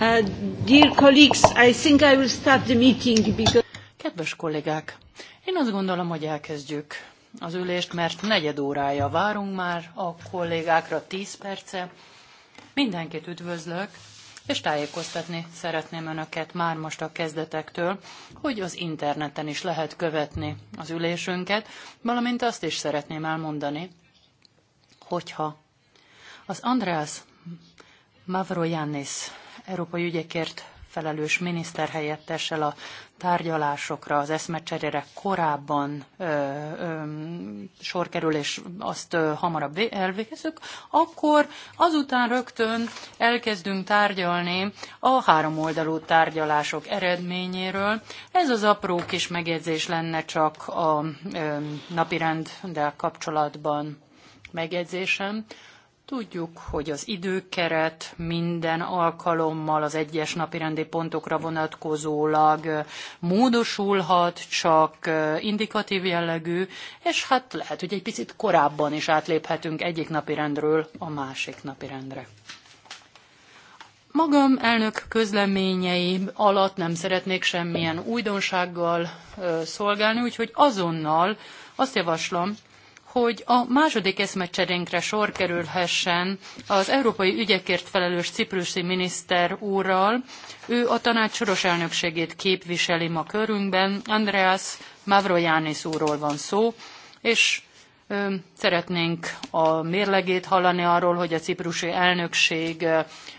Uh, Kedves kollégák, én azt gondolom, hogy elkezdjük az ülést, mert negyed órája várunk már a kollégákra, tíz perce. Mindenkit üdvözlök, és tájékoztatni szeretném Önöket már most a kezdetektől, hogy az interneten is lehet követni az ülésünket, valamint azt is szeretném elmondani, hogyha az Andreas Mavroyannis európai ügyekért felelős miniszterhelyettessel a tárgyalásokra, az eszmecserére korábban ö, ö, sor kerül, és azt ö, hamarabb elvégezzük, akkor azután rögtön elkezdünk tárgyalni a háromoldalú tárgyalások eredményéről. Ez az apró kis megjegyzés lenne csak a napirenddel kapcsolatban megjegyzésem. Tudjuk, hogy az időkeret minden alkalommal az egyes napirendi pontokra vonatkozólag módosulhat, csak indikatív jellegű, és hát lehet, hogy egy picit korábban is átléphetünk egyik napirendről a másik napirendre. Magam elnök közleményei alatt nem szeretnék semmilyen újdonsággal szolgálni, úgyhogy azonnal azt javaslom, hogy a második eszmecserénkre sor kerülhessen az európai ügyekért felelős ciprusi miniszter úrral. Ő a tanács soros elnökségét képviseli ma körünkben. Andreas Mavrojánis úrról van szó, és ö, szeretnénk a mérlegét hallani arról, hogy a ciprusi elnökség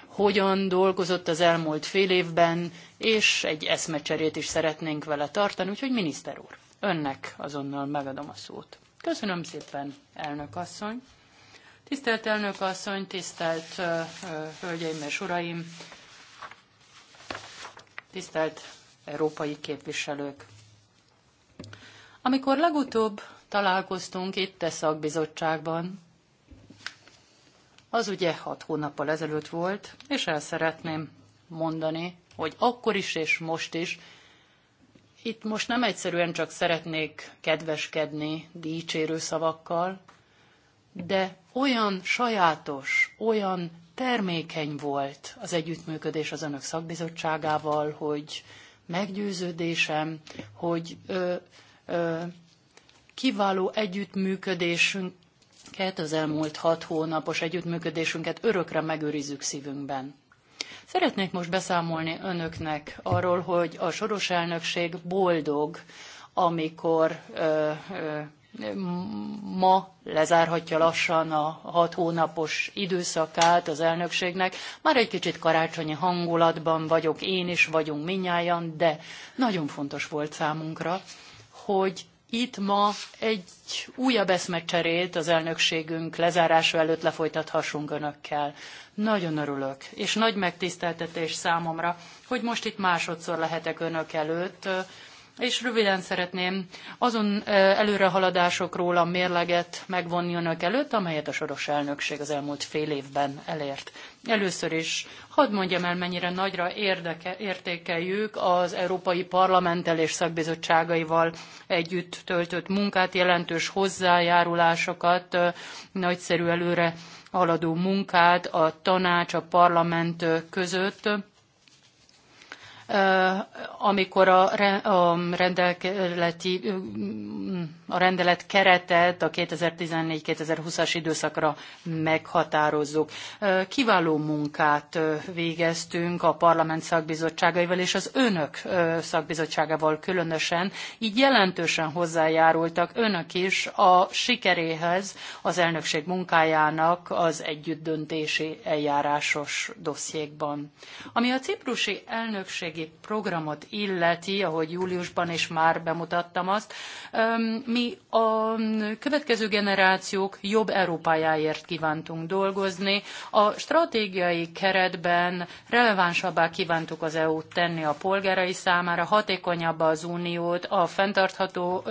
hogyan dolgozott az elmúlt fél évben, és egy eszmecserét is szeretnénk vele tartani, úgyhogy miniszter úr, önnek azonnal megadom a szót. Köszönöm szépen, elnök asszony. Tisztelt elnök asszony, tisztelt uh, hölgyeim és uraim, tisztelt európai képviselők. Amikor legutóbb találkoztunk itt a e szakbizottságban, az ugye hat hónappal ezelőtt volt, és el szeretném mondani, hogy akkor is és most is itt most nem egyszerűen csak szeretnék kedveskedni dicsérő szavakkal, de olyan sajátos, olyan termékeny volt az együttműködés az önök szakbizottságával, hogy meggyőződésem, hogy ö, ö, kiváló együttműködésünket, az elmúlt hat hónapos együttműködésünket örökre megőrizzük szívünkben. Szeretnék most beszámolni önöknek arról, hogy a soros elnökség boldog, amikor ö, ö, ma lezárhatja lassan a hat hónapos időszakát az elnökségnek. Már egy kicsit karácsonyi hangulatban vagyok, én is vagyunk minnyáján, de nagyon fontos volt számunkra, hogy itt ma egy újabb eszmecserét az elnökségünk lezárása előtt lefolytathassunk önökkel. Nagyon örülök, és nagy megtiszteltetés számomra, hogy most itt másodszor lehetek önök előtt, és röviden szeretném azon előrehaladásokról a mérleget megvonni önök előtt, amelyet a soros elnökség az elmúlt fél évben elért. Először is hadd mondjam el, mennyire nagyra érdeke, értékeljük az Európai Parlamenttel és szakbizottságaival együtt töltött munkát, jelentős hozzájárulásokat, nagyszerű előre haladó munkát a tanács, a parlament között amikor a, rendeleti, a rendelet keretet a 2014-2020-as időszakra meghatározzuk. Kiváló munkát végeztünk a parlament szakbizottságaival és az önök szakbizottságával különösen, így jelentősen hozzájárultak önök is a sikeréhez az elnökség munkájának az együttdöntési eljárásos dossziékban. Ami a ciprusi elnökség gazdasági programot illeti, ahogy júliusban is már bemutattam azt, mi a következő generációk jobb Európájáért kívántunk dolgozni. A stratégiai keretben relevánsabbá kívántuk az EU-t tenni a polgárai számára, hatékonyabb az uniót a fenntartható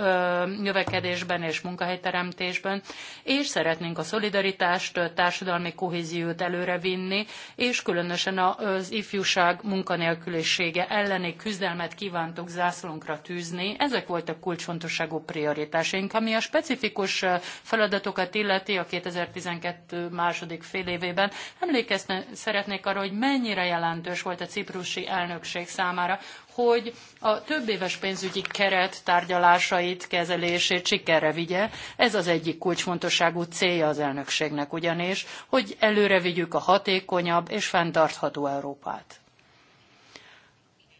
növekedésben és munkahelyteremtésben, és szeretnénk a szolidaritást, társadalmi kohéziót előrevinni, és különösen az ifjúság munkanélküliség szegénysége elleni küzdelmet kívántok zászlónkra tűzni. Ezek voltak kulcsfontosságú prioritásaink, ami a specifikus feladatokat illeti a 2012 második fél évében. Emlékezni szeretnék arra, hogy mennyire jelentős volt a ciprusi elnökség számára, hogy a több éves pénzügyi keret tárgyalásait, kezelését sikerre vigye. Ez az egyik kulcsfontosságú célja az elnökségnek ugyanis, hogy előre vigyük a hatékonyabb és fenntartható Európát.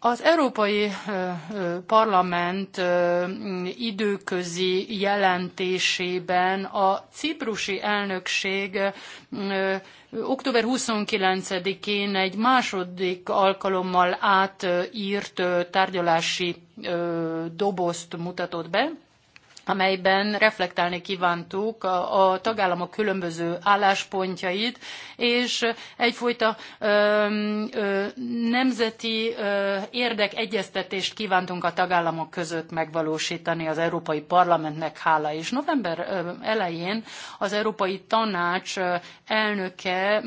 Az Európai Parlament időközi jelentésében a ciprusi elnökség október 29-én egy második alkalommal átírt tárgyalási dobozt mutatott be, amelyben reflektálni kívántuk a, a tagállamok különböző álláspontjait, és egyfajta ö, ö, nemzeti ö, érdekegyeztetést kívántunk a tagállamok között megvalósítani az Európai Parlamentnek hála És November elején az Európai Tanács elnöke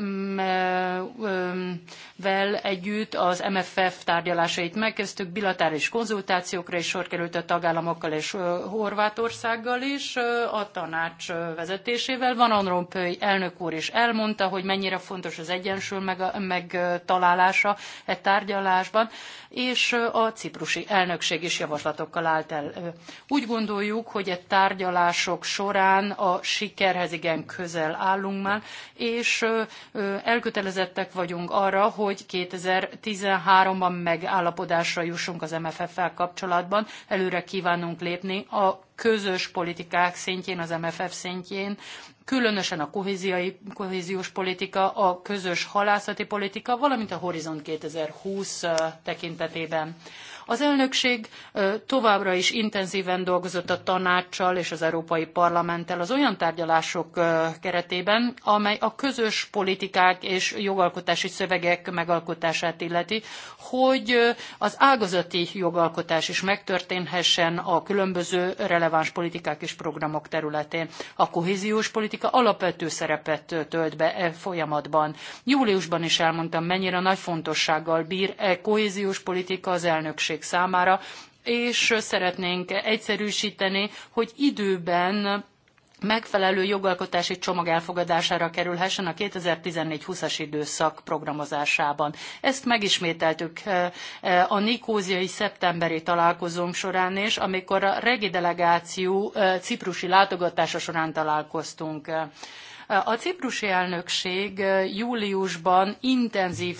vel együtt az MFF tárgyalásait megkezdtük, bilaterális konzultációkra is sor került a tagállamokkal és Horvátország Magyarországgal is, a tanács vezetésével. Van Rompuy elnök úr is elmondta, hogy mennyire fontos az egyensúly megtalálása e tárgyalásban és a ciprusi elnökség is javaslatokkal állt el. Úgy gondoljuk, hogy a e tárgyalások során a sikerhez igen közel állunk már, és elkötelezettek vagyunk arra, hogy 2013-ban megállapodásra jussunk az MFF-fel kapcsolatban, előre kívánunk lépni a közös politikák szintjén, az MFF szintjén, különösen a kohéziós politika, a közös halászati politika, valamint a Horizont 2020 tekintetében. Az elnökség továbbra is intenzíven dolgozott a tanácssal és az Európai Parlamenttel az olyan tárgyalások keretében, amely a közös politikák és jogalkotási szövegek megalkotását illeti, hogy az ágazati jogalkotás is megtörténhessen a különböző releváns politikák és programok területén. A kohéziós politika alapvető szerepet tölt be e folyamatban. Júliusban is elmondtam, mennyire nagy fontossággal bír e kohéziós politika az elnökség közösség számára, és szeretnénk egyszerűsíteni, hogy időben megfelelő jogalkotási csomag elfogadására kerülhessen a 2014-20-as időszak programozásában. Ezt megismételtük eh, eh, a Nikóziai szeptemberi találkozónk során is, amikor a regi delegáció eh, ciprusi látogatása során találkoztunk. A ciprusi elnökség júliusban intenzív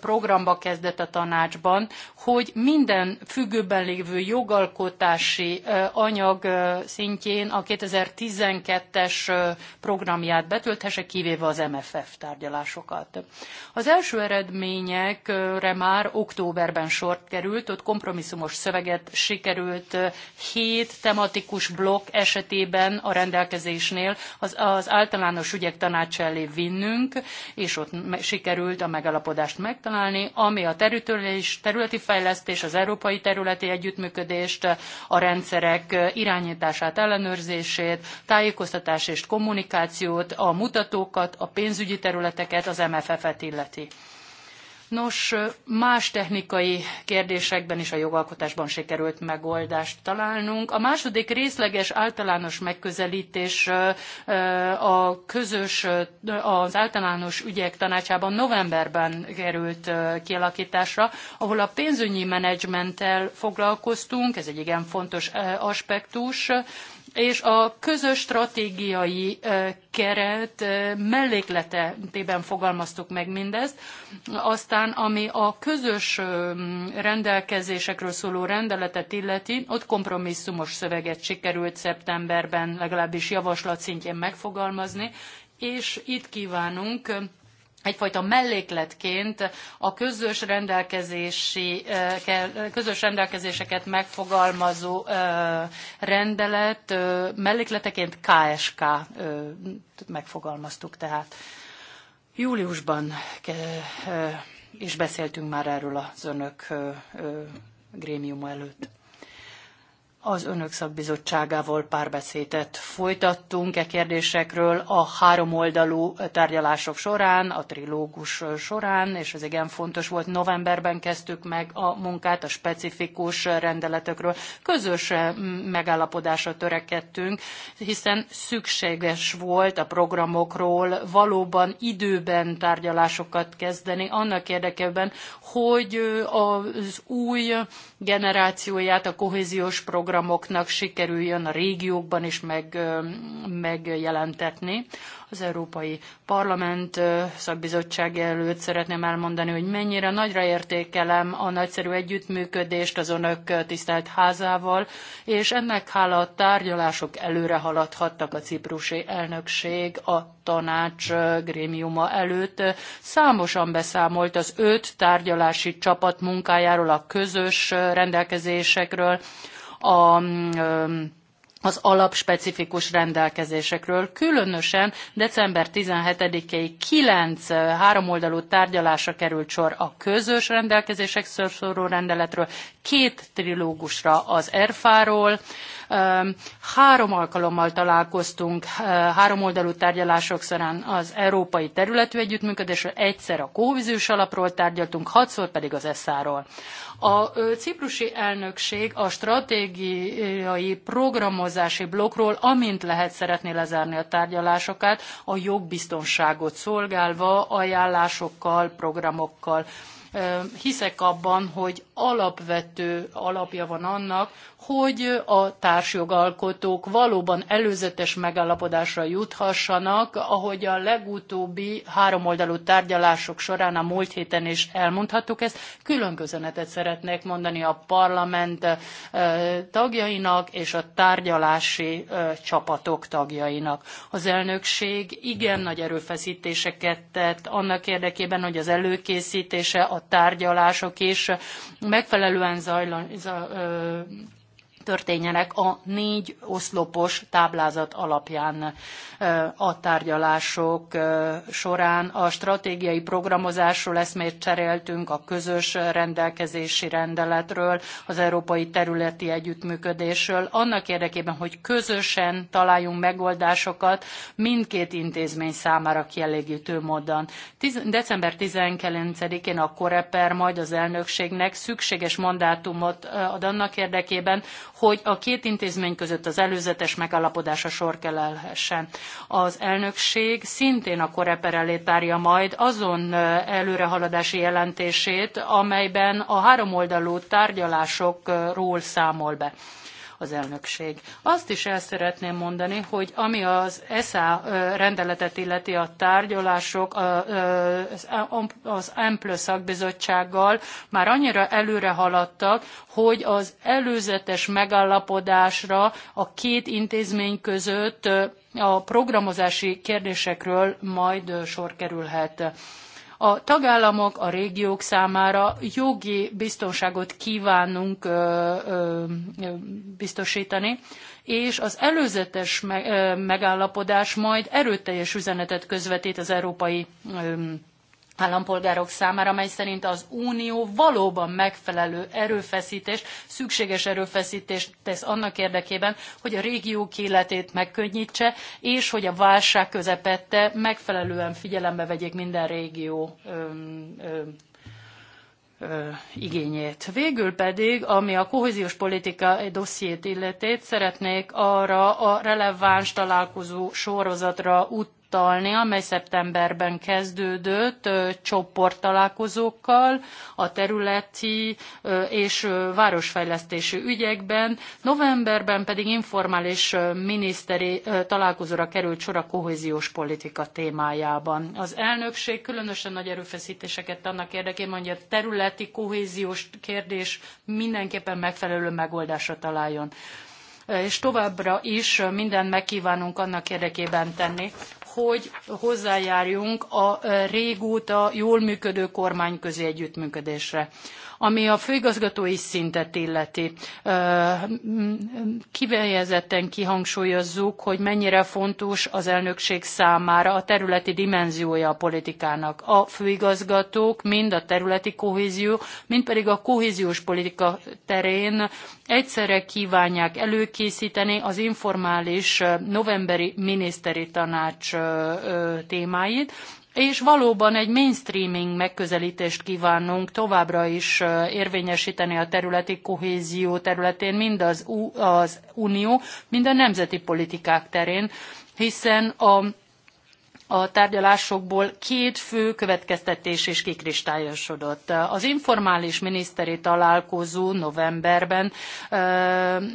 programba kezdett a tanácsban, hogy minden függőben lévő jogalkotási anyag szintjén a 2012-es programját betölthesse, kivéve az MFF tárgyalásokat. Az első eredményekre már októberben sort került, ott kompromisszumos szöveget sikerült hét tematikus blokk esetében a rendelkezésnél az, az által általános ügyek tanács elé vinnünk, és ott sikerült a megalapodást megtalálni, ami a területi fejlesztés, az európai területi együttműködést, a rendszerek irányítását, ellenőrzését, tájékoztatás és kommunikációt, a mutatókat, a pénzügyi területeket, az MFF-et illeti. Nos, más technikai kérdésekben is a jogalkotásban sikerült megoldást találnunk. A második részleges általános megközelítés a közös, az általános ügyek tanácsában novemberben került kialakításra, ahol a pénzügyi menedzsmenttel foglalkoztunk, ez egy igen fontos aspektus, és a közös stratégiai keret mellékletében fogalmaztuk meg mindezt. Aztán, ami a közös rendelkezésekről szóló rendeletet illeti, ott kompromisszumos szöveget sikerült szeptemberben legalábbis javaslat szintjén megfogalmazni, és itt kívánunk egyfajta mellékletként a közös, rendelkezési, eh, közös rendelkezéseket megfogalmazó eh, rendelet mellékleteként KSK megfogalmaztuk tehát. Júliusban és eh, beszéltünk már erről az önök grémiuma előtt az önök szakbizottságával párbeszédet folytattunk e kérdésekről a háromoldalú tárgyalások során, a trilógus során, és ez igen fontos volt. Novemberben kezdtük meg a munkát a specifikus rendeletekről. Közös mm, megállapodásra törekedtünk, hiszen szükséges volt a programokról valóban időben tárgyalásokat kezdeni, annak érdekében, hogy az új generációját a kohéziós program programoknak sikerüljön a régiókban is meg, megjelentetni. Az Európai Parlament szakbizottság előtt szeretném elmondani, hogy mennyire nagyra értékelem a nagyszerű együttműködést az önök tisztelt házával, és ennek hála a tárgyalások előre haladhattak a ciprusi elnökség a tanács grémiuma előtt. Számosan beszámolt az öt tárgyalási csapat munkájáról, a közös rendelkezésekről, a az alapspecifikus rendelkezésekről. Különösen december 17-i 9 háromoldalú tárgyalásra került sor a közös rendelkezések szorszóró rendeletről, két trilógusra az ERFA-ról, Három alkalommal találkoztunk háromoldalú tárgyalások során az európai területű együttműködésről, egyszer a kóvizős alapról tárgyaltunk, hatszor pedig az ESZÁ-ról. A ciprusi elnökség a stratégiai programozási blokkról, amint lehet szeretné lezárni a tárgyalásokat, a jogbiztonságot szolgálva ajánlásokkal, programokkal hiszek abban, hogy alapvető alapja van annak, hogy a társjogalkotók valóban előzetes megállapodásra juthassanak, ahogy a legutóbbi háromoldalú tárgyalások során a múlt héten is elmondhattuk ezt. Külön köszönetet szeretnék mondani a parlament eh, tagjainak és a tárgyalási eh, csapatok tagjainak. Az elnökség igen nagy erőfeszítéseket tett annak érdekében, hogy az előkészítése, a tárgyalások és megfelelően zajlan, történjenek a négy oszlopos táblázat alapján a tárgyalások során. A stratégiai programozásról eszmét cseréltünk, a közös rendelkezési rendeletről, az európai területi együttműködésről, annak érdekében, hogy közösen találjunk megoldásokat mindkét intézmény számára kielégítő módon. December 19-én a Koreper majd az elnökségnek szükséges mandátumot ad annak érdekében, hogy a két intézmény között az előzetes megállapodása sor kell Az elnökség szintén a koreper elé tárja majd azon előrehaladási jelentését, amelyben a háromoldalú tárgyalásokról számol be az elnökség. Azt is el szeretném mondani, hogy ami az ESA rendeletet illeti a tárgyalások az M szakbizottsággal már annyira előre haladtak, hogy az előzetes megállapodásra a két intézmény között a programozási kérdésekről majd sor kerülhet. A tagállamok, a régiók számára jogi biztonságot kívánunk biztosítani, és az előzetes megállapodás majd erőteljes üzenetet közvetít az európai állampolgárok számára, mely szerint az Unió valóban megfelelő erőfeszítést, szükséges erőfeszítést tesz annak érdekében, hogy a régiók életét megkönnyítse, és hogy a válság közepette megfelelően figyelembe vegyék minden régió öm, öm, igényét. Végül pedig, ami a kohéziós politika dossziét illetét, szeretnék arra a releváns találkozó sorozatra ut- utalni, amely szeptemberben kezdődött csoporttalálkozókkal a területi és városfejlesztési ügyekben, novemberben pedig informális miniszteri találkozóra került sor a kohéziós politika témájában. Az elnökség különösen nagy erőfeszítéseket annak érdekében, hogy a területi kohéziós kérdés mindenképpen megfelelő megoldásra találjon és továbbra is mindent megkívánunk annak érdekében tenni, hogy hozzájárjunk a régóta jól működő kormányközi együttműködésre. Ami a főigazgatói szintet illeti, kifejezetten kihangsúlyozzuk, hogy mennyire fontos az elnökség számára a területi dimenziója a politikának. A főigazgatók mind a területi kohézió, mind pedig a kohéziós politika terén egyszerre kívánják előkészíteni az informális novemberi miniszteri tanács témáit, és valóban egy mainstreaming megközelítést kívánunk továbbra is érvényesíteni a területi kohézió területén, mind az, U, az unió, mind a nemzeti politikák terén, hiszen a a tárgyalásokból két fő következtetés is kikristályosodott. Az informális miniszteri találkozó novemberben ö,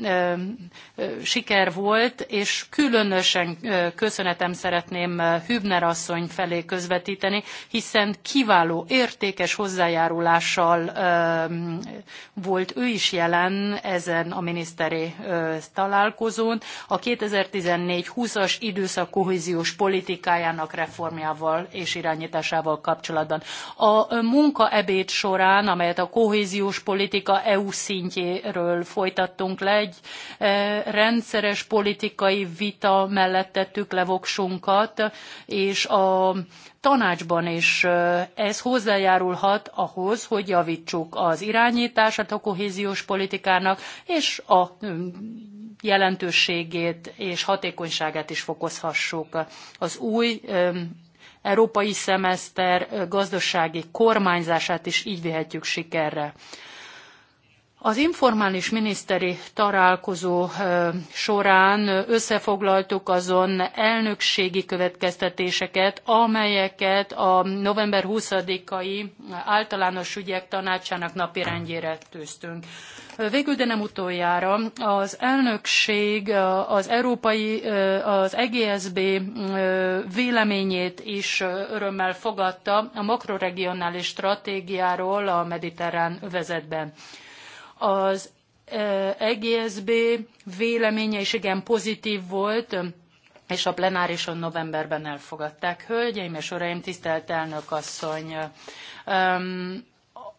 ö, siker volt, és különösen köszönetem szeretném Hübner asszony felé közvetíteni, hiszen kiváló, értékes hozzájárulással volt ő is jelen ezen a miniszteri találkozón. A 2014-20-as időszak kohéziós politikájának munkának reformjával és irányításával kapcsolatban. A munkaebéd során, amelyet a kohéziós politika EU szintjéről folytattunk le, egy e, rendszeres politikai vita mellett tettük le voksunkat, és a tanácsban is ez hozzájárulhat ahhoz, hogy javítsuk az irányítását a kohéziós politikának, és a jelentőségét és hatékonyságát is fokozhassuk. Az új európai szemeszter gazdasági kormányzását is így vihetjük sikerre. Az informális miniszteri találkozó során összefoglaltuk azon elnökségi következtetéseket, amelyeket a november 20-ai általános ügyek tanácsának napirendjére tűztünk. Végül, de nem utoljára, az elnökség az európai, az EGSB véleményét is örömmel fogadta a makroregionális stratégiáról a mediterrán övezetben. Az EGSB véleménye is igen pozitív volt, és a plenárison novemberben elfogadták. Hölgyeim és uraim, tisztelt elnök asszony!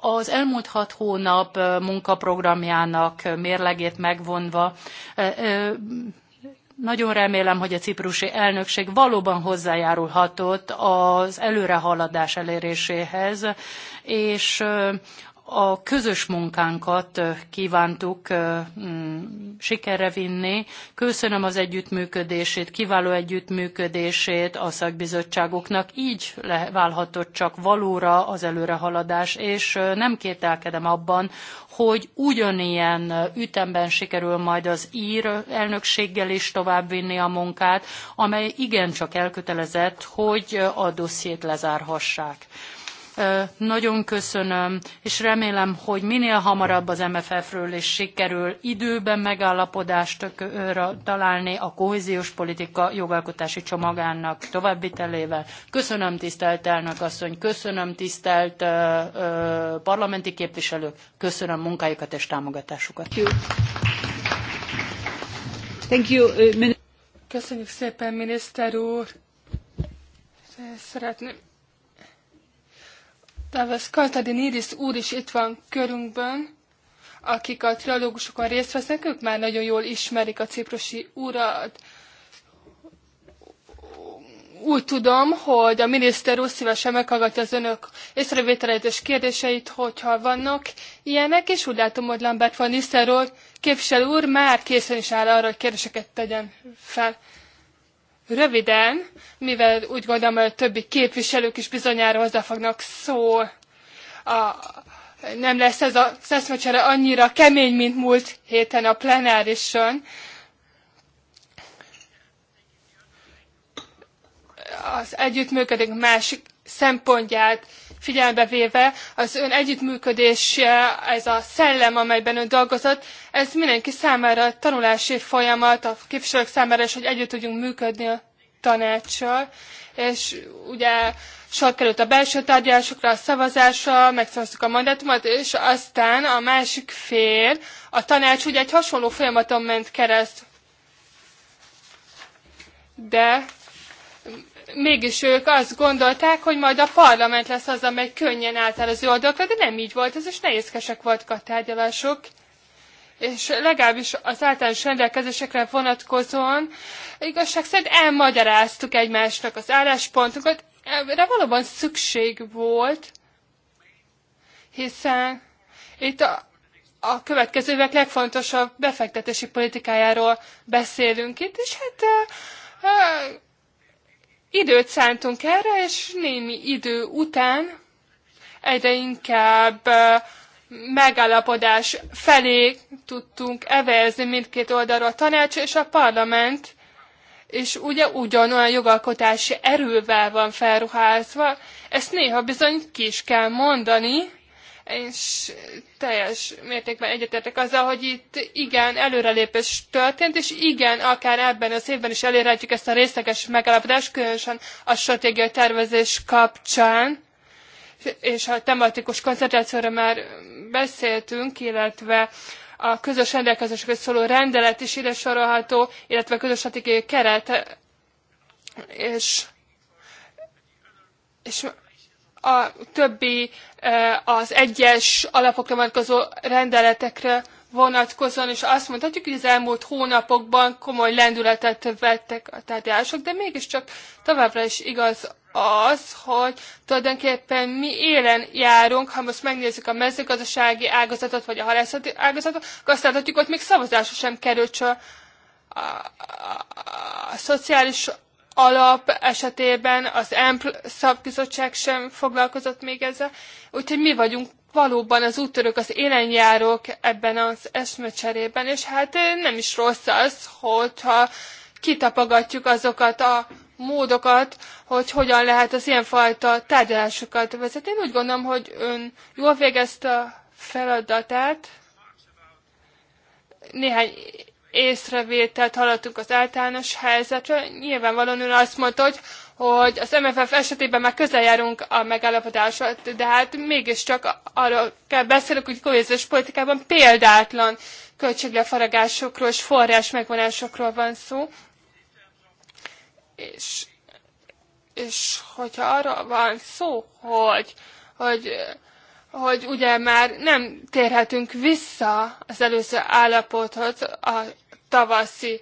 Az elmúlt hat hónap munkaprogramjának mérlegét megvonva nagyon remélem, hogy a ciprusi elnökség valóban hozzájárulhatott az előrehaladás eléréséhez, és a közös munkánkat kívántuk mm, sikerre vinni. Köszönöm az együttműködését, kiváló együttműködését a szakbizottságoknak. Így válhatott csak valóra az előrehaladás, és nem kételkedem abban, hogy ugyanilyen ütemben sikerül majd az ír elnökséggel is továbbvinni a munkát, amely igencsak elkötelezett, hogy a dossziét lezárhassák. Nagyon köszönöm, és remélem, hogy minél hamarabb az MFF-ről is sikerül időben megállapodást találni a kohéziós politika jogalkotási csomagának továbbvitelével. Köszönöm tisztelt elnök asszony, köszönöm tisztelt parlamenti képviselők, köszönöm munkájukat és támogatásukat. Thank you. Köszönjük szépen, miniszter úr! Szeretném Tavasz Kantadiniris úr is itt van körünkben, akik a trialógusokon részt vesznek, ők már nagyon jól ismerik a ciprusi urat. Úgy tudom, hogy a miniszter úr szívesen meghallgatja az önök észrevételeit és kérdéseit, hogyha vannak ilyenek, és úgy látom, hogy Lambert van Nisztelról képviselő úr már készen is áll arra, hogy kérdéseket tegyen fel röviden, mivel úgy gondolom, hogy a többi képviselők is bizonyára hozzá fognak szó. A, nem lesz ez a szeszmecsere annyira kemény, mint múlt héten a plenárison. Az együttműködés másik szempontját figyelembe véve az ön együttműködése, ez a szellem, amelyben ön dolgozott, ez mindenki számára a tanulási folyamat, a képviselők számára is, hogy együtt tudjunk működni a tanácssal, és ugye sor került a belső tárgyalásokra, a szavazásra, megszavaztuk a mandátumot, és aztán a másik fél, a tanács ugye egy hasonló folyamaton ment kereszt. De mégis ők azt gondolták, hogy majd a parlament lesz az, amely könnyen el az oldalakra, de nem így volt ez, is nehézkesek voltak a tárgyalások és legalábbis az általános rendelkezésekre vonatkozóan igazság szerint elmagyaráztuk egymásnak az álláspontokat, erre valóban szükség volt, hiszen itt a, a következő évek legfontosabb befektetési politikájáról beszélünk itt, és hát időt szántunk erre, és némi idő után egyre inkább megállapodás felé tudtunk evezni mindkét oldalról a tanács és a parlament, és ugye ugyanolyan jogalkotási erővel van felruházva, ezt néha bizony ki is kell mondani, és teljes mértékben egyetértek azzal, hogy itt igen, előrelépés történt, és igen, akár ebben az évben is elérhetjük ezt a részleges megállapodást, különösen a stratégiai tervezés kapcsán, és a tematikus koncentrációra már beszéltünk, illetve a közös rendelkezésekre szóló rendelet is ide sorolható, illetve a közös stratégiai keret, és, és a többi az egyes alapokra vonatkozó rendeletekre vonatkozóan, és azt mondhatjuk, hogy az elmúlt hónapokban komoly lendületet vettek a tárgyalások, de mégiscsak továbbra is igaz az, hogy tulajdonképpen mi élen járunk, ha most megnézzük a mezőgazdasági ágazatot, vagy a halászati ágazatot, akkor azt láthatjuk, hogy még szavazásra sem került a, a, a, a, a szociális alap esetében az EMP szabbizottság sem foglalkozott még ezzel, úgyhogy mi vagyunk valóban az úttörők, az élenjárók ebben az eszmecserében, és hát eh, nem is rossz az, hogyha kitapogatjuk azokat a módokat, hogy hogyan lehet az ilyenfajta tárgyalásokat vezetni. Én úgy gondolom, hogy ön jól végezte a feladatát. Néhány észrevételt hallottunk az általános helyzetről. Nyilvánvalóan ön azt mondta, hogy, hogy az MFF esetében már közel járunk a megállapodásra, de hát mégiscsak arról kell beszélünk, hogy kohéziós politikában példátlan költséglefaragásokról és forrás megvonásokról van szó. És, és hogyha arra van szó, hogy, hogy hogy ugye már nem térhetünk vissza az előző állapothoz a tavaszi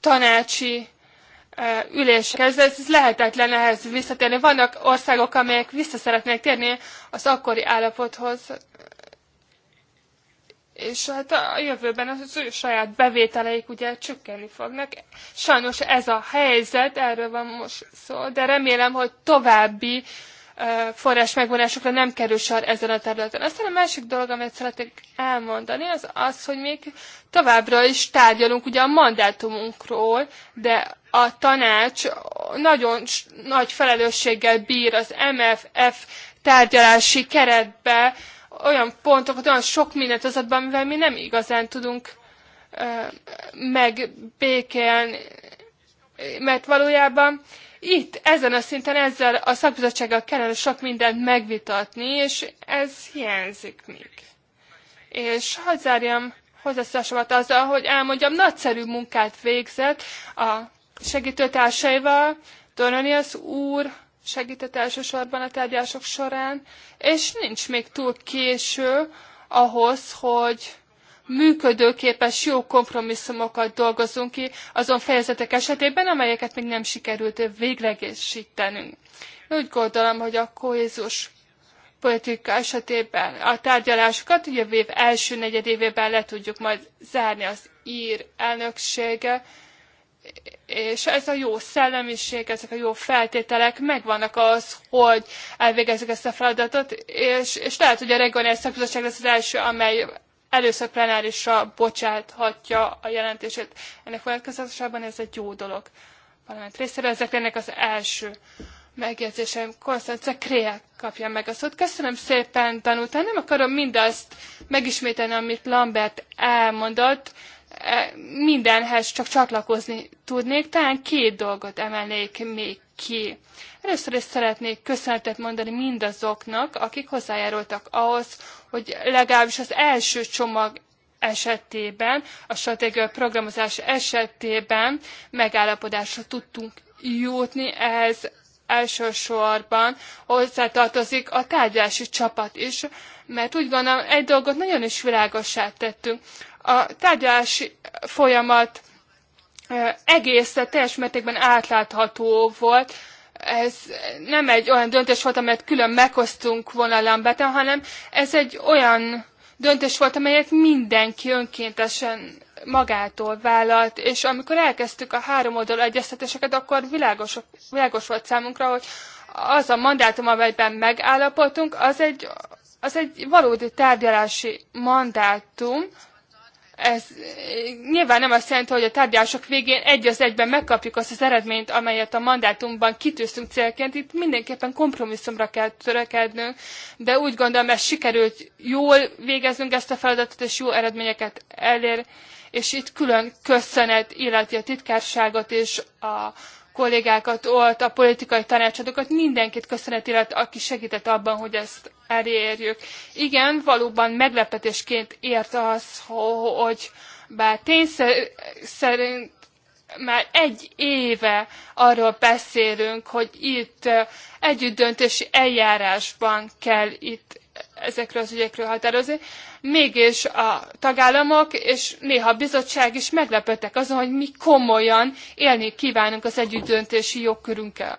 tanácsi e, üléshez. ez, ez lehetetlen ehhez visszatérni. Vannak országok, amelyek vissza szeretnék térni az akkori állapothoz, és hát a jövőben az ő saját bevételeik ugye csökkenni fognak. Sajnos ez a helyzet, erről van most szó, de remélem, hogy további forrás megvonásokra nem kerül sor ezen a területen. Aztán a másik dolog, amit szeretnék elmondani, az az, hogy még továbbra is tárgyalunk ugye a mandátumunkról, de a tanács nagyon nagy felelősséggel bír az MFF tárgyalási keretbe olyan pontokat, olyan sok mindent az adban, amivel mi nem igazán tudunk megbékélni, mert valójában itt, ezen a szinten, ezzel a szakbizottsággal kellene sok mindent megvitatni, és ez hiányzik még. És hadd zárjam hozzászásomat azzal, hogy elmondjam, nagyszerű munkát végzett a segítőtársaival, az úr segített elsősorban a tárgyások során, és nincs még túl késő ahhoz, hogy működőképes, jó kompromisszumokat dolgozunk ki azon fejezetek esetében, amelyeket még nem sikerült véglegesítenünk. Úgy gondolom, hogy a kohézus politika esetében a tárgyalásokat jövő év első negyedévében le tudjuk majd zárni az ír elnöksége, és ez a jó szellemiség, ezek a jó feltételek megvannak az, hogy elvégezzük ezt a feladatot, és, és lehet, hogy a regionális szakbizottság lesz az első, amely először plenárisra bocsáthatja a jelentését. Ennek vonatkozásában ez egy jó dolog. Parlament részéről ezek lennek az első megjegyzésem. Konstance Kréa kapja meg a szót. Köszönöm szépen, tanultál. Nem akarom mindazt megismételni, amit Lambert elmondott. E, mindenhez csak csatlakozni tudnék. Talán két dolgot emelnék még ki. Először is szeretnék köszönetet mondani mindazoknak, akik hozzájárultak ahhoz, hogy legalábbis az első csomag esetében, a stratégiai programozás esetében megállapodásra tudtunk jutni. Ez elsősorban hozzátartozik a tárgyalási csapat is, mert úgy gondolom, egy dolgot nagyon is világossá tettünk. A tárgyalási folyamat egész teljes mértékben átlátható volt. Ez nem egy olyan döntés volt, amelyet külön meghoztunk volna Lambeten, hanem ez egy olyan döntés volt, amelyet mindenki önkéntesen magától vállalt, és amikor elkezdtük a három oldal egyeztetéseket, akkor világos, világos volt számunkra, hogy az a mandátum, amelyben megállapodtunk, az egy, az egy valódi tárgyalási mandátum, ez nyilván nem azt jelenti, hogy a tárgyalások végén egy az egyben megkapjuk azt az eredményt, amelyet a mandátumban kitűztünk célként. Itt mindenképpen kompromisszumra kell törekednünk, de úgy gondolom, ez sikerült jól végeznünk ezt a feladatot, és jó eredményeket elér. És itt külön köszönet illeti a titkárságot és a kollégákat ott, a politikai tanácsadókat, mindenkit köszönet illet, aki segített abban, hogy ezt elérjük. Igen, valóban meglepetésként ért az, hogy bár tényszer szerint már egy éve arról beszélünk, hogy itt együttdöntési eljárásban kell itt ezekről az ügyekről határozni. Mégis a tagállamok és néha a bizottság is meglepettek azon, hogy mi komolyan élni kívánunk az együttdöntési jogkörünkkel.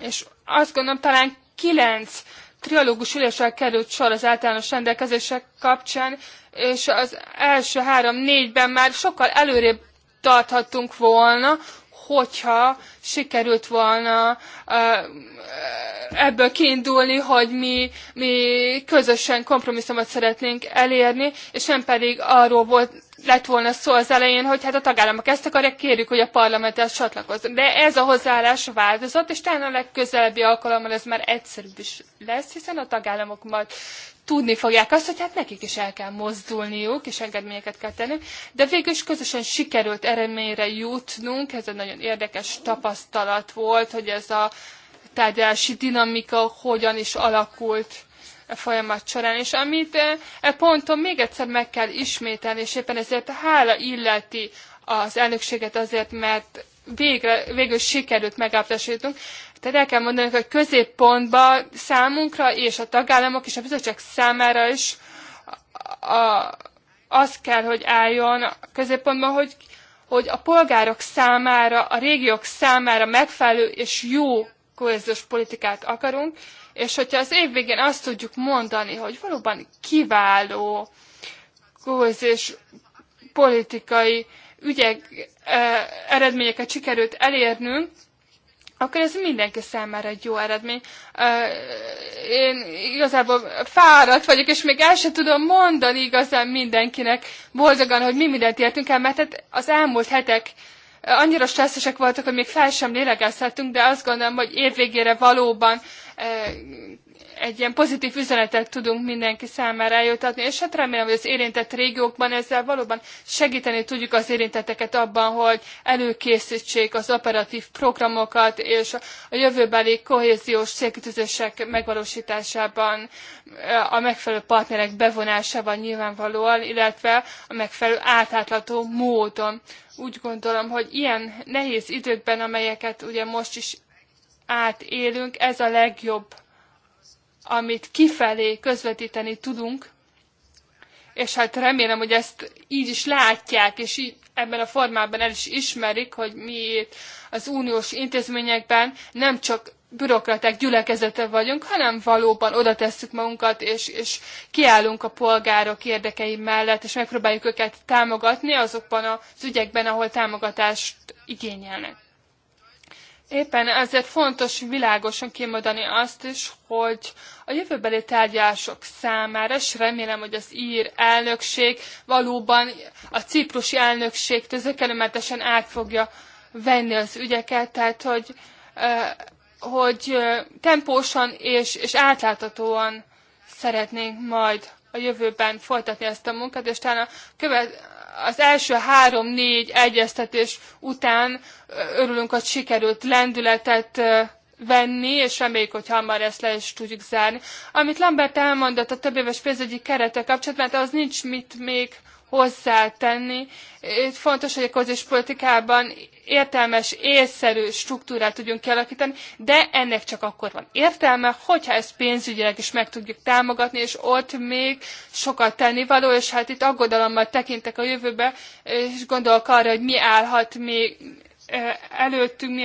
És azt gondolom, talán kilenc trialógus ülésre került sor az általános rendelkezések kapcsán, és az első három-négyben már sokkal előrébb tarthattunk volna, hogyha sikerült volna ebből kiindulni, hogy mi, mi közösen kompromisszumot szeretnénk elérni, és nem pedig arról volt lett volna szó az elején, hogy hát a tagállamok ezt akarják, kérjük, hogy a parlament ezt csatlakozzon. De ez a hozzáállás változott, és talán a legközelebbi alkalommal ez már egyszerűbb is lesz, hiszen a tagállamok majd tudni fogják azt, hogy hát nekik is el kell mozdulniuk, és engedményeket kell tenni, de végül is közösen sikerült eredményre jutnunk, ez egy nagyon érdekes tapasztalat volt, hogy ez a tárgyalási dinamika hogyan is alakult folyamat során, és amit eh, e ponton még egyszer meg kell ismételni, és éppen ezért hála illeti az elnökséget azért, mert végre, végül sikerült megállapodásítunk. Tehát el kell mondani, hogy középpontba számunkra és a tagállamok és a bizottság számára is a, az kell, hogy álljon a középpontban, hogy, hogy a polgárok számára, a régiók számára megfelelő és jó kohéziós politikát akarunk, és hogyha az év végén azt tudjuk mondani, hogy valóban kiváló és politikai ügyek e, eredményeket sikerült elérnünk, akkor ez mindenki számára egy jó eredmény. Én igazából fáradt vagyok, és még el sem tudom mondani igazán mindenkinek boldogan, hogy mi mindent értünk el, mert hát az elmúlt hetek annyira stresszesek voltak, hogy még fel sem lélegezhettünk, de azt gondolom, hogy évvégére valóban eh, egy ilyen pozitív üzenetet tudunk mindenki számára eljutatni, és hát remélem, hogy az érintett régiókban ezzel valóban segíteni tudjuk az érintetteket abban, hogy előkészítsék az operatív programokat, és a jövőbeli kohéziós célkitűzések megvalósításában a megfelelő partnerek bevonásával nyilvánvalóan, illetve a megfelelő átlátható módon. Úgy gondolom, hogy ilyen nehéz időkben, amelyeket ugye most is átélünk, ez a legjobb amit kifelé közvetíteni tudunk, és hát remélem, hogy ezt így is látják, és így ebben a formában el is ismerik, hogy mi itt az uniós intézményekben nem csak bürokraták gyülekezete vagyunk, hanem valóban oda tesszük magunkat, és, és kiállunk a polgárok érdekei mellett, és megpróbáljuk őket támogatni azokban az ügyekben, ahol támogatást igényelnek. Éppen ezért fontos világosan kimondani azt is, hogy a jövőbeli tárgyalások számára, és remélem, hogy az ír elnökség valóban a ciprusi elnökség tözökelőmentesen át fogja venni az ügyeket, tehát hogy, hogy tempósan és, és átláthatóan szeretnénk majd a jövőben folytatni ezt a munkát, és talán a, követ, az első három-négy egyeztetés után örülünk, hogy sikerült lendületet venni, és reméljük, hogy hamar ezt le is tudjuk zárni. Amit Lambert elmondott a több éves pénzügyi kerete kapcsolatban, hát az nincs mit még hozzátenni. Itt fontos, hogy a közös politikában értelmes, észszerű struktúrát tudjunk kialakítani, de ennek csak akkor van értelme, hogyha ezt pénzügyileg is meg tudjuk támogatni, és ott még sokat tenni való és hát itt aggodalommal tekintek a jövőbe, és gondolok arra, hogy mi állhat még előttünk mi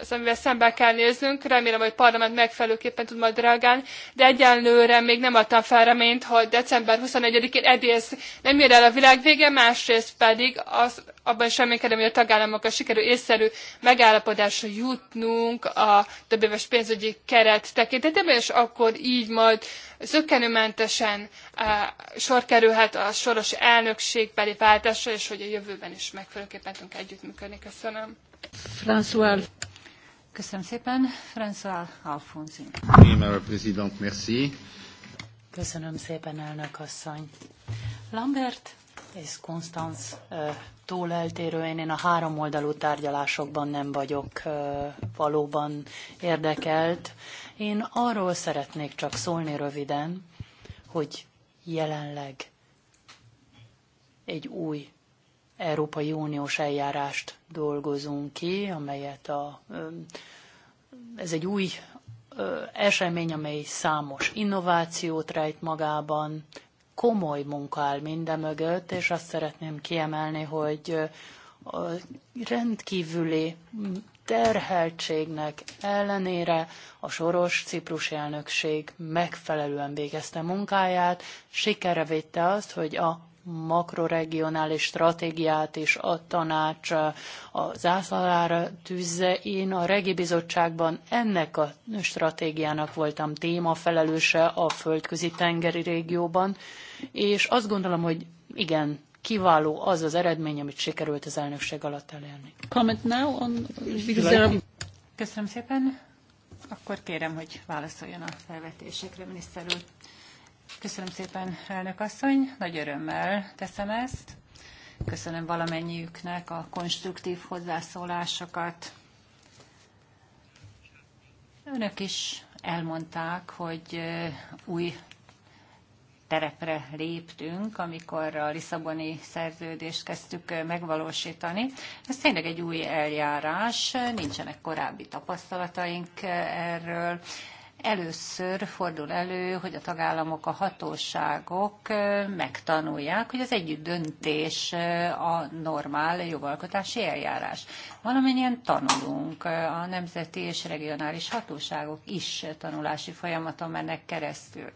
az, amivel szembe kell néznünk. Remélem, hogy a parlament megfelelőképpen tud majd reagálni, de egyenlőre még nem adtam fel reményt, hogy december 21-én edész nem ér el a világ vége, másrészt pedig az, abban is reménykedem, hogy a tagállamokkal sikerül észszerű megállapodásra jutnunk a több éves pénzügyi keret tekintetében, és akkor így majd zökkenőmentesen sor kerülhet a soros elnökségbeli váltásra, és hogy a jövőben is megfelelőképpen tudunk együttműködni. Köszönöm. François. Köszönöm szépen, François Alfonsi. Président, merci. Köszönöm szépen, elnök asszony. Lambert és Konstanz túl eltérően én a háromoldalú tárgyalásokban nem vagyok valóban érdekelt. Én arról szeretnék csak szólni röviden, hogy jelenleg egy új Európai Uniós eljárást dolgozunk ki, amelyet a, ez egy új esemény, amely számos innovációt rejt magában, komoly munka áll minden mögött és azt szeretném kiemelni, hogy a rendkívüli terheltségnek ellenére a soros ciprusi elnökség megfelelően végezte munkáját, sikere védte azt, hogy a makroregionális stratégiát is a tanács a zászlalára tűzze. Én a Regi Bizottságban ennek a stratégiának voltam témafelelőse a földközi tengeri régióban, és azt gondolom, hogy igen, kiváló az az eredmény, amit sikerült az elnökség alatt elérni. Comment now on... Köszönöm szépen. Akkor kérem, hogy válaszoljon a felvetésekre, miniszter úr. Köszönöm szépen, elnök asszony, nagy örömmel teszem ezt. Köszönöm valamennyiüknek a konstruktív hozzászólásokat. Önök is elmondták, hogy új terepre léptünk, amikor a Lisszaboni szerződést kezdtük megvalósítani. Ez tényleg egy új eljárás, nincsenek korábbi tapasztalataink erről, először fordul elő, hogy a tagállamok, a hatóságok megtanulják, hogy az együtt döntés a normál jogalkotási eljárás. Valamennyien tanulunk, a nemzeti és regionális hatóságok is tanulási folyamaton mennek keresztül.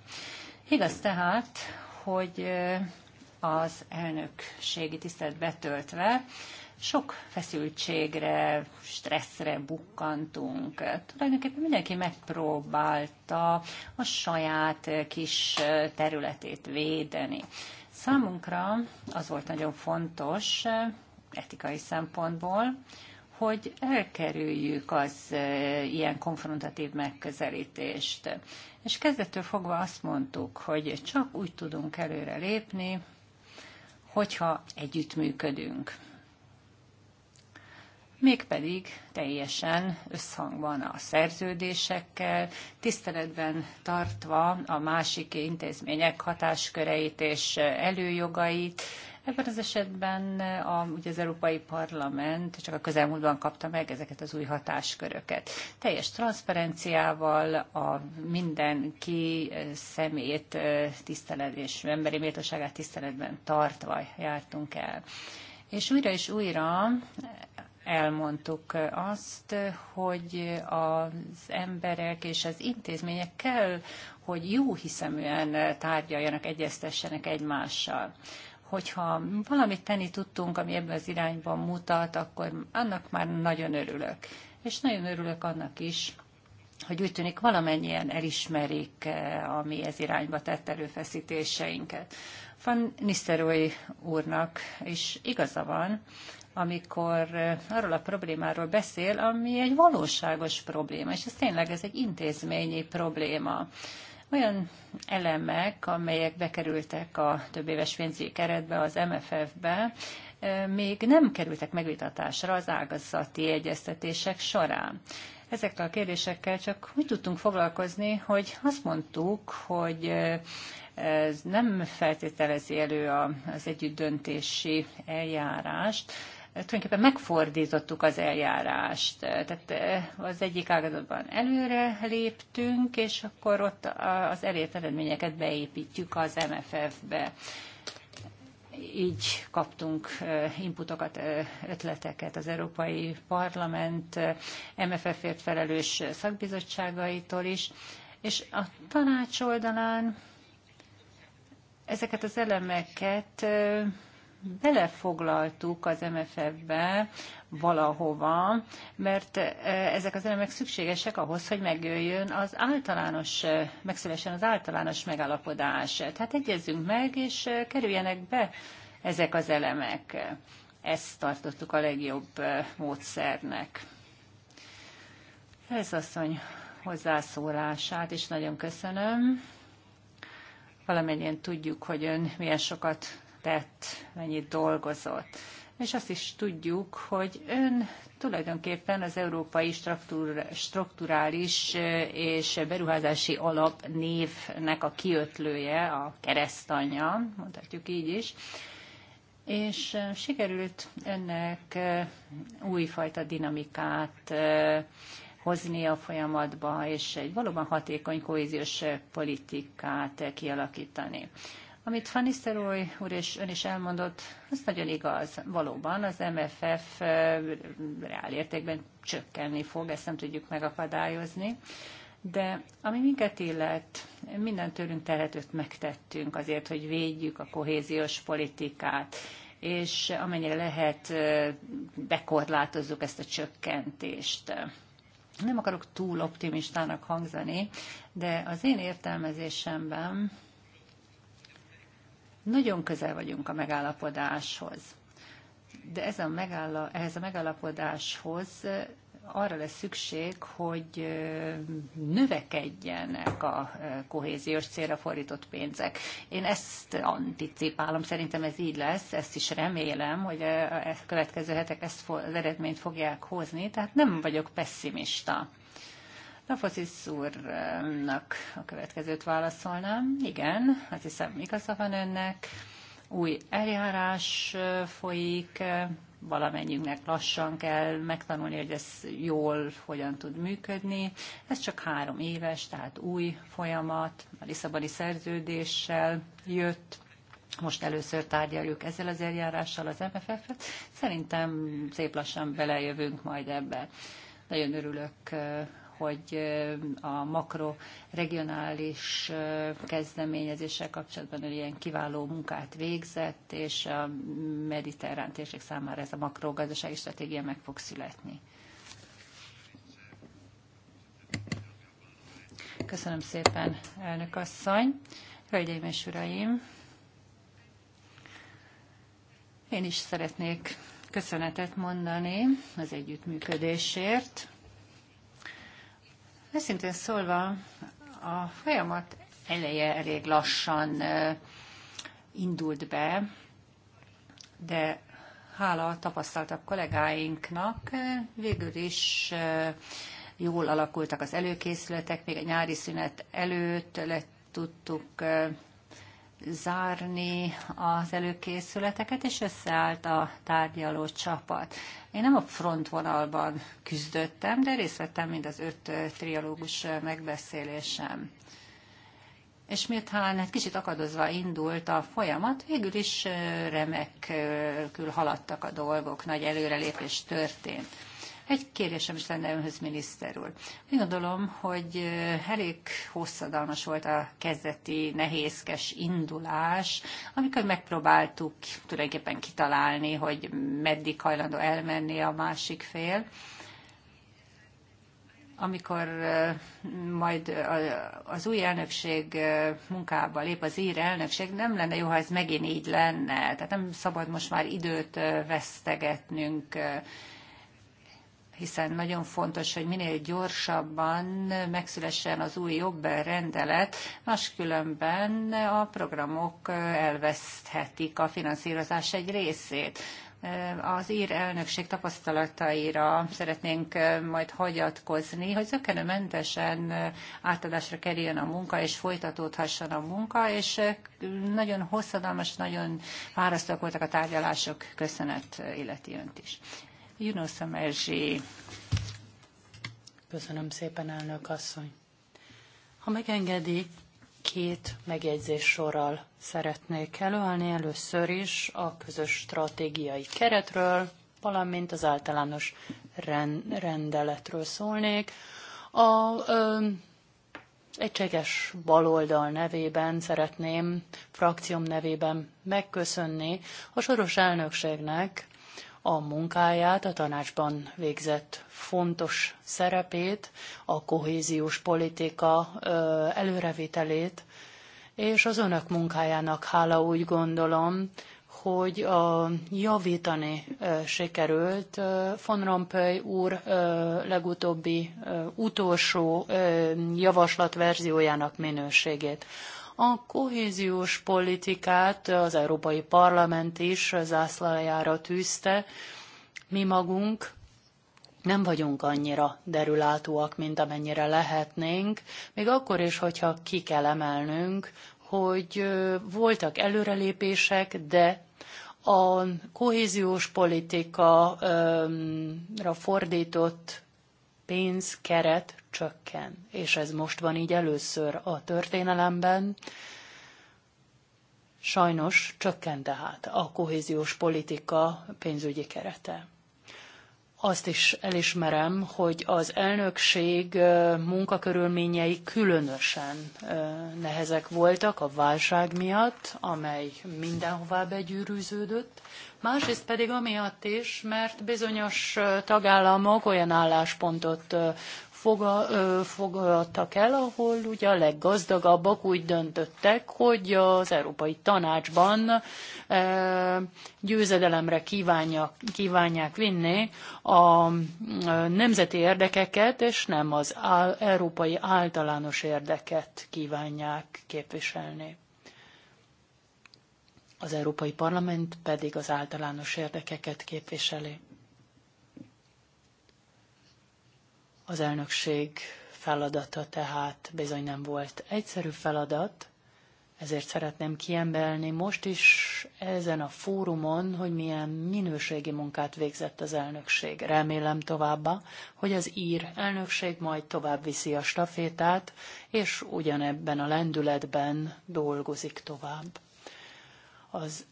Igaz tehát, hogy az elnökségi tisztelt betöltve, sok feszültségre, stresszre bukkantunk. Tulajdonképpen mindenki megpróbálta a saját kis területét védeni. Számunkra az volt nagyon fontos etikai szempontból, hogy elkerüljük az e, ilyen konfrontatív megközelítést. És kezdettől fogva azt mondtuk, hogy csak úgy tudunk előre lépni, hogyha együttműködünk mégpedig teljesen összhangban a szerződésekkel, tiszteletben tartva a másik intézmények hatásköreit és előjogait, Ebben az esetben a, ugye az Európai Parlament csak a közelmúltban kapta meg ezeket az új hatásköröket. Teljes transzparenciával a mindenki szemét tisztelet és emberi méltóságát tiszteletben tartva jártunk el. És újra és újra elmondtuk azt, hogy az emberek és az intézmények kell, hogy jó hiszeműen tárgyaljanak, egyeztessenek egymással hogyha valamit tenni tudtunk, ami ebben az irányban mutat, akkor annak már nagyon örülök. És nagyon örülök annak is, hogy úgy tűnik valamennyien elismerik eh, a mi ez irányba tett erőfeszítéseinket. Van Niszterói úrnak is igaza van, amikor eh, arról a problémáról beszél, ami egy valóságos probléma, és ez tényleg ez egy intézményi probléma. Olyan elemek, amelyek bekerültek a több éves pénzügyi keretbe, az MFF-be, eh, még nem kerültek megvitatásra az ágazati egyeztetések során. Ezekkel a kérdésekkel csak úgy tudtunk foglalkozni, hogy azt mondtuk, hogy ez nem feltételezi elő az együtt döntési eljárást, tulajdonképpen megfordítottuk az eljárást. Tehát az egyik ágazatban előre léptünk, és akkor ott az elért eredményeket beépítjük az MFF-be így kaptunk inputokat, ötleteket az Európai Parlament MFF-ért felelős szakbizottságaitól is, és a tanács oldalán ezeket az elemeket belefoglaltuk az MFF-be valahova, mert e, ezek az elemek szükségesek ahhoz, hogy megjöjjön az általános, e, megszülessen az általános megállapodás. Tehát egyezzünk meg, és e, kerüljenek be ezek az elemek. Ezt tartottuk a legjobb módszernek. Ez asszony hozzászólását és nagyon köszönöm. Valamennyien tudjuk, hogy ön milyen sokat tett, mennyit dolgozott. És azt is tudjuk, hogy ön tulajdonképpen az európai strukturális eh, és beruházási alap névnek a kiötlője, a keresztanyja, mondhatjuk így is és eh, sikerült önnek eh, újfajta dinamikát hozni a folyamatba, és egy valóban hatékony kohéziós politikát kialakítani. Amit Van Nistelrooy úr és ön is elmondott, az nagyon igaz. Valóban az MFF reál értékben csökkenni fog, ezt nem tudjuk megakadályozni. De ami minket illet, minden tőlünk terhetőt megtettünk azért, hogy védjük a kohéziós politikát, és amennyire lehet, bekorlátozzuk ezt a csökkentést. Nem akarok túl optimistának hangzani, de az én értelmezésemben nagyon közel vagyunk a megállapodáshoz, de ez a megálla, ehhez a megállapodáshoz arra lesz szükség, hogy növekedjenek a kohéziós célra fordított pénzek. Én ezt anticipálom, szerintem ez így lesz, ezt is remélem, hogy a e, következő hetek ezt az eredményt fogják hozni, tehát nem vagyok pessimista. Nafosis úrnak a következőt válaszolnám. Igen, azt hiszem igaza van önnek. Új eljárás folyik, valamennyiünknek lassan kell megtanulni, hogy ez jól hogyan tud működni. Ez csak három éves, tehát új folyamat, a Lisszaboni szerződéssel jött, most először tárgyaljuk ezzel az eljárással az MFF-et. Szerintem szép lassan belejövünk majd ebbe. Nagyon örülök hogy a makroregionális kezdeményezéssel kapcsolatban ő ilyen kiváló munkát végzett, és a mediterrán térség számára ez a makrogazdasági stratégia meg fog születni. Köszönöm szépen, elnök asszony. Hölgyeim és uraim, én is szeretnék köszönetet mondani az együttműködésért. Őszintén szólva, a folyamat eleje elég lassan indult be, de hála a tapasztaltabb kollégáinknak végül is jól alakultak az előkészületek, még a nyári szünet előtt le tudtuk zárni az előkészületeket, és összeállt a tárgyaló csapat. Én nem a frontvonalban küzdöttem, de részt vettem mind az öt trialógus megbeszélésem. És miután egy kicsit akadozva indult a folyamat, végül is remekül haladtak a dolgok, nagy előrelépés történt. Egy kérdésem is lenne önhöz, miniszter úr. Úgy gondolom, hogy elég hosszadalmas volt a kezdeti nehézkes indulás, amikor megpróbáltuk tulajdonképpen kitalálni, hogy meddig hajlandó elmenni a másik fél amikor majd az új elnökség munkába lép, az ír elnökség, nem lenne jó, ha ez megint így lenne. Tehát nem szabad most már időt vesztegetnünk hiszen nagyon fontos, hogy minél gyorsabban megszülessen az új jogrendelet, máskülönben a programok elveszthetik a finanszírozás egy részét. Az ír elnökség tapasztalataira szeretnénk majd hagyatkozni, hogy zökenőmentesen átadásra kerüljön a munka, és folytatódhasson a munka, és nagyon hosszadalmas, nagyon fárasztóak voltak a tárgyalások, köszönet illeti önt is. Yunus Emerzsi. Köszönöm szépen, elnök asszony. Ha megengedi, két megjegyzés sorral szeretnék előállni először is a közös stratégiai keretről, valamint az általános rendeletről szólnék. A ö, egységes baloldal nevében szeretném, frakcióm nevében megköszönni a soros elnökségnek a munkáját, a tanácsban végzett fontos szerepét, a kohéziós politika előrevitelét, és az önök munkájának hála úgy gondolom, hogy a javítani sikerült von Rompuy úr legutóbbi utolsó javaslatverziójának minőségét. A kohéziós politikát az Európai Parlament is zászlajára tűzte. Mi magunk nem vagyunk annyira derülátóak, mint amennyire lehetnénk, még akkor is, hogyha ki kell emelnünk, hogy voltak előrelépések, de a kohéziós politikára fordított pénzkeret csökken. És ez most van így először a történelemben. Sajnos csökken tehát a kohéziós politika pénzügyi kerete. Azt is elismerem, hogy az elnökség munkakörülményei különösen nehezek voltak a válság miatt, amely mindenhová begyűrűződött, másrészt pedig amiatt is, mert bizonyos tagállamok olyan álláspontot fogadtak el, ahol ugye a leggazdagabbak úgy döntöttek, hogy az Európai Tanácsban győzedelemre kívánják, kívánják vinni a nemzeti érdekeket, és nem az európai általános érdeket kívánják képviselni. Az Európai Parlament pedig az általános érdekeket képviseli. Az elnökség feladata tehát bizony nem volt egyszerű feladat, ezért szeretném kiemelni most is ezen a fórumon, hogy milyen minőségi munkát végzett az elnökség. Remélem továbbá, hogy az ír elnökség majd tovább viszi a stafétát, és ugyanebben a lendületben dolgozik tovább. Az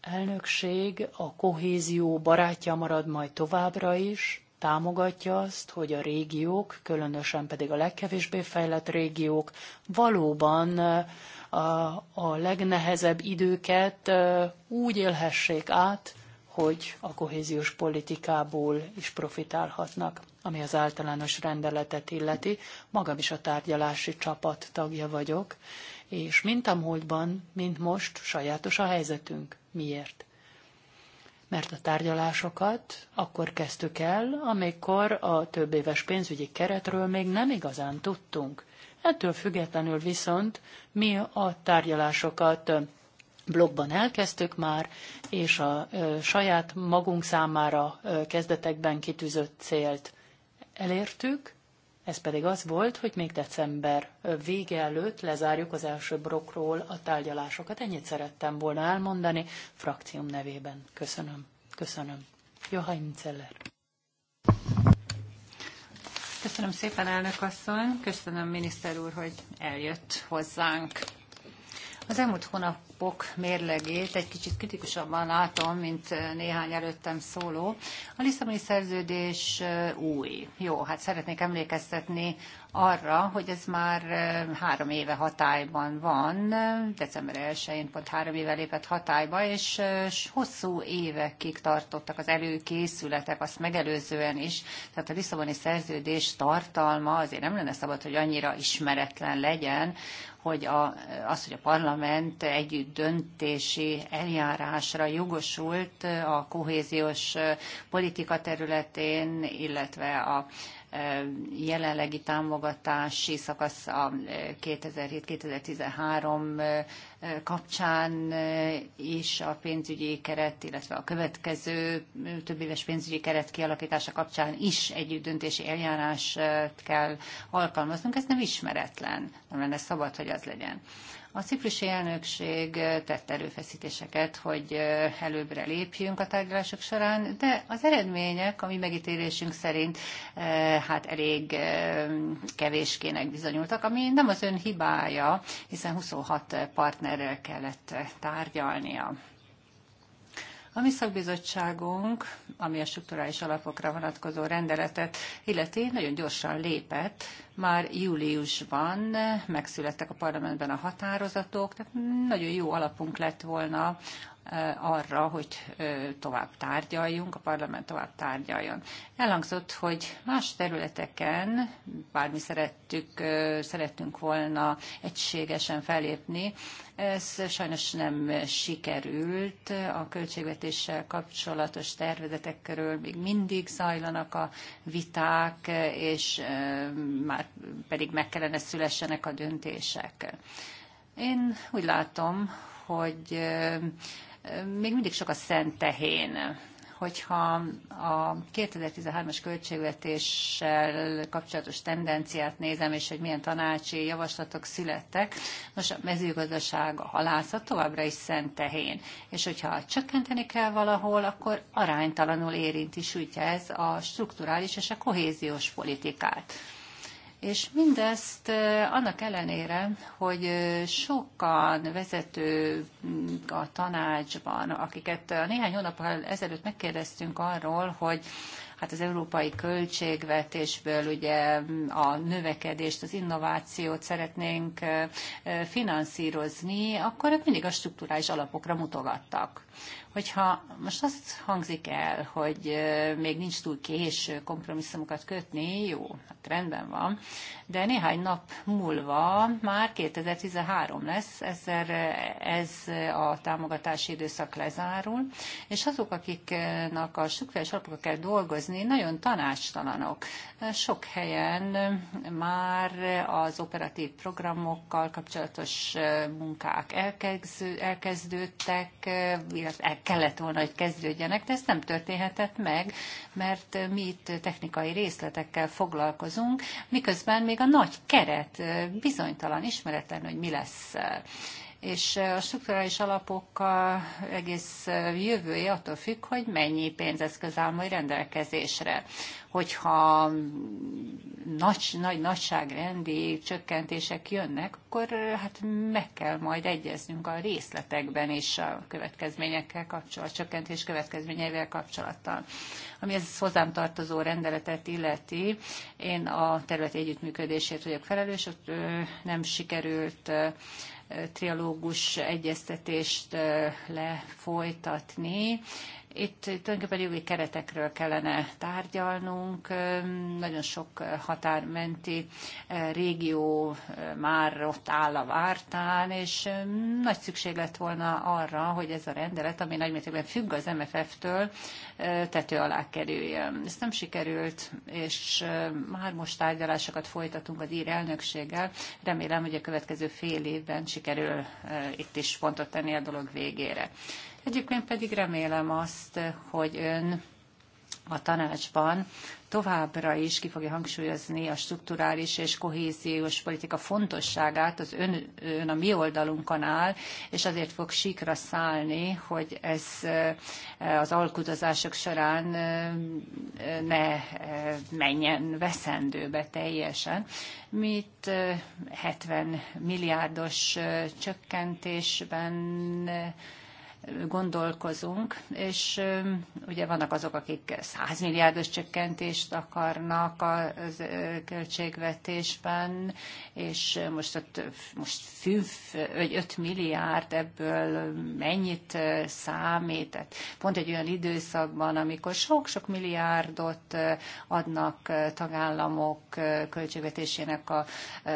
elnökség a kohézió barátja marad majd továbbra is, támogatja azt, hogy a régiók, különösen pedig a legkevésbé fejlett régiók valóban a, a legnehezebb időket úgy élhessék át, hogy a kohéziós politikából is profitálhatnak, ami az általános rendeletet illeti. Magam is a tárgyalási csapat tagja vagyok, és mint a múltban, mint most sajátos a helyzetünk. Miért? mert a tárgyalásokat akkor kezdtük el, amikor a több éves pénzügyi keretről még nem igazán tudtunk. Ettől függetlenül viszont mi a tárgyalásokat blogban elkezdtük már, és a saját magunk számára kezdetekben kitűzött célt elértük, ez pedig az volt, hogy még december vége előtt lezárjuk az első brokról a tárgyalásokat. Ennyit szerettem volna elmondani frakcióm nevében. Köszönöm. Köszönöm. Johann Celler. Köszönöm szépen, elnök asszony. Köszönöm, miniszter úr, hogy eljött hozzánk. Az elmúlt hónap pok mérlegét egy kicsit kritikusabban látom, mint néhány előttem szóló. A Lisszaboni szerződés új. Jó, hát szeretnék emlékeztetni arra, hogy ez már három éve hatályban van, december 1-én pont három éve lépett hatályba, és hosszú évekig tartottak az előkészületek, azt megelőzően is. Tehát a Lisszaboni szerződés tartalma azért nem lenne szabad, hogy annyira ismeretlen legyen, hogy a, az, hogy a parlament együtt döntési eljárásra jogosult a kohéziós politika területén, illetve a e, jelenlegi támogatási szakasz a 2007-2013 e, e, kapcsán is a pénzügyi keret, illetve a következő több éves pénzügyi keret kialakítása kapcsán is együtt döntési eljárást kell alkalmaznunk. Ez nem ismeretlen, nem lenne szabad, hogy az legyen. A ciprusi elnökség tett erőfeszítéseket, hogy előbbre lépjünk a tárgyalások során, de az eredmények, ami megítélésünk szerint eh, hát elég eh, kevéskének bizonyultak, ami nem az ön hibája, hiszen 26 partnerrel kellett tárgyalnia. A mi szakbizottságunk, ami a strukturális alapokra vonatkozó rendeletet illeti, nagyon gyorsan lépett. Már júliusban megszülettek a parlamentben a határozatok, tehát nagyon jó alapunk lett volna Eh, arra, hogy eh, tovább tárgyaljunk, a parlament tovább tárgyaljon. Elhangzott, hogy más területeken, bár mi szerettük, eh, szerettünk volna egységesen felépni, ez sajnos nem sikerült. A költségvetéssel kapcsolatos tervezetek körül még mindig zajlanak a viták, és már pedig meg kellene szülessenek a döntések. Én úgy látom, hogy még mindig sok a szent tehén hogyha a 2013-as költségvetéssel kapcsolatos tendenciát nézem, és hogy milyen tanácsi javaslatok születtek, most a mezőgazdaság, a halászat továbbra is szent tehén. És hogyha csökkenteni kell valahol, akkor aránytalanul érinti, sújtja ez a strukturális és a kohéziós politikát. És mindezt annak ellenére, hogy sokan vezető a tanácsban, akiket néhány hónap ezelőtt megkérdeztünk arról, hogy hát az európai költségvetésből ugye mm, a növekedést, az innovációt szeretnénk finanszírozni, akkor mindig a strukturális alapokra mutogattak. Hogyha most azt hangzik el, hogy még nincs túl késő kompromisszumokat kötni, jó, hát rendben van, de néhány nap múlva már 2013 lesz, ezzel ez a támogatási időszak lezárul, és azok, akiknek a struktúrális alapokra kell dolgozni, nagyon tanácstalanok. Sok helyen már az operatív programokkal kapcsolatos munkák elkezdődtek, illetve kellett volna, hogy kezdődjenek, de ez nem történhetett meg, mert mi itt technikai részletekkel foglalkozunk, miközben még a nagy keret bizonytalan, ismeretlen, hogy mi lesz és a strukturális alapok egész jövője attól függ, hogy mennyi pénzeszköz áll majd rendelkezésre. Hogyha nagy, nagy nagyságrendi csökkentések jönnek, akkor hát meg kell majd egyeznünk a részletekben és a következményekkel kapcsolatban, a csökkentés következményeivel kapcsolattal. Ami ez hozzám tartozó rendeletet illeti, én a területi együttműködésért vagyok felelős, ott nem sikerült trialógus egyeztetést lefolytatni, itt tulajdonképpen jogi keretekről kellene tárgyalnunk. Nagyon sok határmenti régió már ott áll a vártán, és nagy szükség lett volna arra, hogy ez a rendelet, ami nagymértékben függ az MFF-től, tető alá kerüljön. Ez nem sikerült, és már most tárgyalásokat folytatunk az ír elnökséggel. Remélem, hogy a következő fél évben sikerül itt is pontot tenni a dolog végére. Egyébként pedig remélem azt, hogy ön a tanácsban továbbra is ki fogja hangsúlyozni a strukturális és kohéziós politika fontosságát, az ön, ön a mi oldalunkon áll, és azért fog sikra szállni, hogy ez eh, az alkudozások során eh, ne eh, menjen veszendőbe teljesen. Mit 70 milliárdos csökkentésben gondolkozunk, és ugye vannak azok, akik 100 milliárdos csökkentést akarnak a költségvetésben, és most, ott, most fűf, vagy 5 milliárd ebből mennyit számít, tehát pont egy olyan időszakban, amikor sok-sok milliárdot adnak tagállamok költségvetésének a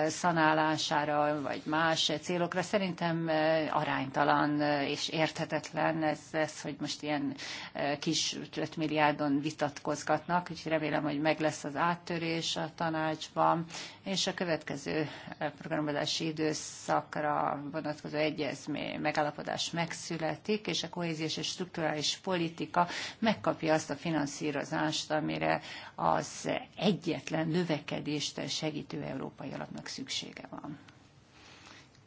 szanálására, vagy más célokra, szerintem aránytalan és érthetetlen érthetetlen ez, ez hogy most ilyen e, kis 5 milliárdon vitatkozgatnak, úgyhogy remélem, hogy meg lesz az áttörés a tanácsban, és a következő e, programozási időszakra vonatkozó egyezmény, megállapodás megszületik, és a kohéziós és strukturális politika megkapja azt a finanszírozást, amire az egyetlen növekedést segítő európai alapnak szüksége van.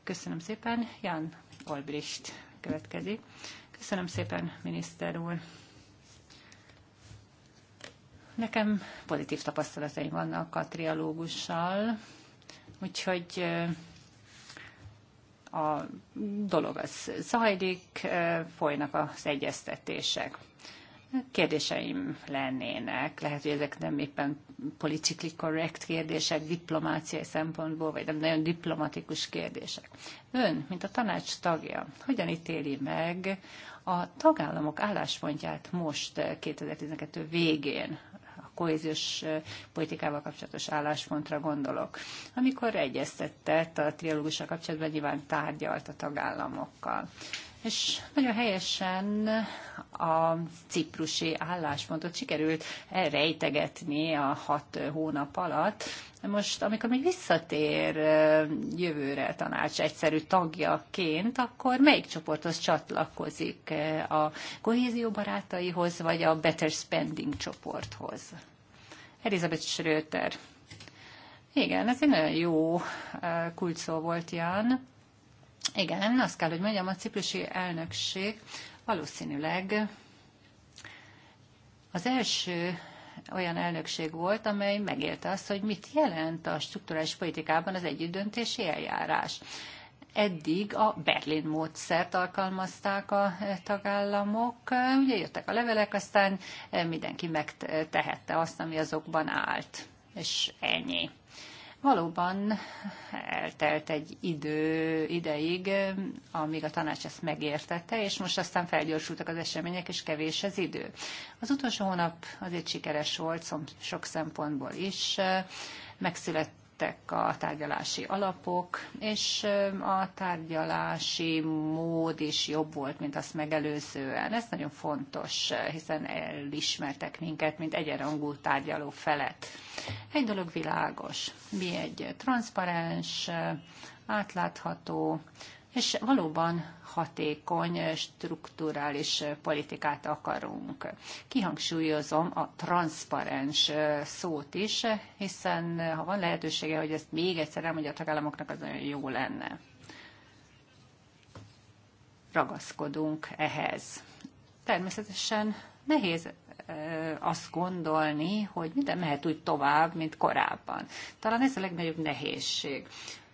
Köszönöm szépen, Jan Olbricht következik. Köszönöm szépen, miniszter úr! Nekem pozitív tapasztalataim vannak a trialógussal, úgyhogy a dolog az zajlik, folynak az egyeztetések kérdéseim lennének. Lehet, hogy ezek nem éppen politically correct kérdések, diplomáciai szempontból, vagy nem nagyon diplomatikus kérdések. Ön, mint a tanács tagja, hogyan ítéli meg a tagállamok álláspontját most 2012 eh, végén a kohéziós eh, politikával kapcsolatos álláspontra gondolok. Amikor egyeztette a triológusra kapcsolatban, nyilván tárgyalt a tagállamokkal és nagyon helyesen a ciprusi álláspontot sikerült elrejtegetni a hat hónap alatt. Most, amikor még visszatér jövőre tanács egyszerű tagjaként, akkor melyik csoporthoz csatlakozik? A kohézió barátaihoz, vagy a Better Spending csoporthoz? Elizabeth Schröter. Igen, ez egy nagyon jó kulcsszó volt, Jan. Igen, azt kell, hogy mondjam, a ciprusi elnökség valószínűleg az első olyan elnökség volt, amely megélte azt, hogy mit jelent a strukturális politikában az együttdöntési eljárás. Eddig a Berlin módszert alkalmazták a tagállamok, ugye jöttek a levelek, aztán mindenki megtehette azt, ami azokban állt, és ennyi. Valóban eltelt egy idő ideig, amíg a tanács ezt megértette, és most aztán felgyorsultak az események, és kevés az idő. Az utolsó hónap azért sikeres volt sok szempontból is. Megszület megszülettek a tárgyalási alapok, és a tárgyalási mód is jobb volt, mint azt megelőzően. Ez nagyon fontos, hiszen elismertek minket, mint egyenrangú tárgyaló felet. Egy dolog világos. Mi egy transzparens, átlátható, és valóban hatékony, strukturális politikát akarunk. Kihangsúlyozom a transzparens szót is, hiszen ha van lehetősége, hogy ezt még egyszer elmondja a tagállamoknak, az nagyon jó lenne. Ragaszkodunk ehhez. Természetesen nehéz azt gondolni, hogy minden mehet úgy tovább, mint korábban. Talán ez a legnagyobb nehézség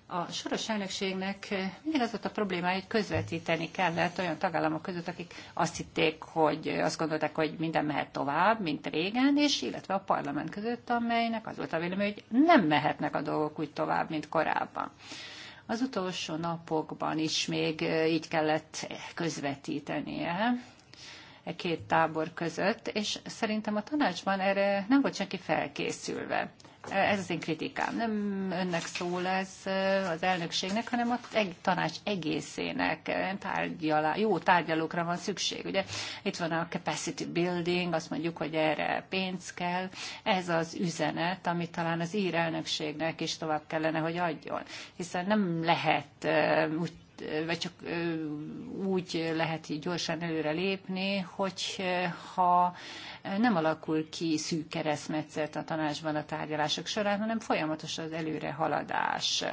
a soros elnökségnek milyen az volt a problémája, hogy közvetíteni kellett olyan tagállamok között, akik azt hitték, hogy azt gondolták, hogy minden mehet tovább, mint régen, és illetve a parlament között, amelynek az volt a vélemény, hogy nem mehetnek a dolgok úgy tovább, mint korábban. Az utolsó napokban is még eh, így kellett közvetítenie e két tábor között, és szerintem a tanácsban erre nem volt senki felkészülve. Ez az én kritikám. Nem önnek szól ez az elnökségnek, hanem a tanács egészének tárgyalá, jó tárgyalókra van szükség. Ugye itt van a capacity building, azt mondjuk, hogy erre pénz kell. Ez az üzenet, amit talán az ír elnökségnek is tovább kellene, hogy adjon. Hiszen nem lehet úgy vagy csak úgy lehet így gyorsan előre lépni, hogy ha nem alakul ki szűk keresztmetszet a tanácsban a tárgyalások során, hanem folyamatos az előre haladás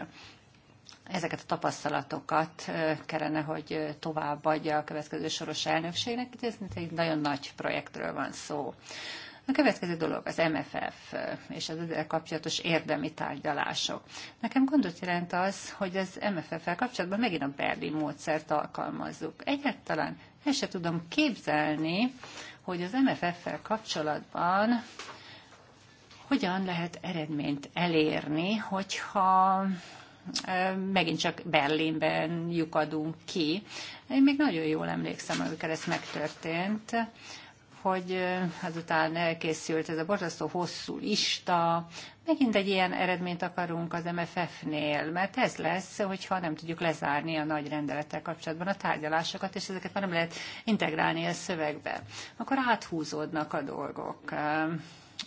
ezeket a tapasztalatokat kellene, hogy továbbadja a következő soros elnökségnek. Itt ez egy nagyon nagy projektről van szó. A következő dolog az MFF eh, és az ezzel kapcsolatos érdemi tárgyalások. Nekem gondot jelent az, hogy az MFF-fel kapcsolatban megint a Berlin módszert alkalmazzuk. Egyáltalán el se tudom képzelni, hogy az MFF-fel kapcsolatban hogyan lehet eredményt elérni, hogyha eh, megint csak Berlinben lyukadunk ki. Én még nagyon jól emlékszem, amikor ez megtörtént hogy azután elkészült ez a borzasztó hosszú lista, megint egy ilyen eredményt akarunk az MFF-nél, mert ez lesz, hogyha nem tudjuk lezárni a nagy rendelettel kapcsolatban a tárgyalásokat, és ezeket már nem lehet integrálni a szövegbe. Akkor áthúzódnak a dolgok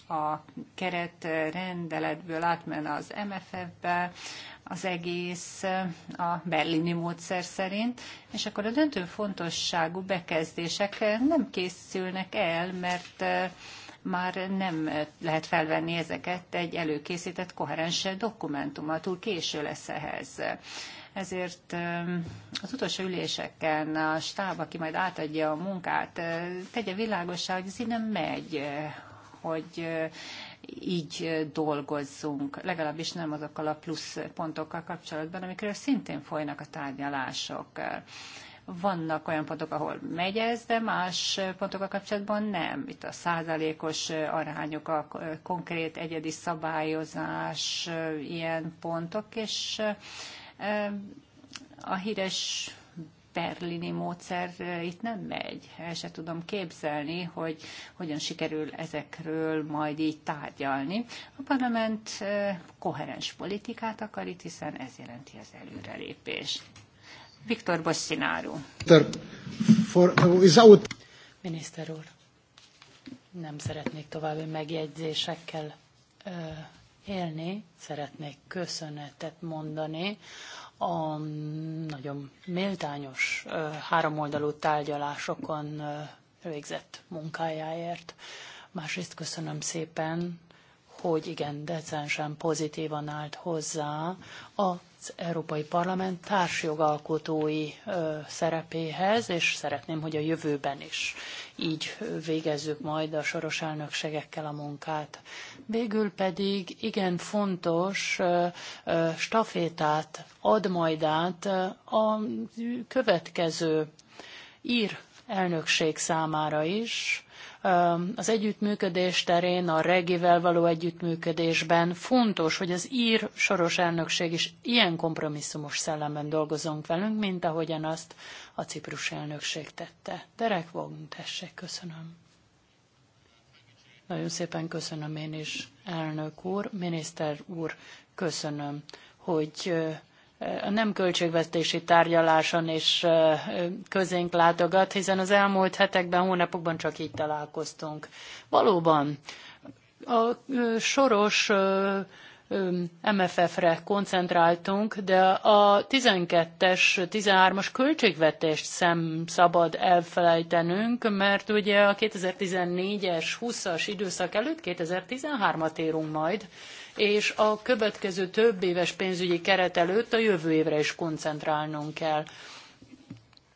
a keret rendeletből átmenne az MFF-be, az egész a berlini módszer szerint, és akkor a döntő fontosságú bekezdések nem készülnek el, mert már nem lehet felvenni ezeket egy előkészített koherens dokumentummal, túl késő lesz ehhez. Ezért az utolsó üléseken a stáb, aki majd átadja a munkát, tegye világosá, hogy ez így nem megy, hogy így dolgozzunk, legalábbis nem azokkal a plusz pontokkal kapcsolatban, amikről szintén folynak a tárgyalások. Vannak olyan pontok, ahol megy ez, de más pontokkal kapcsolatban nem. Itt a százalékos arányok, a konkrét egyedi szabályozás, ilyen pontok, és a híres berlini módszer itt nem megy. El se tudom képzelni, hogy hogyan sikerül ezekről majd így tárgyalni. A parlament koherens politikát akar itt, hiszen ez jelenti az előrelépés. Viktor Bosszináru. Miniszter úr, nem szeretnék további megjegyzésekkel élni. Szeretnék köszönetet mondani a nagyon méltányos háromoldalú tárgyalásokon végzett munkájáért. Másrészt köszönöm szépen, hogy igen, decensen pozitívan állt hozzá a az Európai Parlament társjogalkotói szerepéhez, és szeretném, hogy a jövőben is így végezzük majd a soros elnökségekkel a munkát. Végül pedig igen fontos stafétát ad majd át a következő ír elnökség számára is, az együttműködés terén, a regivel való együttműködésben fontos, hogy az ír soros elnökség is ilyen kompromisszumos szellemben dolgozunk velünk, mint ahogyan azt a ciprus elnökség tette. Derek Vogn, tessék, köszönöm. Nagyon szépen köszönöm én is, elnök úr, miniszter úr, köszönöm, hogy a nem költségvetési tárgyaláson is közénk látogat, hiszen az elmúlt hetekben, hónapokban csak így találkoztunk. Valóban a soros MFF-re koncentráltunk, de a 12-es, 13-as költségvetést sem szabad elfelejtenünk, mert ugye a 2014-es, 20-as időszak előtt 2013-at érünk majd, és a következő több éves pénzügyi keret előtt a jövő évre is koncentrálnunk kell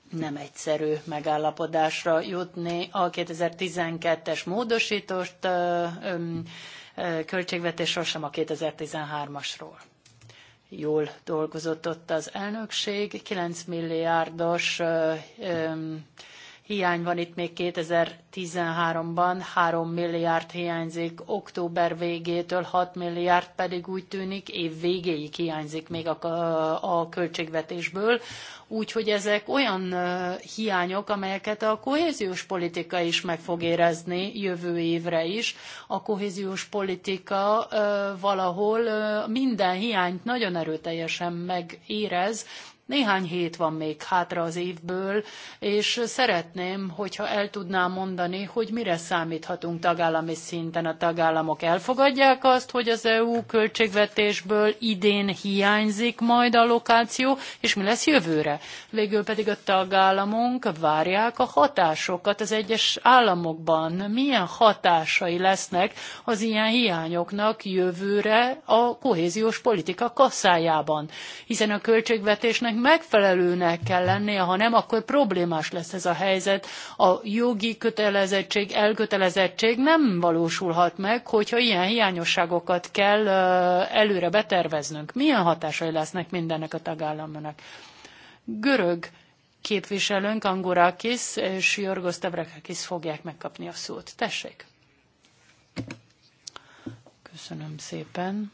nem egyszerű megállapodásra jutni. A 2012-es módosított költségvetésről, sem a 2013-asról. Jól dolgozott ott az elnökség, 9 milliárdos hiány van itt még 2013-ban, 3 milliárd hiányzik, október végétől 6 milliárd pedig úgy tűnik év végéig hiányzik még a, a költségvetésből. Úgyhogy ezek olyan hiányok, amelyeket a kohéziós politika is meg fog érezni jövő évre is. A kohéziós politika valahol minden hiányt nagyon erőteljesen megérez, néhány hét van még hátra az évből, és szeretném, hogyha el tudnám mondani, hogy mire számíthatunk tagállami szinten. A tagállamok elfogadják azt, hogy az EU költségvetésből idén hiányzik majd a lokáció, és mi lesz jövőre. Végül pedig a tagállamunk várják a hatásokat az egyes államokban. Milyen hatásai lesznek az ilyen hiányoknak jövőre a kohéziós politika kasszájában? Hiszen a költségvetésnek ennek megfelelőnek kell lennie, ha nem, akkor problémás lesz ez a helyzet. A jogi kötelezettség, elkötelezettség nem valósulhat meg, hogyha ilyen hiányosságokat kell előre beterveznünk. Milyen hatásai lesznek mindennek a tagállamnak? Görög képviselőnk Angurakis és Jorgos Tebrekakis fogják megkapni a szót. Tessék! Köszönöm szépen.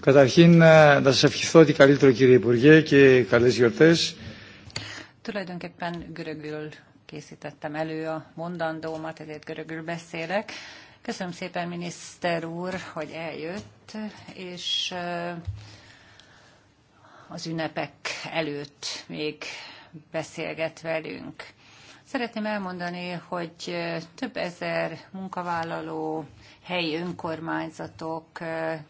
Καταρχήν να σας ευχηθώ ότι καλύτερο κύριε Υπουργέ και καλές γιορτές. Tulajdonképpen görögül készítettem elő a mondandómat, ezért görögül beszélek. Köszönöm szépen, miniszter úr, hogy eljött, és az ünnepek előtt még beszélget velünk. Szeretném elmondani, hogy több ezer munkavállaló, helyi önkormányzatok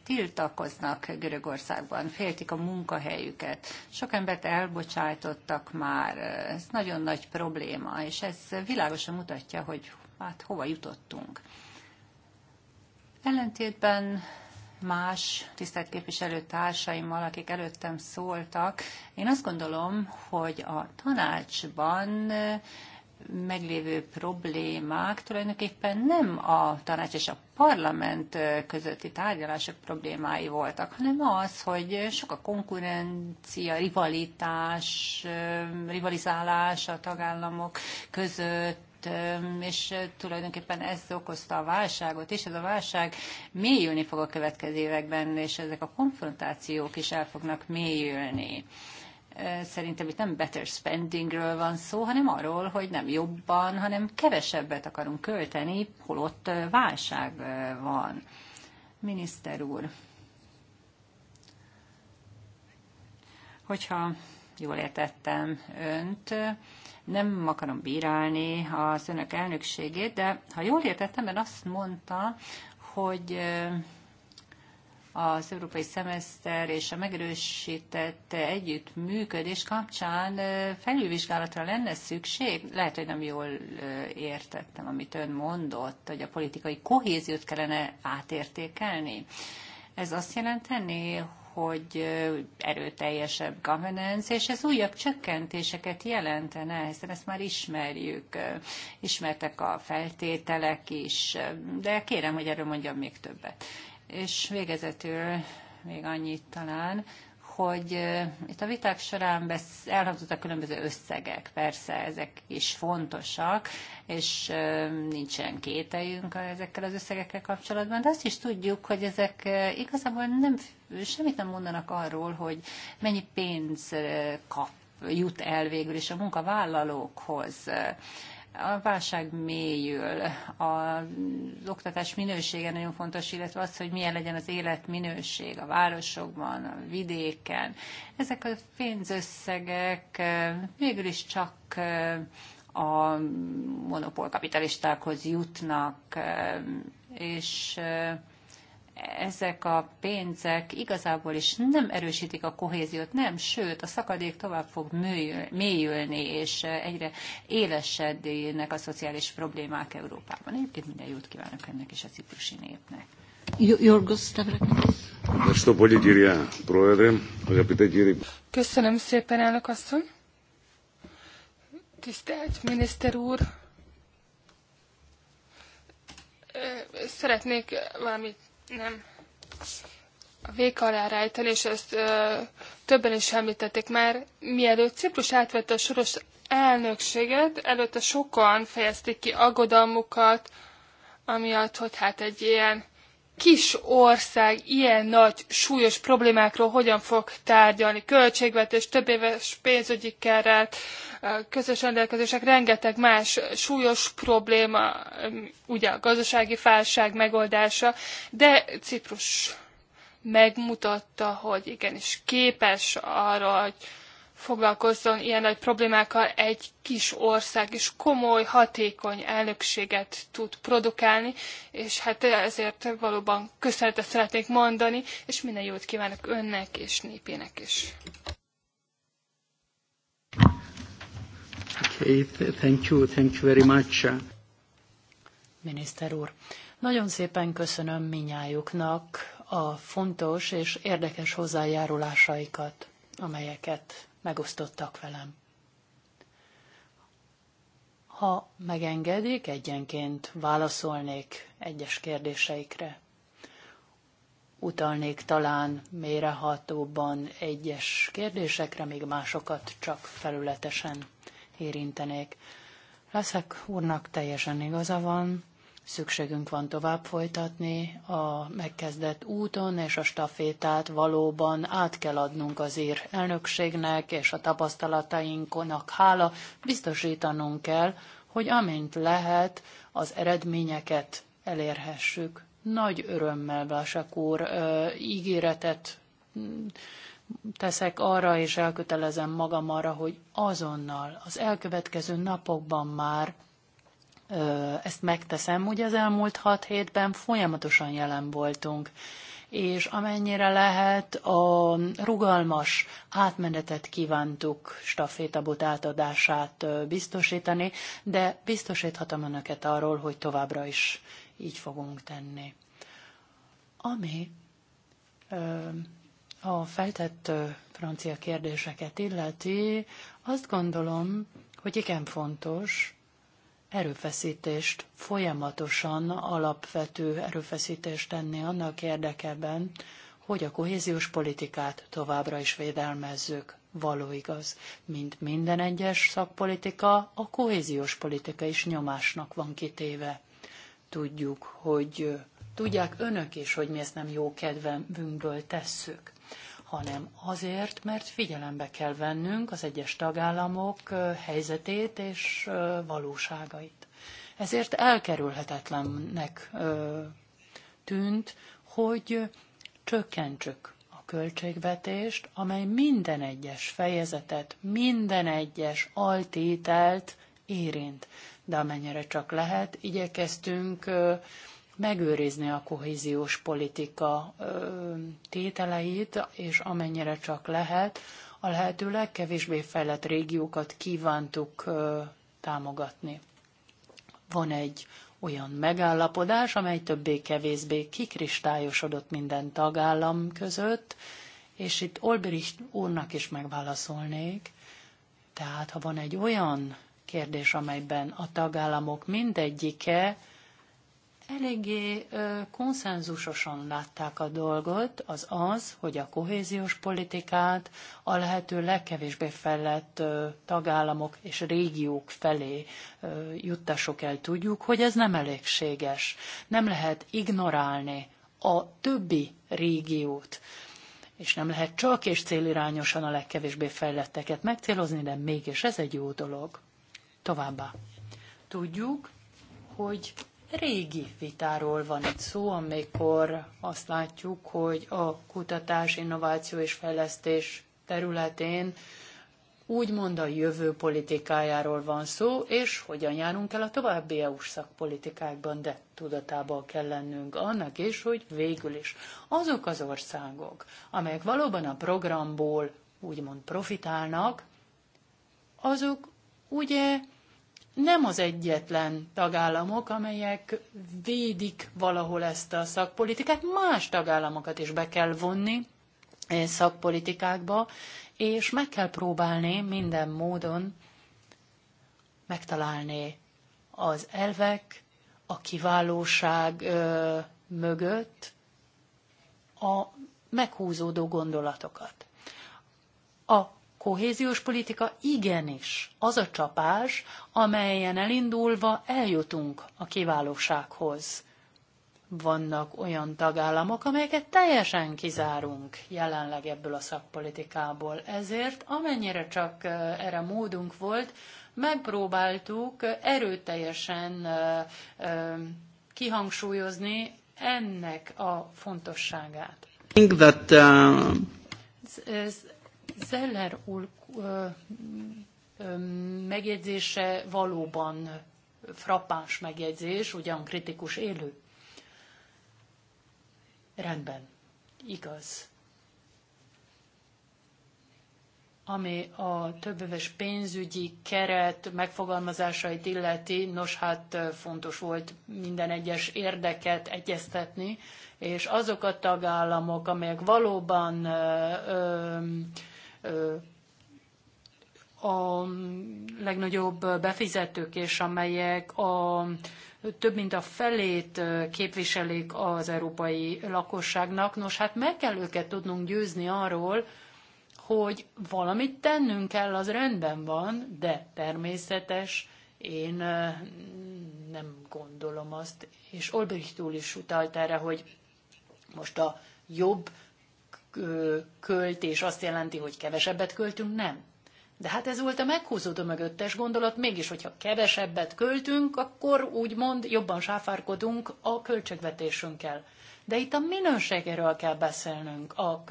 tiltakoznak Görögországban, féltik a munkahelyüket. Sok embert elbocsájtottak már, ez nagyon nagy probléma, és ez világosan mutatja, hogy hát hova jutottunk. Ellentétben más tisztelt képviselő társaimmal, akik előttem szóltak, én azt gondolom, hogy a tanácsban meglévő problémák tulajdonképpen nem a tanács és a parlament közötti tárgyalások problémái voltak, hanem az, hogy sok a konkurencia, rivalitás, rivalizálás a tagállamok között, és tulajdonképpen ez okozta a válságot, és ez a válság mélyülni fog a következő években, és ezek a konfrontációk is el fognak mélyülni. Szerintem itt nem better spendingről van szó, hanem arról, hogy nem jobban, hanem kevesebbet akarunk költeni, holott válság van. Miniszter úr, hogyha jól értettem önt, nem akarom bírálni az önök elnökségét, de ha jól értettem, mert azt mondta, hogy az európai szemeszter és a megerősített együttműködés kapcsán felülvizsgálatra lenne szükség? Lehet, hogy nem jól értettem, amit ön mondott, hogy a politikai kohéziót kellene átértékelni. Ez azt jelenteni, hogy erőteljesebb governance, és ez újabb csökkentéseket jelentene, hiszen ezt már ismerjük, ismertek a feltételek is, de kérem, hogy erről mondjam még többet. És végezetül még annyit talán, hogy itt a viták során elhangzottak különböző összegek, persze ezek is fontosak, és nincsen kételjünk ezekkel az összegekkel kapcsolatban, de azt is tudjuk, hogy ezek igazából nem, semmit nem mondanak arról, hogy mennyi pénz kap jut el végül is a munkavállalókhoz a válság mélyül, az oktatás minősége nagyon fontos, illetve az, hogy milyen legyen az életminőség a városokban, a vidéken. Ezek a pénzösszegek végül is csak a monopolkapitalistákhoz jutnak, és ezek a pénzek igazából is nem erősítik a kohéziót, nem, sőt, a szakadék tovább fog mélyülni, és egyre élesednek a szociális problémák Európában. Egyébként minden jót kívánok ennek és a ciprusi népnek. Köszönöm szépen, elnök asszony. Tisztelt miniszter úr! Szeretnék valamit nem a vék alá és ezt ö, többen is említették már, mielőtt Ciprus átvette a soros elnökséget, előtte sokan fejezték ki aggodalmukat, amiatt, hogy hát egy ilyen kis ország ilyen nagy, súlyos problémákról hogyan fog tárgyalni, költségvetés, több éves pénzügyi keret, közös rendelkezések rengeteg más súlyos probléma, um, ugye a gazdasági válság megoldása, de Ciprus megmutatta, hogy igenis képes arra, hogy foglalkozzon ilyen nagy problémákkal, egy kis ország is komoly, hatékony elnökséget tud produkálni, és hát ezért valóban köszönetet szeretnék mondani, és minden jót kívánok önnek és népének is. Okay, thank you, thank you very much. Miniszter úr, nagyon szépen köszönöm minnyájuknak a fontos és érdekes hozzájárulásaikat, amelyeket megosztottak velem. Ha megengedik, egyenként válaszolnék egyes kérdéseikre. Utalnék talán mérehatóban egyes kérdésekre, még másokat csak felületesen érintenék. Leszek úrnak teljesen igaza van, szükségünk van tovább folytatni a megkezdett úton, és a stafétát valóban át kell adnunk az ír elnökségnek, és a tapasztalatainknak hála biztosítanunk kell, hogy amint lehet, az eredményeket elérhessük. Nagy örömmel Blasek úr ígéretet teszek arra, és elkötelezem magam arra, hogy azonnal, az elkövetkező napokban már ezt megteszem. Ugye az elmúlt hat hétben folyamatosan jelen voltunk, és amennyire lehet a rugalmas átmenetet kívántuk stafétabot átadását biztosítani, de biztosíthatom önöket arról, hogy továbbra is így fogunk tenni. Ami a feltett francia kérdéseket illeti, azt gondolom, hogy igen fontos erőfeszítést, folyamatosan alapvető erőfeszítést tenni annak érdekében, hogy a kohéziós politikát továbbra is védelmezzük. Való igaz, mint minden egyes szakpolitika, a kohéziós politika is nyomásnak van kitéve. Tudjuk, hogy tudják önök is, hogy mi ezt nem jó kedvünkből tesszük hanem azért, mert figyelembe kell vennünk az egyes tagállamok helyzetét és valóságait. Ezért elkerülhetetlennek tűnt, hogy csökkentsük a költségvetést, amely minden egyes fejezetet, minden egyes altételt érint. De amennyire csak lehet, igyekeztünk megőrizni a kohéziós politika tételeit, és amennyire csak lehet, a lehető legkevésbé fejlett régiókat kívántuk támogatni. Van egy olyan megállapodás, amely többé-kevésbé kikristályosodott minden tagállam között, és itt Olbrich úrnak is megválaszolnék. Tehát, ha van egy olyan kérdés, amelyben a tagállamok mindegyike eléggé konszenzusosan látták a dolgot, az az, hogy a kohéziós politikát a lehető legkevésbé fejlett tagállamok és régiók felé juttassuk el. Tudjuk, hogy ez nem elégséges. Nem lehet ignorálni a többi régiót és nem lehet csak és célirányosan a legkevésbé fejletteket megcélozni, de mégis ez egy jó dolog. Továbbá. Tudjuk, hogy régi vitáról van itt szó, amikor azt látjuk, hogy a kutatás, innováció és fejlesztés területén úgymond a jövő politikájáról van szó, és hogyan járunk el a további EU-s szakpolitikákban, de tudatában kell lennünk annak is, hogy végül is azok az országok, amelyek valóban a programból úgymond profitálnak, azok ugye nem az egyetlen tagállamok, amelyek védik valahol ezt a szakpolitikát, más tagállamokat is be kell vonni e szakpolitikákba, és meg kell próbálni minden módon megtalálni az elvek, a kiválóság ö, mögött a meghúzódó gondolatokat. A kohéziós politika igenis az a csapás, amelyen elindulva eljutunk a kiválósághoz. Vannak olyan tagállamok, amelyeket teljesen kizárunk jelenleg ebből a szakpolitikából. Ezért, amennyire csak erre módunk volt, megpróbáltuk erőteljesen kihangsúlyozni ennek a fontosságát. That, uh... Zeller úr ö, ö, megjegyzése valóban frappáns megjegyzés, ugyan kritikus élő. Rendben, igaz. Ami a többöves pénzügyi keret megfogalmazásait illeti, nos hát fontos volt minden egyes érdeket egyeztetni, és azok a tagállamok, amelyek valóban ö, ö, a legnagyobb befizetők, és amelyek a több mint a felét képviselik az európai lakosságnak. Nos, hát meg kell őket tudnunk győzni arról, hogy valamit tennünk kell, az rendben van, de természetes, én nem gondolom azt, és Olbrich túl is utalt erre, hogy most a jobb költés azt jelenti, hogy kevesebbet költünk? Nem. De hát ez volt a meghúzódó mögöttes gondolat, mégis, hogyha kevesebbet költünk, akkor úgymond jobban sáfárkodunk a költségvetésünkkel. De itt a minőségéről kell beszélnünk a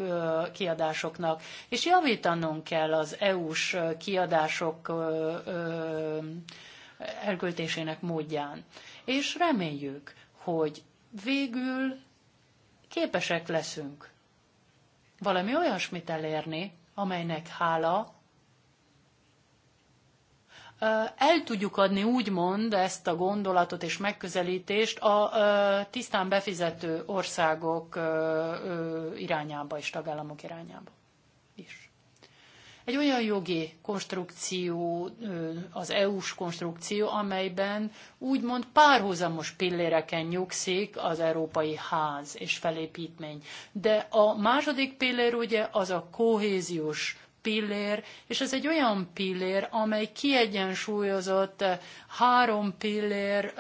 kiadásoknak, és javítanunk kell az EU-s kiadások elköltésének módján. És reméljük, hogy végül képesek leszünk valami olyasmit elérni, amelynek hála el tudjuk adni úgymond ezt a gondolatot és megközelítést a tisztán befizető országok irányába és tagállamok irányába. Egy olyan jogi konstrukció, az EU-s konstrukció, amelyben úgymond párhuzamos pilléreken nyugszik az európai ház és felépítmény. De a második pillér ugye az a kohéziós pillér, és ez egy olyan pillér, amely kiegyensúlyozott három pillér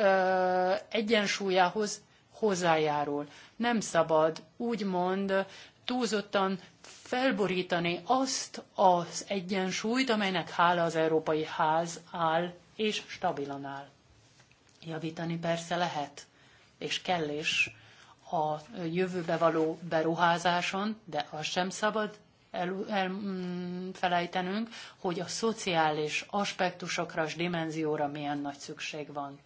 egyensúlyához hozzájárul. Nem szabad úgymond túlzottan felborítani azt az egyensúlyt, amelynek hála az Európai Ház áll és stabilan áll. Javítani persze lehet, és kell is a jövőbe való beruházáson, de azt sem szabad elfelejtenünk, el, mm, hogy a szociális aspektusokra és dimenzióra milyen nagy szükség van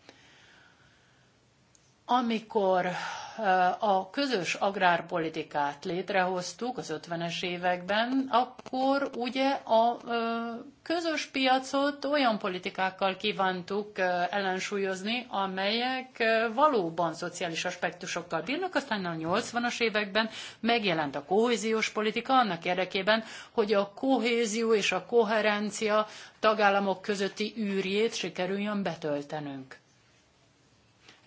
amikor a közös agrárpolitikát létrehoztuk az 50-es években, akkor ugye a közös piacot olyan politikákkal kívántuk ellensúlyozni, amelyek valóban szociális aspektusokkal bírnak, aztán a 80-as években megjelent a kohéziós politika annak érdekében, hogy a kohézió és a koherencia tagállamok közötti űrjét sikerüljön betöltenünk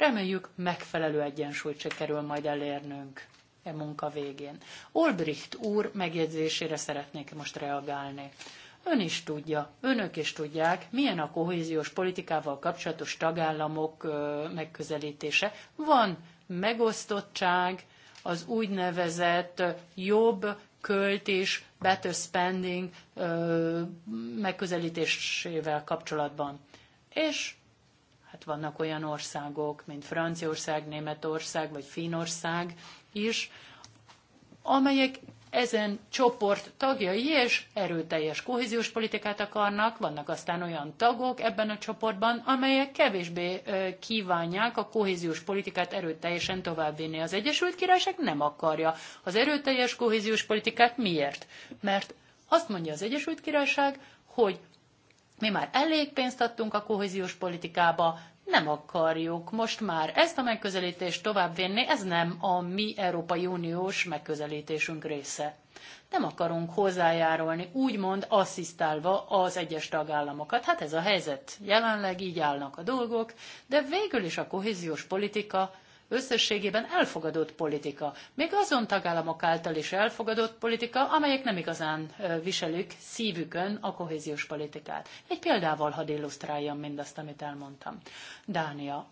Reméljük megfelelő egyensúlyt sikerül majd elérnünk e munka végén. Olbricht úr megjegyzésére szeretnék most reagálni. Ön is tudja, önök is tudják, milyen a kohéziós politikával kapcsolatos tagállamok megközelítése. Van megosztottság, az úgynevezett jobb költés, better spending megközelítésével kapcsolatban. És hát vannak olyan országok, mint Franciaország, Németország vagy Finország is, amelyek ezen csoport tagjai és erőteljes kohéziós politikát akarnak, vannak aztán olyan tagok ebben a csoportban, amelyek kevésbé kívánják a kohéziós politikát erőteljesen továbbvinni. Az Egyesült Királyság nem akarja az erőteljes kohéziós politikát. Miért? Mert azt mondja az Egyesült Királyság, hogy mi már elég pénzt adtunk a kohéziós politikába, nem akarjuk most már ezt a megközelítést továbbvinni, ez nem a mi Európai Uniós megközelítésünk része. Nem akarunk hozzájárulni, úgymond asszisztálva az egyes tagállamokat. Hát ez a helyzet. Jelenleg így állnak a dolgok, de végül is a kohéziós politika összességében elfogadott politika, még azon tagállamok által is elfogadott politika, amelyek nem igazán viselik szívükön a kohéziós politikát. Egy példával hadd illusztráljam mindazt, amit elmondtam. Dánia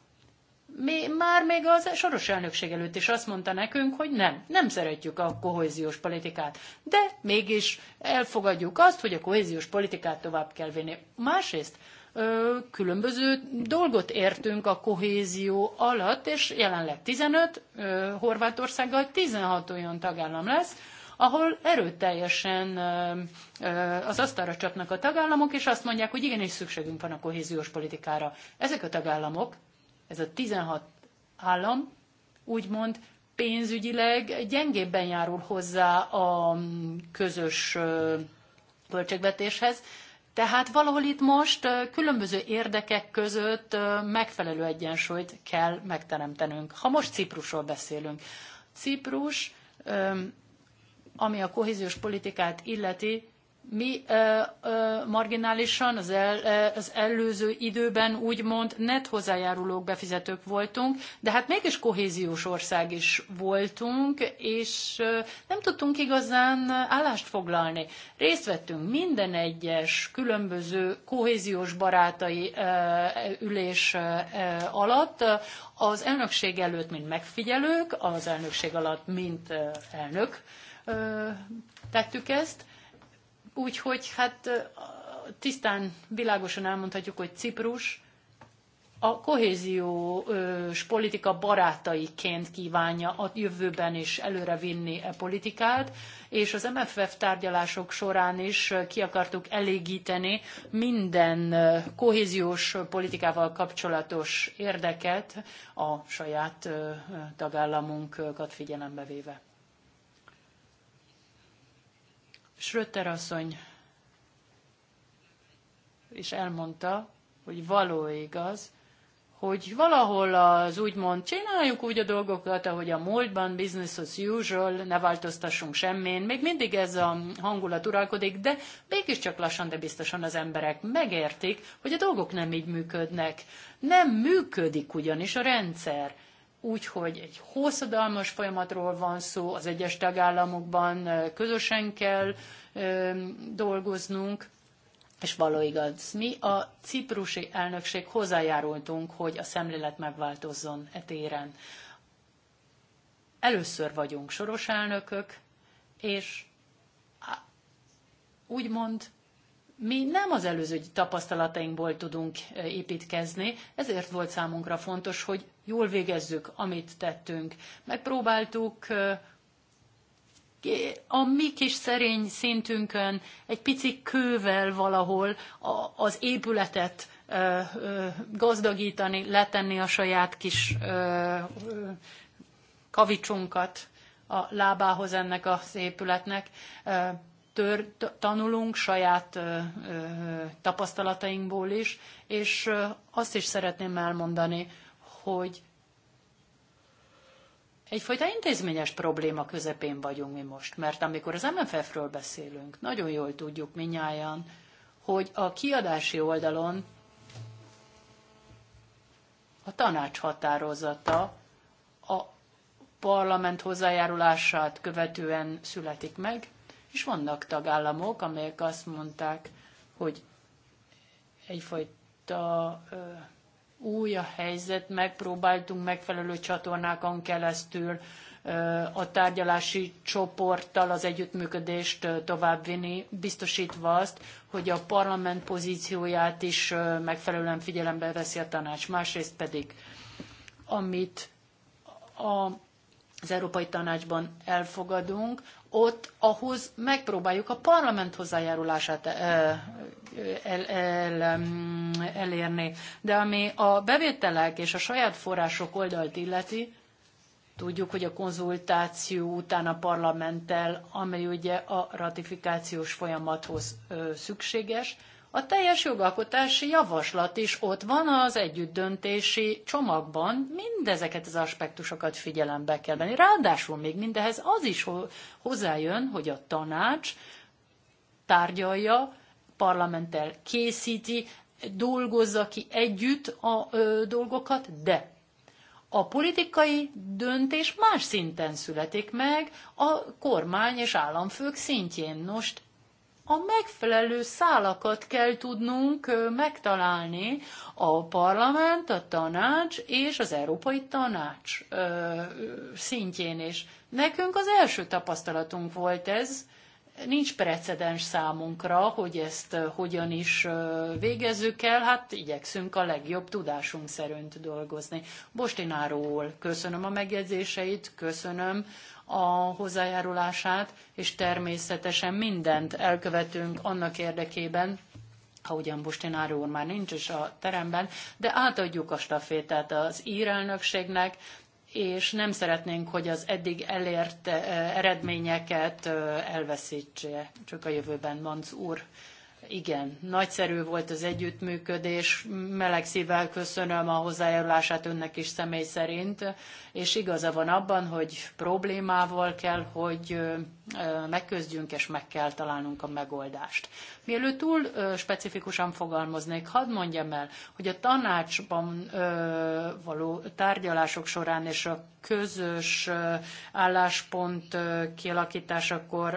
mi, már még az soros elnökség előtt is azt mondta nekünk, hogy nem, nem szeretjük a kohéziós politikát, de mégis elfogadjuk azt, hogy a kohéziós politikát tovább kell vinni. Másrészt különböző dolgot értünk a kohézió alatt, és jelenleg 15, Horvátországgal 16 olyan tagállam lesz, ahol erőteljesen az asztalra csapnak a tagállamok, és azt mondják, hogy igenis szükségünk van a kohéziós politikára. Ezek a tagállamok, ez a 16 állam úgymond pénzügyileg gyengébben járul hozzá a mm, közös költségvetéshez, tehát valahol itt most különböző érdekek között megfelelő egyensúlyt kell megteremtenünk. Ha most Ciprusról beszélünk, Ciprus, ami a kohéziós politikát illeti, mi ö, ö, marginálisan az, el, az előző időben úgymond net hozzájárulók, befizetők voltunk, de hát mégis kohéziós ország is voltunk, és ö, nem tudtunk igazán állást foglalni. Részt vettünk minden egyes különböző kohéziós barátai ö, ülés ö, alatt, az elnökség előtt, mint megfigyelők, az elnökség alatt, mint ö, elnök ö, tettük ezt, Úgyhogy hát tisztán, világosan elmondhatjuk, hogy Ciprus a kohéziós politika barátaiként kívánja a jövőben is előrevinni e politikát, és az MFF tárgyalások során is ki akartuk elégíteni minden kohéziós politikával kapcsolatos érdeket a saját tagállamunkat figyelembe véve. Schröter asszony is elmondta, hogy való igaz, hogy valahol az úgymond csináljuk úgy a dolgokat, ahogy a múltban, business as usual, ne változtassunk semmén, még mindig ez a hangulat uralkodik, de mégiscsak lassan, de biztosan az emberek megértik, hogy a dolgok nem így működnek. Nem működik ugyanis a rendszer úgy, hogy egy hosszadalmas folyamatról van szó, az egyes tagállamokban közösen kell dolgoznunk, és való igaz, mi a ciprusi elnökség hozzájárultunk, hogy a szemlélet megváltozzon e téren. Először vagyunk soros elnökök, és úgymond mi nem az előző tapasztalatainkból tudunk építkezni, ezért volt számunkra fontos, hogy jól végezzük, amit tettünk. Megpróbáltuk a mi kis szerény szintünkön egy pici kővel valahol az épületet gazdagítani, letenni a saját kis kavicsunkat a lábához ennek az épületnek tör, tanulunk saját ö, ö, tapasztalatainkból is, és ö, azt is szeretném elmondani, hogy egyfajta intézményes probléma közepén vagyunk mi most, mert amikor az MFF-ről beszélünk, nagyon jól tudjuk minnyáján, hogy a kiadási oldalon a tanács határozata a parlament hozzájárulását követően születik meg, és vannak tagállamok, amelyek azt mondták, hogy egyfajta ö, új a helyzet, megpróbáltunk megfelelő csatornákon keresztül ö, a tárgyalási csoporttal az együttműködést továbbvinni, biztosítva azt, hogy a parlament pozícióját is ö, megfelelően figyelembe veszi a tanács. Másrészt pedig, amit a az Európai Tanácsban elfogadunk, ott ahhoz megpróbáljuk a parlament hozzájárulását el, el, elérni. De ami a bevételek és a saját források oldalt illeti, tudjuk, hogy a konzultáció után a parlamenttel, amely ugye a ratifikációs folyamathoz szükséges, a teljes jogalkotási javaslat is ott van az együttdöntési csomagban, mindezeket az aspektusokat figyelembe kell venni. Ráadásul még mindehez az is hozzájön, hogy a tanács tárgyalja, parlamenttel készíti, dolgozza ki együtt a ö, dolgokat, de a politikai döntés más szinten születik meg, a kormány és államfők szintjén. Most a megfelelő szálakat kell tudnunk megtalálni a parlament, a tanács és az Európai Tanács szintjén is. Nekünk az első tapasztalatunk volt ez, nincs precedens számunkra, hogy ezt hogyan is végezzük el, hát igyekszünk a legjobb tudásunk szerint dolgozni. Bostináról köszönöm a megjegyzéseit, köszönöm a hozzájárulását, és természetesen mindent elkövetünk annak érdekében, ha ugyan Bustinári úr már nincs is a teremben, de átadjuk a stafétát az írelnökségnek, és nem szeretnénk, hogy az eddig elért eh, eredményeket eh, elveszítse, csak a jövőben Manc úr igen, nagyszerű volt az együttműködés, meleg szívvel köszönöm a hozzájárulását önnek is személy szerint, és igaza van abban, hogy problémával kell, hogy megküzdjünk, és meg kell találnunk a megoldást. Mielőtt túl specifikusan fogalmaznék, hadd mondjam el, hogy a tanácsban való tárgyalások során és a közös álláspont kialakításakor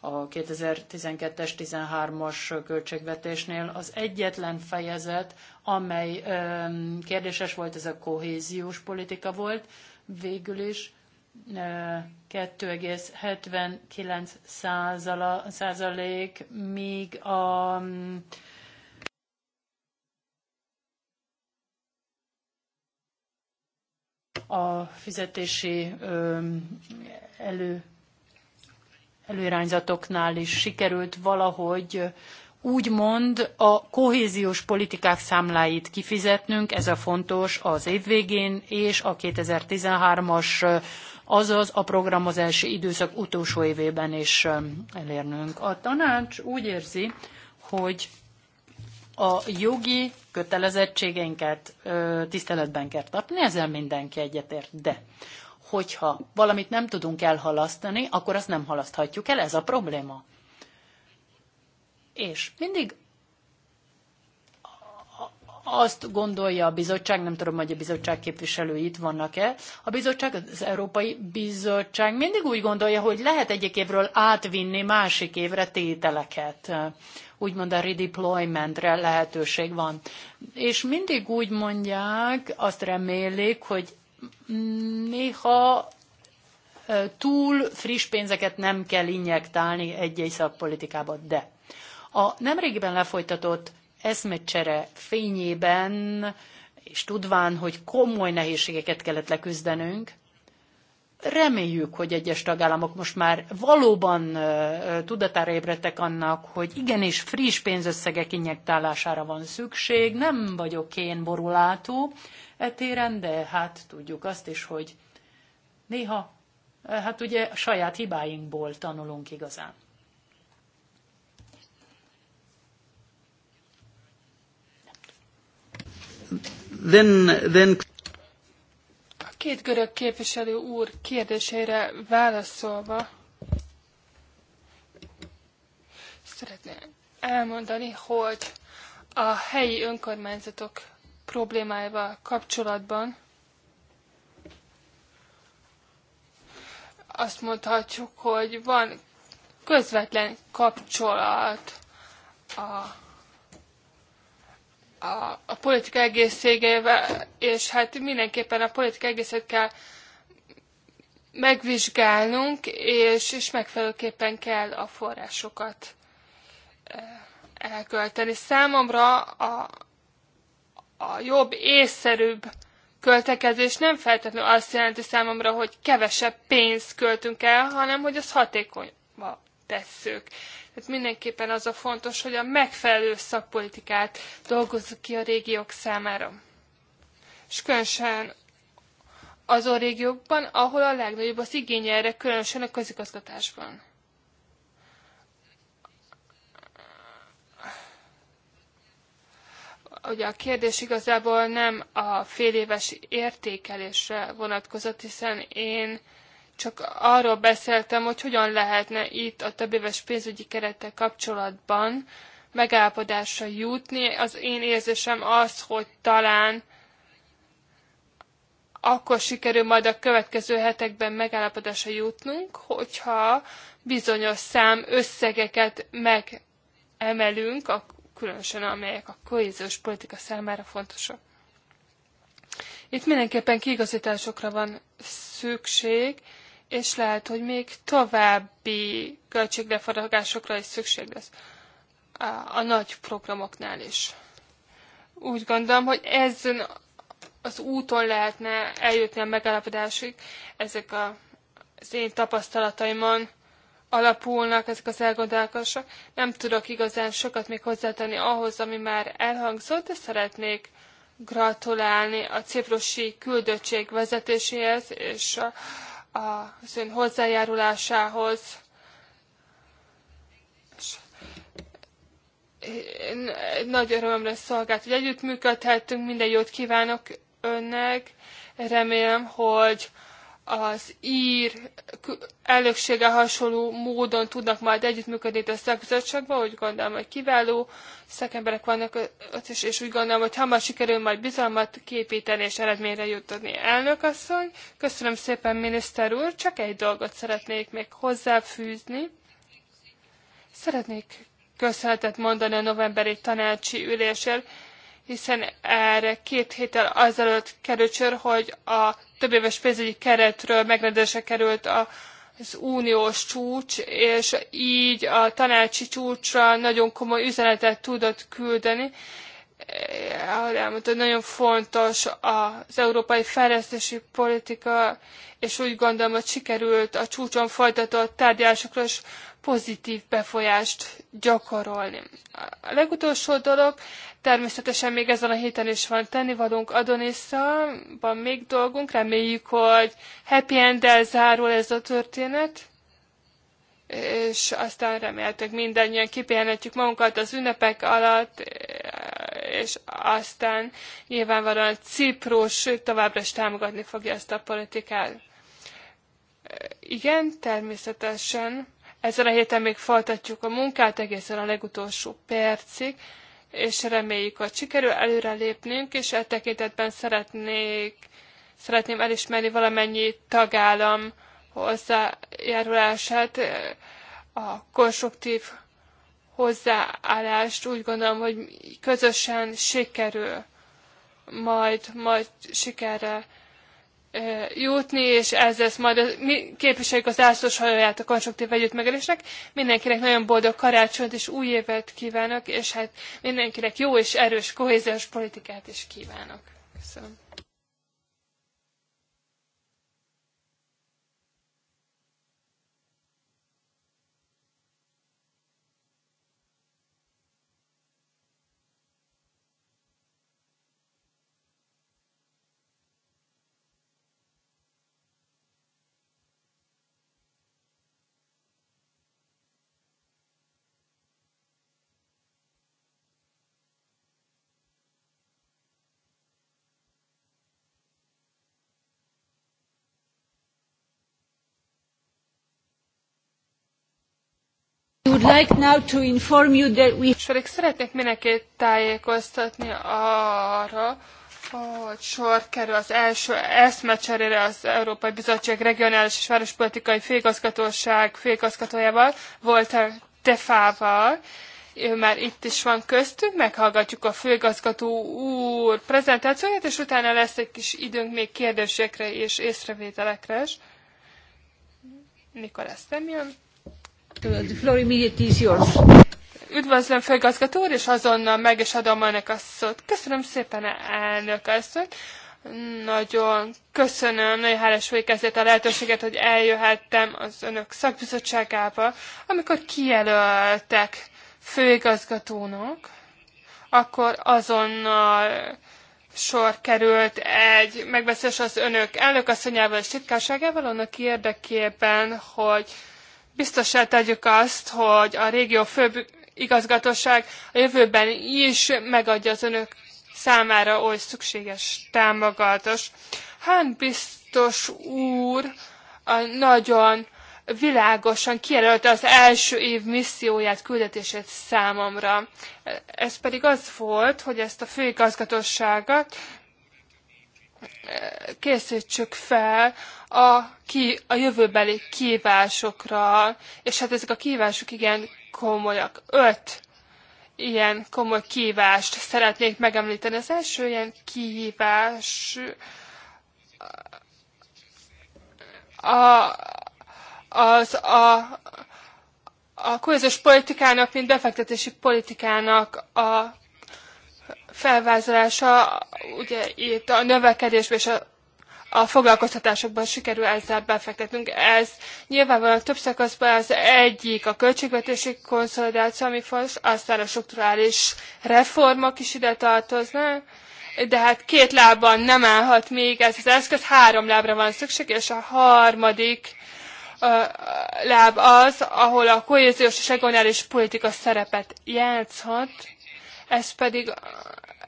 a 2012-es, 13-as költségvetésnél az egyetlen fejezet, amely kérdéses volt, ez a kohéziós politika volt végül is, 2,79 százalék, míg a mm, a fizetési elő, előirányzatoknál is sikerült valahogy úgymond a kohéziós politikák számláit kifizetnünk, ez a fontos az év végén és a 2013-as azaz a programozási időszak utolsó évében is elérnünk. A tanács úgy érzi, hogy a jogi kötelezettségeinket tiszteletben kell tartani, ezzel mindenki egyetért, de hogyha valamit nem tudunk elhalasztani, akkor azt nem halaszthatjuk el, ez a probléma. És mindig azt gondolja a bizottság, nem tudom, hogy a bizottság képviselői itt vannak-e, a bizottság, az Európai Bizottság mindig úgy gondolja, hogy lehet egyik évről átvinni másik évre tételeket úgymond a redeploymentre lehetőség van. És mindig úgy mondják, azt remélik, hogy néha túl friss pénzeket nem kell injektálni egy-egy szakpolitikába, de a nemrégiben lefolytatott eszmecsere fényében, és tudván, hogy komoly nehézségeket kellett leküzdenünk, reméljük, hogy egyes tagállamok most már valóban tudatára ébredtek annak, hogy igenis friss pénzösszegek injektálására van szükség. Nem vagyok én borulátó etéren, de hát tudjuk azt is, hogy néha, hát ugye a saját hibáinkból tanulunk igazán. Then, then... A két görög képviselő úr kérdésére válaszolva szeretném elmondani, hogy a helyi önkormányzatok problémáival kapcsolatban azt mondhatjuk, hogy van közvetlen kapcsolat a a, a politika egészségével, és hát mindenképpen a politika egészet kell megvizsgálnunk, és, és megfelelőképpen kell a forrásokat e, elkölteni. Számomra a, a jobb, észszerűbb költekezés nem feltétlenül azt jelenti számomra, hogy kevesebb pénzt költünk el, hanem hogy az hatékonyba tesszük itt mindenképpen az a fontos, hogy a megfelelő szakpolitikát dolgozzuk ki a régiók számára. És különösen azon régiókban, ahol a legnagyobb az igény erre, különösen a közigazgatásban. Ugye a kérdés igazából nem a féléves értékelésre vonatkozott, hiszen én csak arról beszéltem, hogy hogyan lehetne itt a éves pénzügyi kerettel kapcsolatban megállapodásra jutni. Az én érzésem az, hogy talán akkor sikerül majd a következő hetekben megállapodásra jutnunk, hogyha bizonyos szám összegeket megemelünk, a, különösen amelyek a kohéziós politika számára fontosak. Itt mindenképpen kiigazításokra van szükség, és lehet, hogy még további költségbefaragásokra is szükség lesz a, a nagy programoknál is. Úgy gondolom, hogy ezen az úton lehetne eljutni a megállapodásig. Ezek a, az én tapasztalataimon alapulnak ezek az elgondolkodások. Nem tudok igazán sokat még hozzátenni ahhoz, ami már elhangzott, de szeretnék gratulálni a ciprusi küldöttség vezetéséhez és a, az ön hozzájárulásához. És nagy örömre szolgált, hogy együttműködhettünk, minden jót kívánok önnek. Remélem, hogy az ír elnöksége hasonló módon tudnak majd együttműködni a szakbizottságban, úgy gondolom, hogy kiváló szakemberek vannak ott is, és úgy gondolom, hogy hamar sikerül majd bizalmat képíteni és eredményre juttatni. Elnök asszony, köszönöm szépen, miniszter úr, csak egy dolgot szeretnék még hozzáfűzni. Szeretnék köszönetet mondani a novemberi tanácsi ülésért, hiszen erre két héttel azelőtt került sor, hogy a több éves pénzügyi keretről megrendezésre került a, az uniós csúcs, és így a tanácsi csúcsra nagyon komoly üzenetet tudott küldeni. Eh, ahogy elmondta, nagyon fontos az európai fejlesztési politika, és úgy gondolom, hogy sikerült a csúcson folytatott tárgyalásokra is pozitív befolyást gyakorolni. A legutolsó dolog, Természetesen még ezen a héten is van tennivalónk adonissa, van még dolgunk, reméljük, hogy happy end zárul ez a történet, és aztán reméltük mindannyian kipihenhetjük magunkat az ünnepek alatt, és aztán nyilvánvalóan Ciprus továbbra is támogatni fogja ezt a politikát. Igen, természetesen. Ezen a héten még folytatjuk a munkát egészen a legutolsó percig és reméljük, hogy sikerül előrelépnünk, és e tekintetben szeretnék, szeretném elismerni valamennyi tagállam hozzájárulását, a konstruktív hozzáállást úgy gondolom, hogy közösen sikerül majd, majd sikerre jutni, és ez lesz majd, a, mi képviseljük az ászlós hajóját a konstruktív együttmegelésnek. Mindenkinek nagyon boldog karácsonyt és új évet kívánok, és hát mindenkinek jó és erős kohéziós politikát is kívánok. Köszönöm. like now to inform you that we... És pedig szeretnék mindenkit tájékoztatni arra, hogy sor kerül az első eszmecserére az Európai Bizottság regionális és várospolitikai főigazgatóság főigazgatójával, Walter Tefával. Ő már itt is van köztünk, meghallgatjuk a főigazgató úr prezentációját, és utána lesz egy kis időnk még kérdésekre és észrevételekre is. Nikolász the floor immediately is yours. Üdvözlöm, főigazgató úr, és azonnal meg is adom önnek a szót. Köszönöm szépen, elnök asszony. Nagyon köszönöm, nagyon hálás vagyok ezért a lehetőséget, hogy eljöhettem az önök szakbizottságába. Amikor kijelöltek főigazgatónak, akkor azonnal sor került egy megbeszélés az önök elnökasszonyával és titkárságával annak érdekében, hogy biztosá tegyük azt, hogy a régió főbb igazgatóság a jövőben is megadja az önök számára oly szükséges támogatást. Hán biztos úr a nagyon világosan kijelölte az első év misszióját, küldetését számomra. Ez pedig az volt, hogy ezt a főigazgatóságot készítsük fel a, ki, a jövőbeli kívásokra, és hát ezek a kívások igen komolyak. Öt ilyen komoly kívást szeretnék megemlíteni. Az első ilyen kihívás a, az a, a kohéziós politikának, mint befektetési politikának a felvázolása, ugye itt a növekedésben és a, a foglalkoztatásokban sikerül ezzel befektetnünk. Ez nyilvánvalóan több szakaszban az egyik a költségvetési konszolidáció, ami fontos, aztán a strukturális reformok is ide tartoznak, de hát két lábban nem állhat még ez az eszköz, három lábra van szükség, és a harmadik a láb az, ahol a kohéziós és regionális politika szerepet játszhat, ez pedig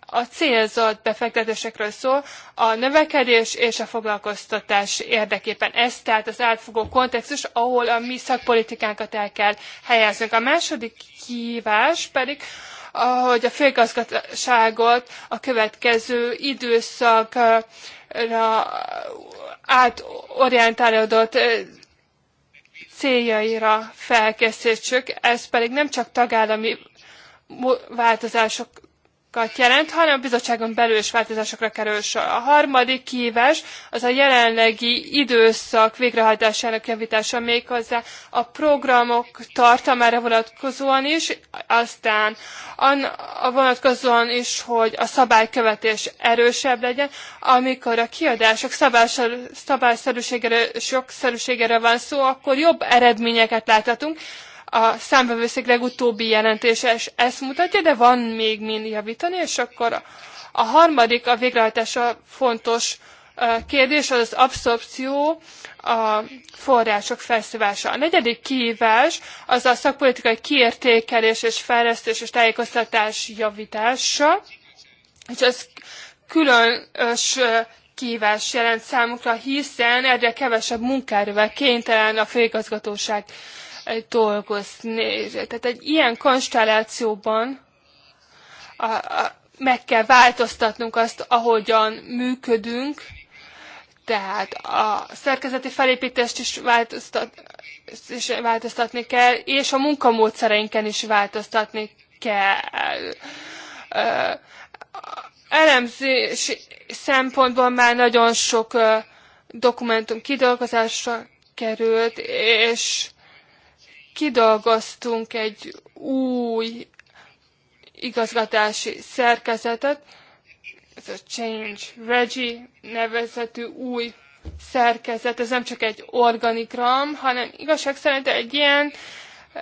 a célzott befektetésekről szól, a növekedés és a foglalkoztatás érdekében. Ez tehát az átfogó kontextus, ahol a mi szakpolitikánkat el kell helyeznünk. A második kívás pedig, hogy a főigazgatóságot a következő időszakra átorientálódott céljaira felkészítsük, ez pedig nem csak tagállami változások jelent, hanem a bizottságon belül is változásokra kerül sor. A harmadik kihívás az a jelenlegi időszak végrehajtásának javítása méghozzá a programok tartalmára vonatkozóan is, aztán a vonatkozóan is, hogy a szabálykövetés erősebb legyen, amikor a kiadások szabályszerűségére, sokszerűségére van szó, akkor jobb eredményeket láthatunk, a számvevőszék legutóbbi jelentése és ezt mutatja, de van még mind javítani, és akkor a harmadik, a végrehajtása fontos kérdés az az abszorpció, a források felszívása. A negyedik kihívás az a szakpolitikai kiértékelés és fejlesztés és tájékoztatás javítása, és ez különös kihívás jelent számukra, hiszen egyre kevesebb munkáról kénytelen a főigazgatóság dolgozni. Tehát egy ilyen konstellációban a, a, meg kell változtatnunk azt, ahogyan működünk, tehát a szerkezeti felépítést is változtat, is változtatni kell, és a munkamódszereinken is változtatni kell. Ö, elemzési szempontból már nagyon sok dokumentum kidolgozásra került, és kidolgoztunk egy új igazgatási szerkezetet, ez a Change Reggie nevezetű új szerkezet, ez nem csak egy organigram, hanem igazság szerint egy ilyen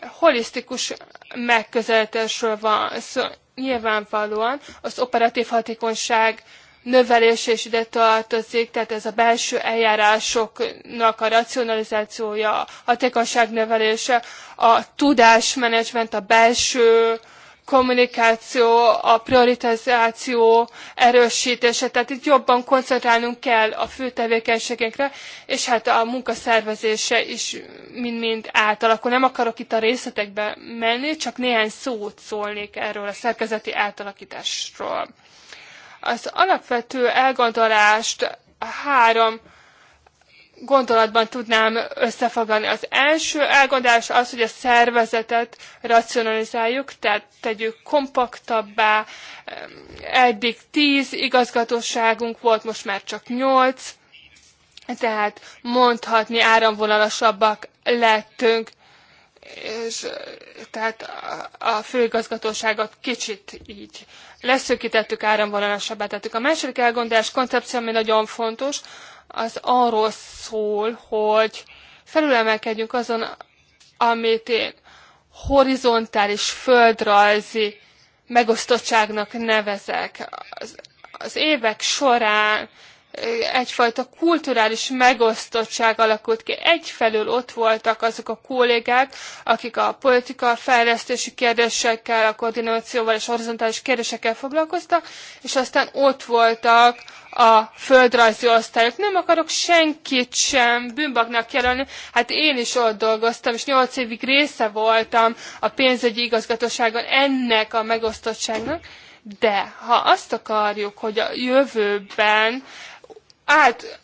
holisztikus megközelítésről van szó. Szóval nyilvánvalóan az operatív hatékonyság növelés is ide tartozik, tehát ez a belső eljárásoknak a racionalizációja, a hatékonyság növelése, a tudásmenedzsment, a belső kommunikáció, a prioritizáció erősítése, tehát itt jobban koncentrálnunk kell a fő tevékenységekre, és hát a munkaszervezése is mind-mind átalakul. Nem akarok itt a részletekbe menni, csak néhány szót szólnék erről a szerkezeti átalakításról az alapvető elgondolást három gondolatban tudnám összefoglalni. Az első elgondolás az, hogy a szervezetet racionalizáljuk, tehát tegyük kompaktabbá. Eddig tíz igazgatóságunk volt, most már csak nyolc. Tehát mondhatni áramvonalasabbak lettünk, és tehát a, főigazgatóságot kicsit így leszökítettük, áramvonalasabbá tettük. A második elgondolás koncepció, ami nagyon fontos, az arról szól, hogy felülemelkedjünk azon, amit én horizontális, földrajzi megosztottságnak nevezek. Az, az évek során egyfajta kulturális megosztottság alakult ki. Egyfelől ott voltak azok a kollégák, akik a politika fejlesztési kérdésekkel, a koordinációval és horizontális kérdésekkel foglalkoztak, és aztán ott voltak a földrajzi osztályok. Nem akarok senkit sem bűnbaknak jelölni. Hát én is ott dolgoztam, és nyolc évig része voltam a pénzügyi igazgatóságon ennek a megosztottságnak. De ha azt akarjuk, hogy a jövőben át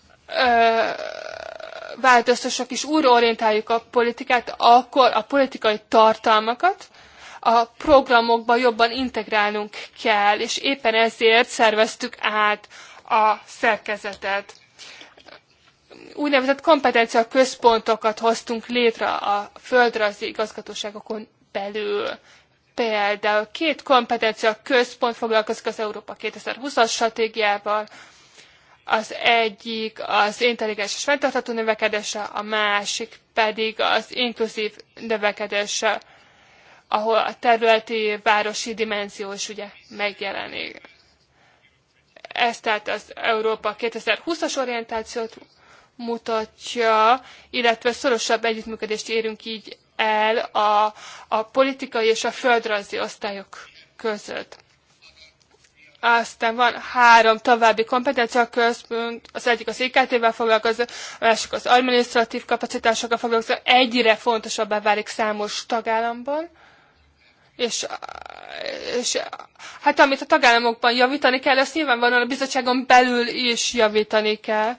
ö, és újraorientáljuk a politikát, akkor a politikai tartalmakat a programokba jobban integrálnunk kell, és éppen ezért szerveztük át a szerkezetet úgynevezett kompetencia központokat hoztunk létre a földrajzi igazgatóságokon belül. Például két kompetencia központ foglalkozik az Európa 2020-as stratégiával, az egyik az intelligens és fenntartható növekedése, a másik pedig az inkluzív növekedése, ahol a területi városi dimenzió is ugye megjelenik. Ez tehát az Európa 2020-as orientációt mutatja, illetve szorosabb együttműködést érünk így el a, a politikai és a földrajzi osztályok között. Aztán van három további kompetencia központ, az egyik az IKT-vel foglalkozó, a másik az administratív kapacitásokkal foglalkozó, egyre fontosabbá válik számos tagállamban. És, és hát amit a tagállamokban javítani kell, azt nyilvánvalóan a bizottságon belül is javítani kell.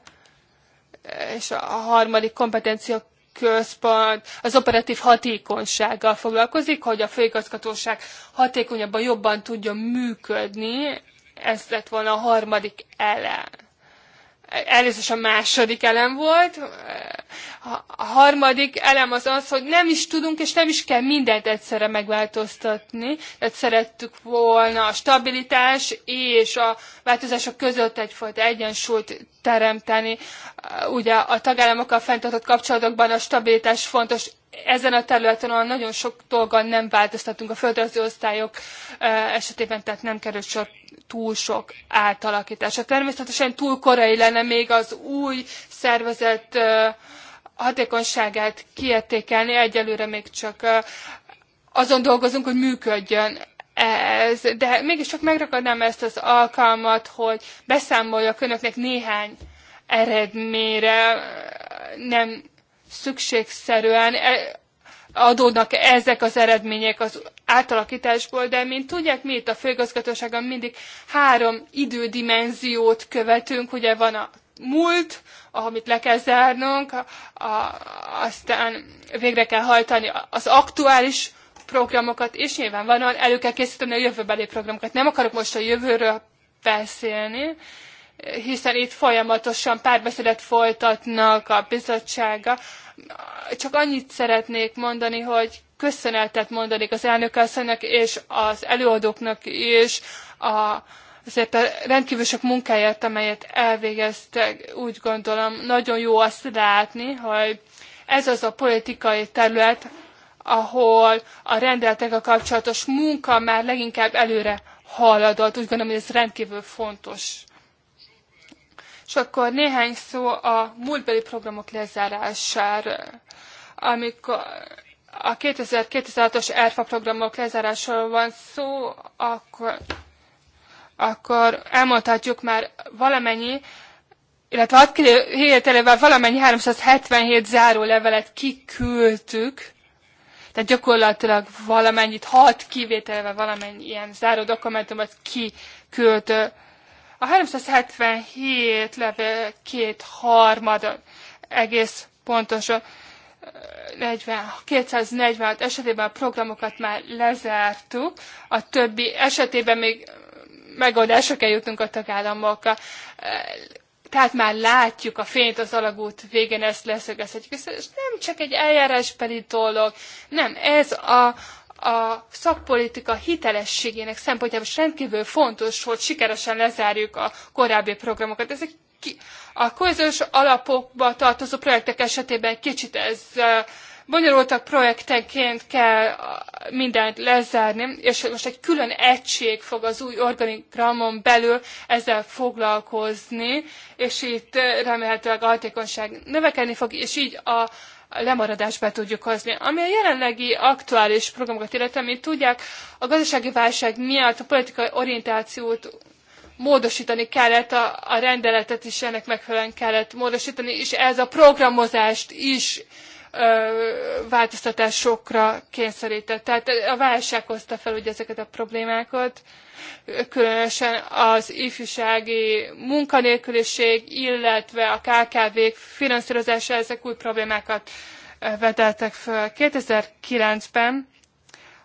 És a harmadik kompetencia központ az operatív hatékonysággal foglalkozik, hogy a főigazgatóság hatékonyabban jobban tudjon működni, ez lett volna a harmadik elem. Elnézést a második elem volt. A harmadik elem az az, hogy nem is tudunk és nem is kell mindent egyszerre megváltoztatni. Tehát szerettük volna a stabilitás és a változások között egyfajta egyensúlyt teremteni. Ugye a tagállamokkal fenntartott kapcsolatokban a stabilitás fontos, ezen a területen olyan nagyon sok dolgon nem változtatunk a földrajzi osztályok esetében, tehát nem került sor túl sok átalakítása. Természetesen túl korai lenne még az új szervezet hatékonyságát kiértékelni, egyelőre még csak azon dolgozunk, hogy működjön ez, de mégiscsak megragadnám ezt az alkalmat, hogy beszámoljak önöknek néhány eredményre, nem szükségszerűen e, adódnak ezek az eredmények az átalakításból, de mint tudják, mi itt a főgazgatóságon mindig három idődimenziót követünk, ugye van a múlt, amit le kell zárnunk, a, a, aztán végre kell hajtani az aktuális programokat, és van, elő kell készíteni a jövőbeli programokat. Nem akarok most a jövőről beszélni, hiszen itt folyamatosan párbeszédet folytatnak a bizottsága. Csak annyit szeretnék mondani, hogy köszönetet mondanék az elnökasszonynak és az előadóknak is a, azért a rendkívül sok munkáját, amelyet elvégeztek, úgy gondolom, nagyon jó azt látni, hogy ez az a politikai terület, ahol a rendeletekkel kapcsolatos munka már leginkább előre haladott. Úgy gondolom, hogy ez rendkívül fontos és akkor néhány szó a múltbeli programok lezárására, amikor a 2006 os ERFA programok lezárásáról van szó, akkor, akkor elmondhatjuk már valamennyi, illetve hat hételével valamennyi 377 levelet kiküldtük, tehát gyakorlatilag valamennyit, hat kivételével valamennyi ilyen záró dokumentumot kiküldtük a 377 level két harmada egész pontosan 40, eh, 246 esetében a programokat már lezártuk, a többi esetében még megoldásra kell jutnunk a tagállamokkal. Eh, tehát már látjuk a fényt az alagút végén, ezt leszögezhetjük. Ez nem csak egy eljárásbeli dolog, nem, ez a, a szakpolitika hitelességének szempontjából is rendkívül fontos, hogy sikeresen lezárjuk a korábbi programokat. Ezek ki, a kohéziós alapokba tartozó projektek esetében kicsit ez bonyolultak projektenként kell mindent lezárni, és most egy külön egység fog az új organigramon belül ezzel foglalkozni, és itt remélhetőleg a hatékonyság növekedni fog, és így a lemaradásba tudjuk hozni. Ami a jelenlegi aktuális programokat illeti, mint tudják, a gazdasági válság miatt a politikai orientációt módosítani kellett, a, a rendeletet is ennek megfelelően kellett módosítani, és ez a programozást is változtatásokra kényszerített. Tehát a válság hozta fel ugye ezeket a problémákat, különösen az ifjúsági munkanélküliség, illetve a KKV-k finanszírozása, ezek új problémákat vedeltek föl. 2009-ben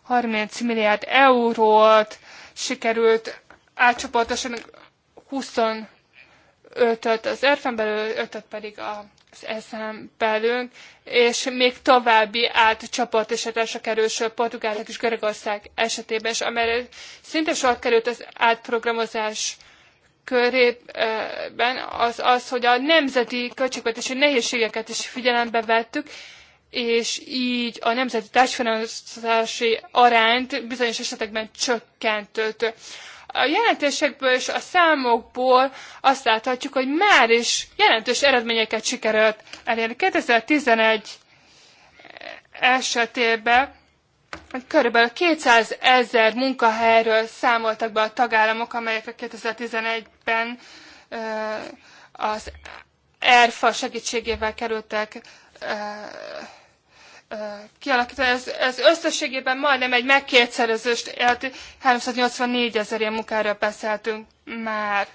30 milliárd eurót sikerült átcsoportosan 25-öt az erfen belül, 5 pedig a eszem belünk, és még további átcsaport esetre erősödő Portugálok és Görögország esetében, és amely szinte sor került az átprogramozás körében, az az, hogy a nemzeti költségvetési nehézségeket is figyelembe vettük, és így a nemzeti társfinanszírozási arányt bizonyos esetekben csökkentőt a jelentésekből és a számokból azt láthatjuk, hogy már is jelentős eredményeket sikerült elérni. 2011 esetében körülbelül 200 ezer munkahelyről számoltak be a tagállamok, amelyekre 2011-ben az ERFA segítségével kerültek kialakítani. Ez, ez összességében majdnem egy megkétszerezőst életi 384 ezer ilyen munkára beszéltünk már.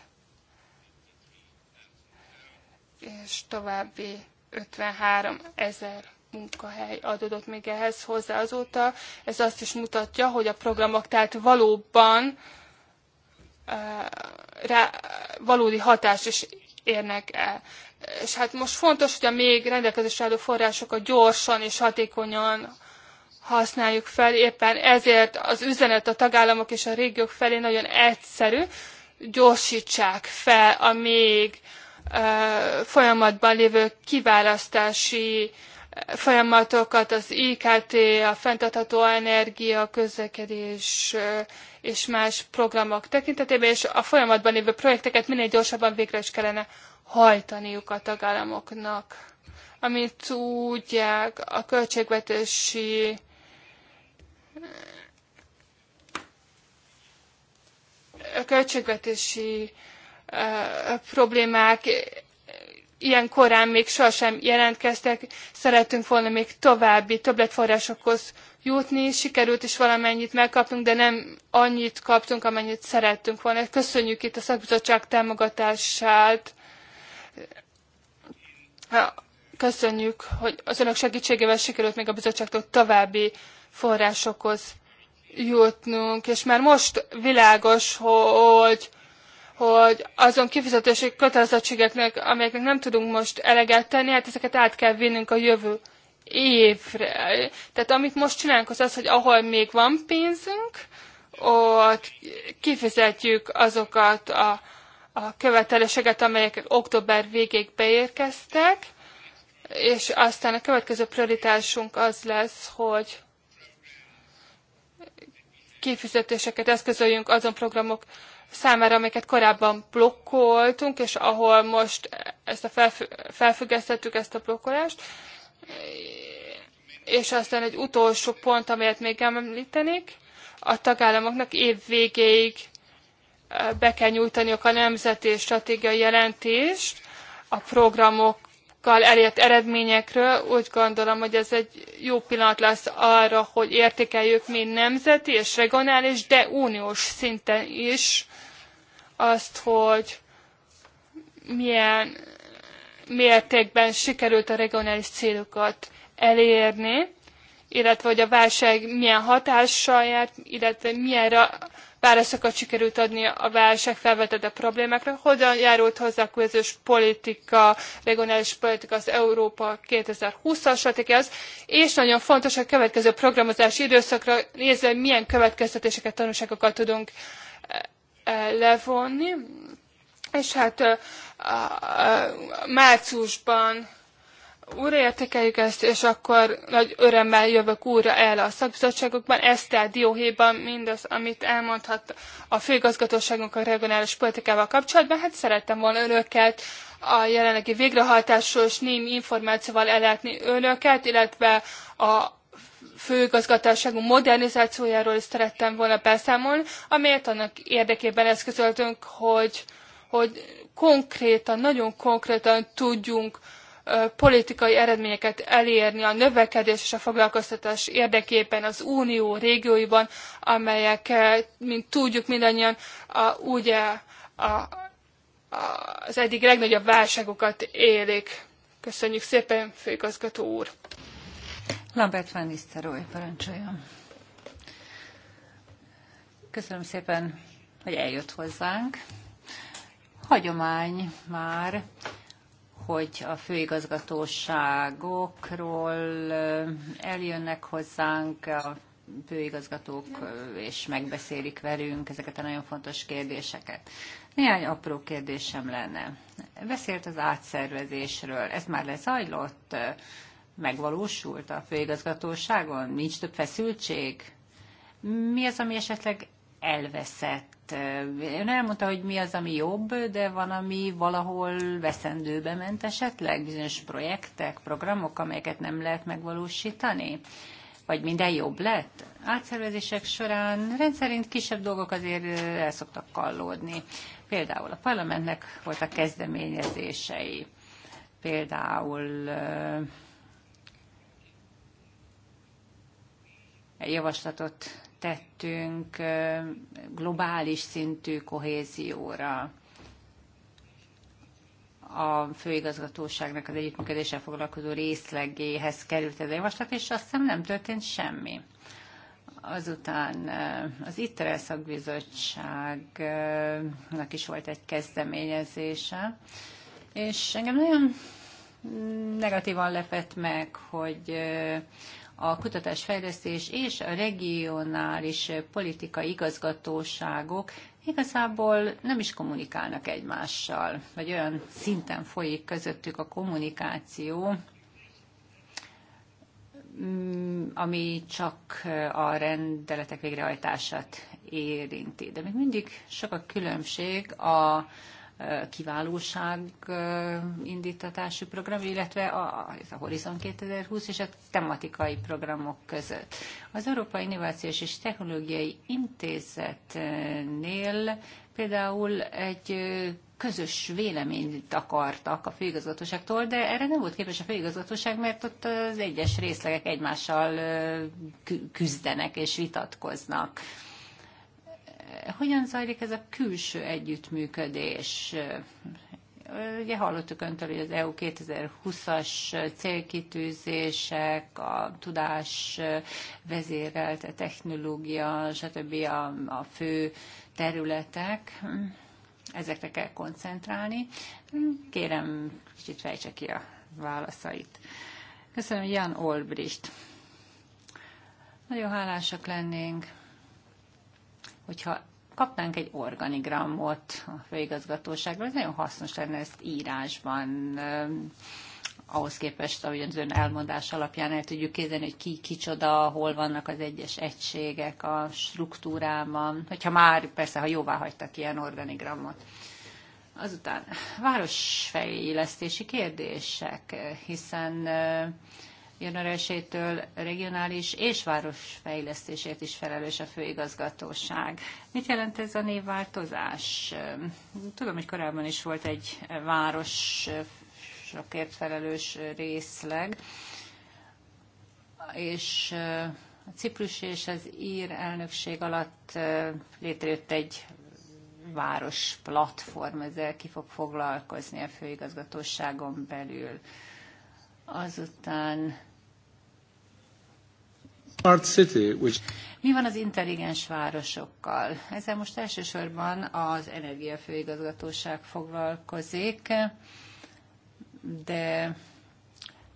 És további 53 ezer munkahely adódott még ehhez hozzá azóta. Ez azt is mutatja, hogy a programok tehát valóban rá, valódi hatást is érnek el. És hát most fontos, hogy a még rendelkezésre álló forrásokat gyorsan és hatékonyan használjuk fel, éppen ezért az üzenet a tagállamok és a régiók felé nagyon egyszerű, gyorsítsák fel a még folyamatban lévő kiválasztási folyamatokat, az IKT, a fenntartható energia, közlekedés és más programok tekintetében, és a folyamatban lévő projekteket minél gyorsabban végre is kellene hajtaniuk a tagállamoknak. Amit tudják, a költségvetési a költségvetési problémák ilyen korán még sohasem jelentkeztek, szerettünk volna még további többletforrásokhoz jutni, sikerült is valamennyit megkapnunk, de nem annyit kaptunk, amennyit szerettünk volna. Köszönjük itt a szakbizottság támogatását. Köszönjük, hogy az önök segítségével sikerült még a bizottságtól további forrásokhoz jutnunk, és már most világos, hogy hogy azon kifizetési kötelezettségeknek, amelyeknek nem tudunk most eleget tenni, hát ezeket át kell vinnünk a jövő évre. Tehát amit most csinálunk, az az, hogy ahol még van pénzünk, ott kifizetjük azokat a, a követeléseket, amelyek október végéig beérkeztek, és aztán a következő prioritásunk az lesz, hogy kifizetéseket eszközöljünk azon programok számára, amiket korábban blokkoltunk, és ahol most ezt a felfü- felfüggesztettük ezt a blokkolást. És aztán egy utolsó pont, amelyet még említenék, a tagállamoknak év végéig be kell nyújtaniuk a nemzeti stratégiai jelentést a programok kal elért eredményekről, úgy gondolom, hogy ez egy jó pillanat lesz arra, hogy értékeljük mind nemzeti és regionális, de uniós szinten is azt, hogy milyen mértékben sikerült a regionális célokat elérni, illetve hogy a válság milyen hatással járt, illetve milyen válaszokat sikerült adni a válság felvetett a problémákra, hogyan járult hozzá a közös politika, regionális politika, az Európa 2020-as stratégiához, és nagyon fontos a következő programozási időszakra nézve, milyen következtetéseket, tanulságokat tudunk eh, eh, levonni. És hát eh, a, márciusban újraértékeljük ezt, és akkor nagy örömmel jövök újra el a szakbizottságokban. Ez tehát dióhéjban mindaz, amit elmondhat a főigazgatóságunk a regionális politikával kapcsolatban. Hát szerettem volna önöket a jelenlegi végrehajtásról és némi információval ellátni önöket, illetve a főigazgatóságú modernizációjáról is szerettem volna beszámolni, amelyet annak érdekében eszközöltünk, hogy, hogy konkrétan, nagyon konkrétan tudjunk politikai eredményeket elérni a növekedés és a foglalkoztatás érdekében az unió régióiban, amelyek, mint tudjuk mindannyian, a, ugye a, a, az egyik legnagyobb válságokat élik. Köszönjük szépen, főigazgató úr! Lambert van Nisztelrooy, parancsoljon! Köszönöm szépen, hogy eljött hozzánk. Hagyomány már, hogy a főigazgatóságokról eljönnek hozzánk a főigazgatók, és megbeszélik velünk ezeket a nagyon fontos kérdéseket. Néhány apró kérdésem lenne. Beszélt az átszervezésről. Ez már lezajlott? Megvalósult a főigazgatóságon? Nincs több feszültség? Mi az, ami esetleg elveszett? Hát, ön elmondta, hogy mi az, ami jobb, de van, ami valahol veszendőbe ment esetleg, bizonyos projektek, programok, amelyeket nem lehet megvalósítani? Vagy minden jobb lett? Átszervezések során rendszerint kisebb dolgok azért el szoktak kallódni. Például a parlamentnek voltak kezdeményezései. Például javaslatot tettünk globális szintű kohézióra. A főigazgatóságnak az együttműködéssel foglalkozó részlegéhez került ez a javaslat, és azt hiszem nem történt semmi. Azután az ITRE szakbizottságnak is volt egy kezdeményezése, és engem nagyon negatívan lepett meg, hogy a kutatásfejlesztés és a regionális politikai igazgatóságok igazából nem is kommunikálnak egymással, vagy olyan szinten folyik közöttük a kommunikáció, mm, ami csak a rendeletek végrehajtását érinti. De még mindig sok a különbség a kiválóság indítatású program, illetve a, a Horizon 2020 és a tematikai programok között. Az Európai Innovációs és Technológiai Intézetnél például egy közös véleményt akartak a főigazgatóságtól, de erre nem volt képes a főigazgatóság, mert ott az egyes részlegek egymással küzdenek és vitatkoznak. Hogyan zajlik ez a külső együttműködés? Ugye hallottuk öntől, hogy az EU 2020-as célkitűzések, a tudás vezérelt, a technológia, stb. A, a fő területek, ezekre kell koncentrálni. Kérem, kicsit fejtse ki a válaszait. Köszönöm, Jan Olbricht. Nagyon hálásak lennénk, hogyha kapnánk egy organigramot a főigazgatóságról, ez nagyon hasznos lenne ezt írásban ahhoz képest, ahogy az ön elmondás alapján el tudjuk kézdeni, hogy ki kicsoda, hol vannak az egyes egységek a struktúrában, hogyha már persze, ha jóvá hagytak ilyen organigramot. Azután városfejlesztési kérdések, hiszen jönöresétől regionális és városfejlesztésért is felelős a főigazgatóság. Mit jelent ez a névváltozás? Tudom, hogy korábban is volt egy városokért felelős részleg, és a Ciprus és az ír elnökség alatt létrejött egy város platform, ezzel ki fog foglalkozni a főigazgatóságon belül. Azután mi van az intelligens városokkal? Ezzel most elsősorban az Energiafőigazgatóság foglalkozik, de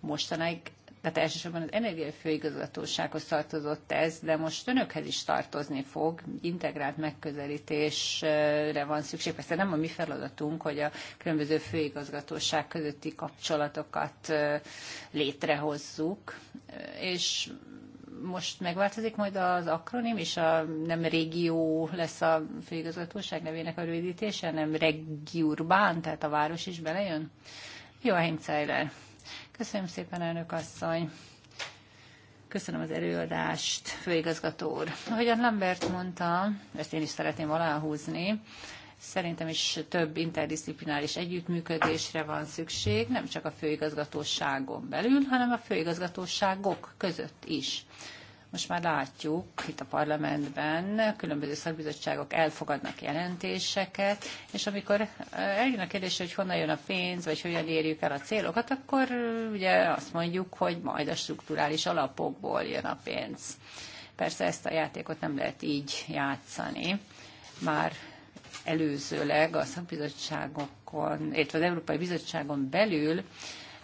mostanáig, tehát elsősorban az Energiafőigazgatósághoz tartozott ez, de most önökhez is tartozni fog, integrált megközelítésre van szükség. Persze nem a mi feladatunk, hogy a különböző főigazgatóság közötti kapcsolatokat létrehozzuk, és most megváltozik majd az akronim, és a nem régió lesz a főigazgatóság nevének a rövidítése, nem regiurbán, tehát a város is belejön? Jó Zeiler. Köszönöm szépen, elnök asszony. Köszönöm az előadást, főigazgató úr. Ahogyan Lambert mondta, ezt én is szeretném aláhúzni, Szerintem is több interdisziplináris együttműködésre van szükség, nem csak a főigazgatóságon belül, hanem a főigazgatóságok között is. Most már látjuk itt a parlamentben, különböző szakbizottságok elfogadnak jelentéseket, és amikor eh, eljön a kérdés, hogy honnan jön a pénz, vagy hogyan érjük el a célokat, akkor eh, ugye azt mondjuk, hogy majd a strukturális alapokból jön a pénz. Persze ezt a játékot nem lehet így játszani. Már előzőleg a szakbizottságokon, illetve az Európai Bizottságon belül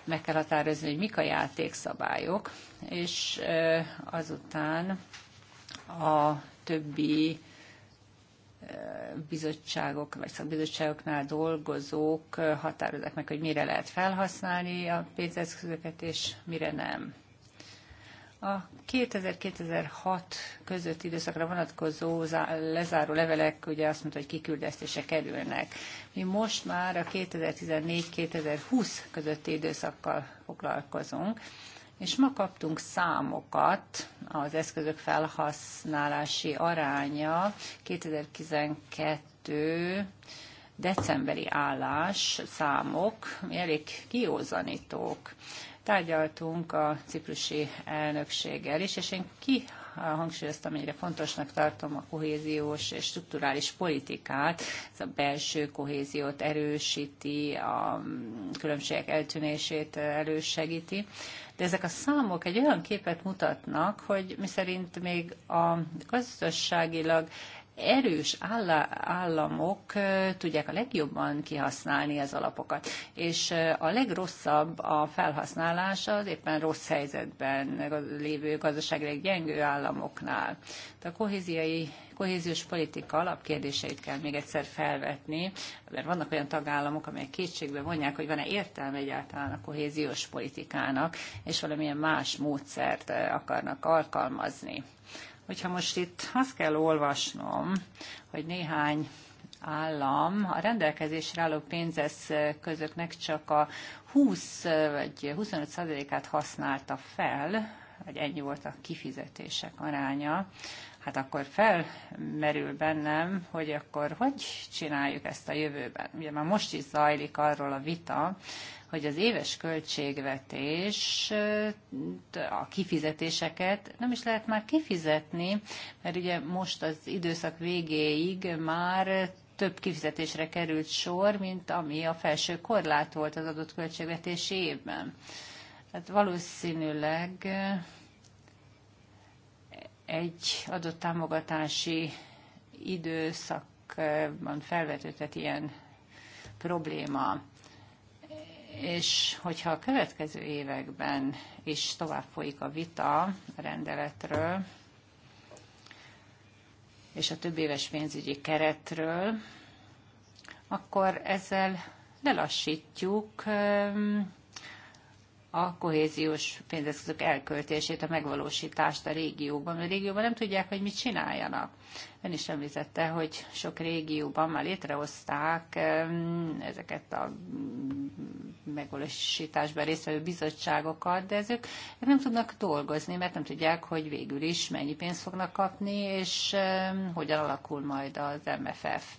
meg kell határozni, hogy mik a játékszabályok, és azután a többi bizottságok vagy szakbizottságoknál dolgozók határozzák meg, hogy mire lehet felhasználni a pénzeszközöket, és mire nem. A 2000-2006 közötti időszakra vonatkozó lezáró levelek ugye azt mondta, hogy kiküldesztése kerülnek. Mi most már a 2014-2020 közötti időszakkal foglalkozunk, és ma kaptunk számokat, az eszközök felhasználási aránya 2012 decemberi állás számok, elég kiózanítók. Tárgyaltunk a ciprusi elnökséggel is, és én ki hangsúlyoztam, mennyire fontosnak tartom a kohéziós és strukturális politikát. Ez a belső kohéziót erősíti, a különbségek eltűnését elősegíti. De ezek a számok egy olyan képet mutatnak, hogy mi szerint még a gazdaságilag erős államok tudják a legjobban kihasználni az alapokat, és a legrosszabb a felhasználás az éppen rossz helyzetben lévő gazdaság gyengő államoknál. De a kohéziai kohéziós politika alapkérdéseit kell még egyszer felvetni, mert vannak olyan tagállamok, amelyek kétségbe vonják, hogy van-e értelme egyáltalán a kohéziós politikának, és valamilyen más módszert akarnak alkalmazni. Hogyha most itt azt kell olvasnom, hogy néhány állam a rendelkezésre álló pénzeszközöknek csak a 20 vagy 25 át használta fel, vagy ennyi volt a kifizetések aránya, hát akkor felmerül bennem, hogy akkor hogy csináljuk ezt a jövőben. Ugye már most is zajlik arról a vita, hogy az éves költségvetés a kifizetéseket nem is lehet már kifizetni, mert ugye most az időszak végéig már több kifizetésre került sor, mint ami a felső korlát volt az adott költségvetési évben. Hát valószínűleg egy adott támogatási időszakban felvetődhet ilyen probléma és hogyha a következő években is tovább folyik a vita a rendeletről, és a több éves pénzügyi keretről, akkor ezzel lelassítjuk a kohéziós pénzeszközök elköltését, a megvalósítást a régióban. A régióban nem tudják, hogy mit csináljanak. Ön is említette, hogy sok régióban már létrehozták ezeket a megvalósításban résztvevő bizottságokat, de ezek nem tudnak dolgozni, mert nem tudják, hogy végül is mennyi pénzt fognak kapni, és hogyan alakul majd az MFF.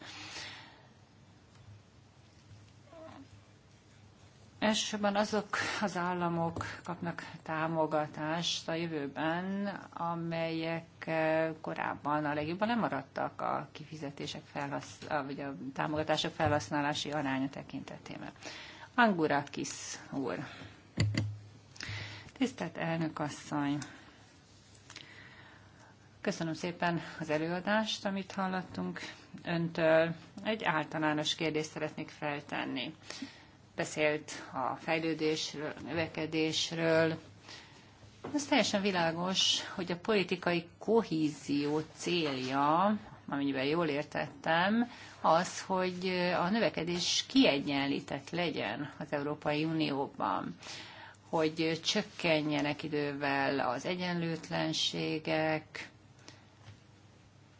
Elsősorban azok az államok kapnak támogatást a jövőben, amelyek eh, korábban a legjobban nem maradtak a kifizetések felhasznál, vagy a támogatások felhasználási aránya tekintetében. Angurakis úr. Tisztelt elnök asszony! Köszönöm szépen az előadást, amit hallottunk öntől. Egy általános kérdést szeretnék feltenni beszélt a fejlődésről, a növekedésről. Ez teljesen világos, hogy a politikai kohézió célja, amennyiben jól értettem, az, hogy a növekedés kiegyenlített legyen az Európai Unióban hogy csökkenjenek idővel az egyenlőtlenségek,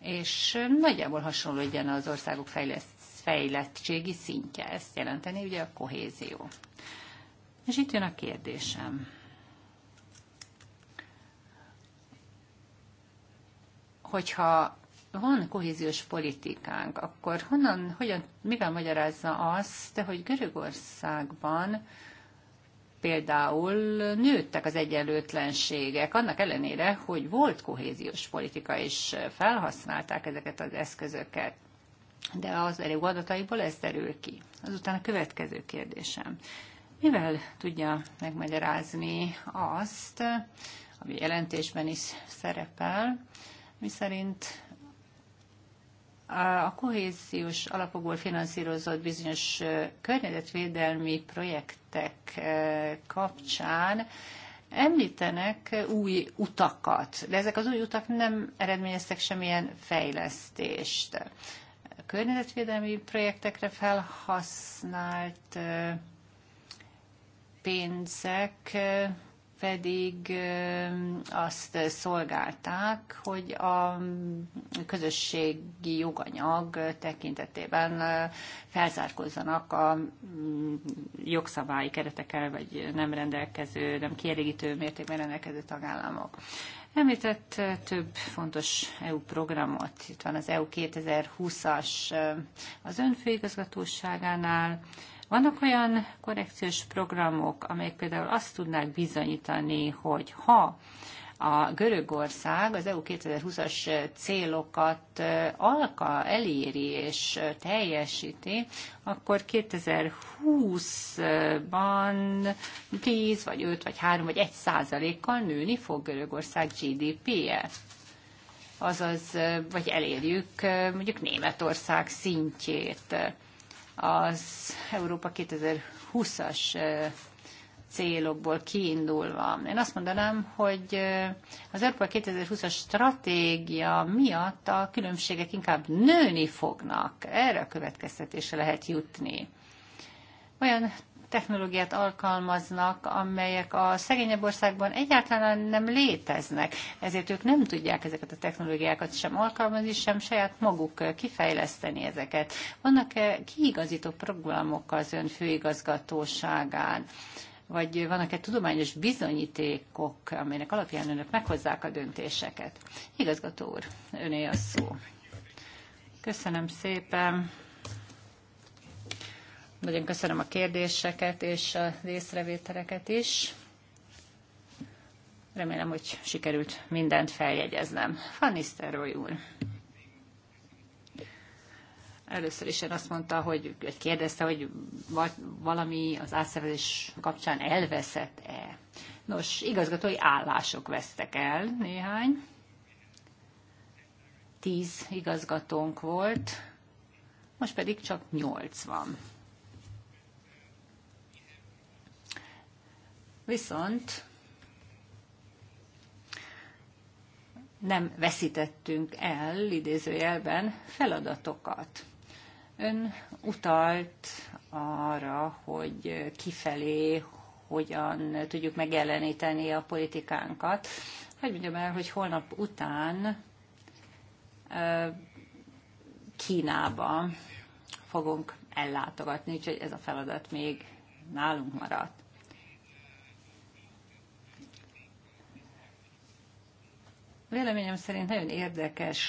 és nagyjából hasonló legyen az országok fejlesz, fejlettségi szintje. Ezt jelenteni ugye a kohézió. És itt jön a kérdésem. Hogyha van kohéziós politikánk, akkor honnan, hogyan, mivel magyarázza azt, hogy Görögországban például nőttek az egyenlőtlenségek, annak ellenére, hogy volt kohéziós politika, és felhasználták ezeket az eszközöket de az elég adataiból ez derül ki. Azután a következő kérdésem. Mivel tudja megmagyarázni azt, ami jelentésben is szerepel, miszerint a kohéziós alapokból finanszírozott bizonyos környezetvédelmi projektek kapcsán említenek új utakat, de ezek az új utak nem eredményeztek semmilyen fejlesztést a környezetvédelmi projektekre felhasznált pénzek pedig azt szolgálták, hogy a közösségi joganyag tekintetében felzárkózzanak a mm, jogszabályi keretekkel, vagy nem rendelkező, nem kielégítő mértékben rendelkező tagállamok. Említett eh, több fontos EU programot. Itt van az EU 2020-as eh, az önfőigazgatóságánál. Vannak olyan korrekciós programok, amelyek például azt tudnák bizonyítani, hogy ha a Görögország az EU 2020-as célokat alka, eléri és teljesíti, akkor 2020-ban 10 vagy 5 vagy 3 vagy 1 százalékkal nőni fog Görögország GDP-je azaz, vagy elérjük mondjuk Németország szintjét. Az Európa 2020-as célokból kiindulva. Én azt mondanám, hogy az Európa 2020-as stratégia miatt a különbségek inkább nőni fognak. Erre a következtetése lehet jutni. Olyan technológiát alkalmaznak, amelyek a szegényebb országban egyáltalán nem léteznek, ezért ők nem tudják ezeket a technológiákat sem alkalmazni, sem saját maguk kifejleszteni ezeket. Vannak -e kiigazító programok az ön főigazgatóságán? vagy vannak-e tudományos bizonyítékok, amelynek alapján önök meghozzák a döntéseket? Igazgató úr, öné a szó. Köszönöm szépen. Nagyon köszönöm a kérdéseket és a részrevételeket is. Remélem, hogy sikerült mindent feljegyeznem. Fanniszter úr. Először is én azt mondta, hogy, hogy kérdezte, hogy valami az átszervezés kapcsán elveszett-e. Nos, igazgatói állások vesztek el néhány. Tíz igazgatónk volt, most pedig csak nyolc van. Viszont nem veszítettünk el, idézőjelben, feladatokat. Ön utalt arra, hogy kifelé hogyan tudjuk megjeleníteni a politikánkat. Hogy mondjam el, hogy holnap után Kínába fogunk ellátogatni, úgyhogy ez a feladat még nálunk maradt. Véleményem szerint nagyon érdekes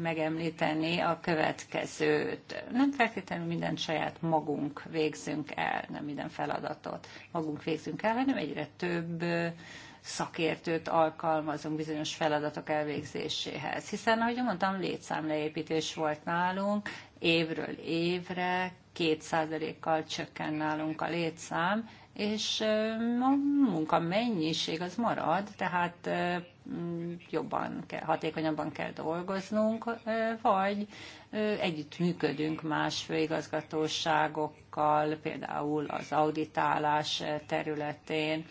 megemlíteni a következőt. Nem feltétlenül minden saját magunk végzünk el, nem minden feladatot magunk végzünk el, hanem egyre több szakértőt alkalmazunk bizonyos feladatok elvégzéséhez. Hiszen, ahogy mondtam, létszámleépítés volt nálunk, évről évre kétszázalékkal csökken nálunk a létszám, és a munka mennyiség az marad, tehát jobban, kell, hatékonyabban kell dolgoznunk, vagy együtt működünk más főigazgatóságokkal, például az auditálás területén,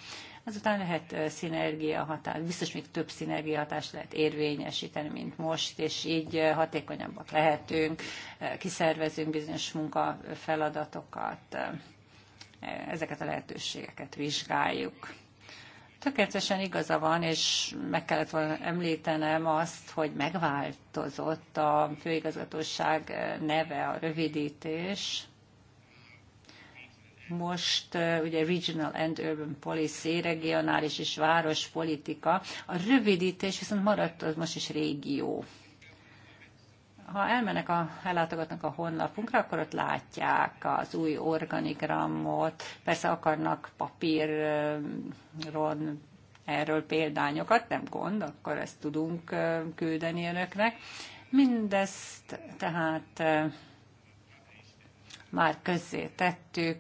Azután lehet szinergia hatás, biztos még több szinergia hatást lehet érvényesíteni, mint most, és így hatékonyabbak lehetünk, kiszervezünk bizonyos munkafeladatokat, ezeket a lehetőségeket vizsgáljuk. Tökéletesen igaza van, és meg kellett volna említenem azt, hogy megváltozott a főigazgatóság neve, a rövidítés. Most ugye Regional and Urban Policy, regionális és várospolitika. A rövidítés viszont maradt az most is régió ha elmennek, a, ellátogatnak a honlapunkra, akkor ott látják az új organigramot, persze akarnak papírról erről példányokat, nem gond, akkor ezt tudunk küldeni önöknek. Mindezt tehát már közzé tettük,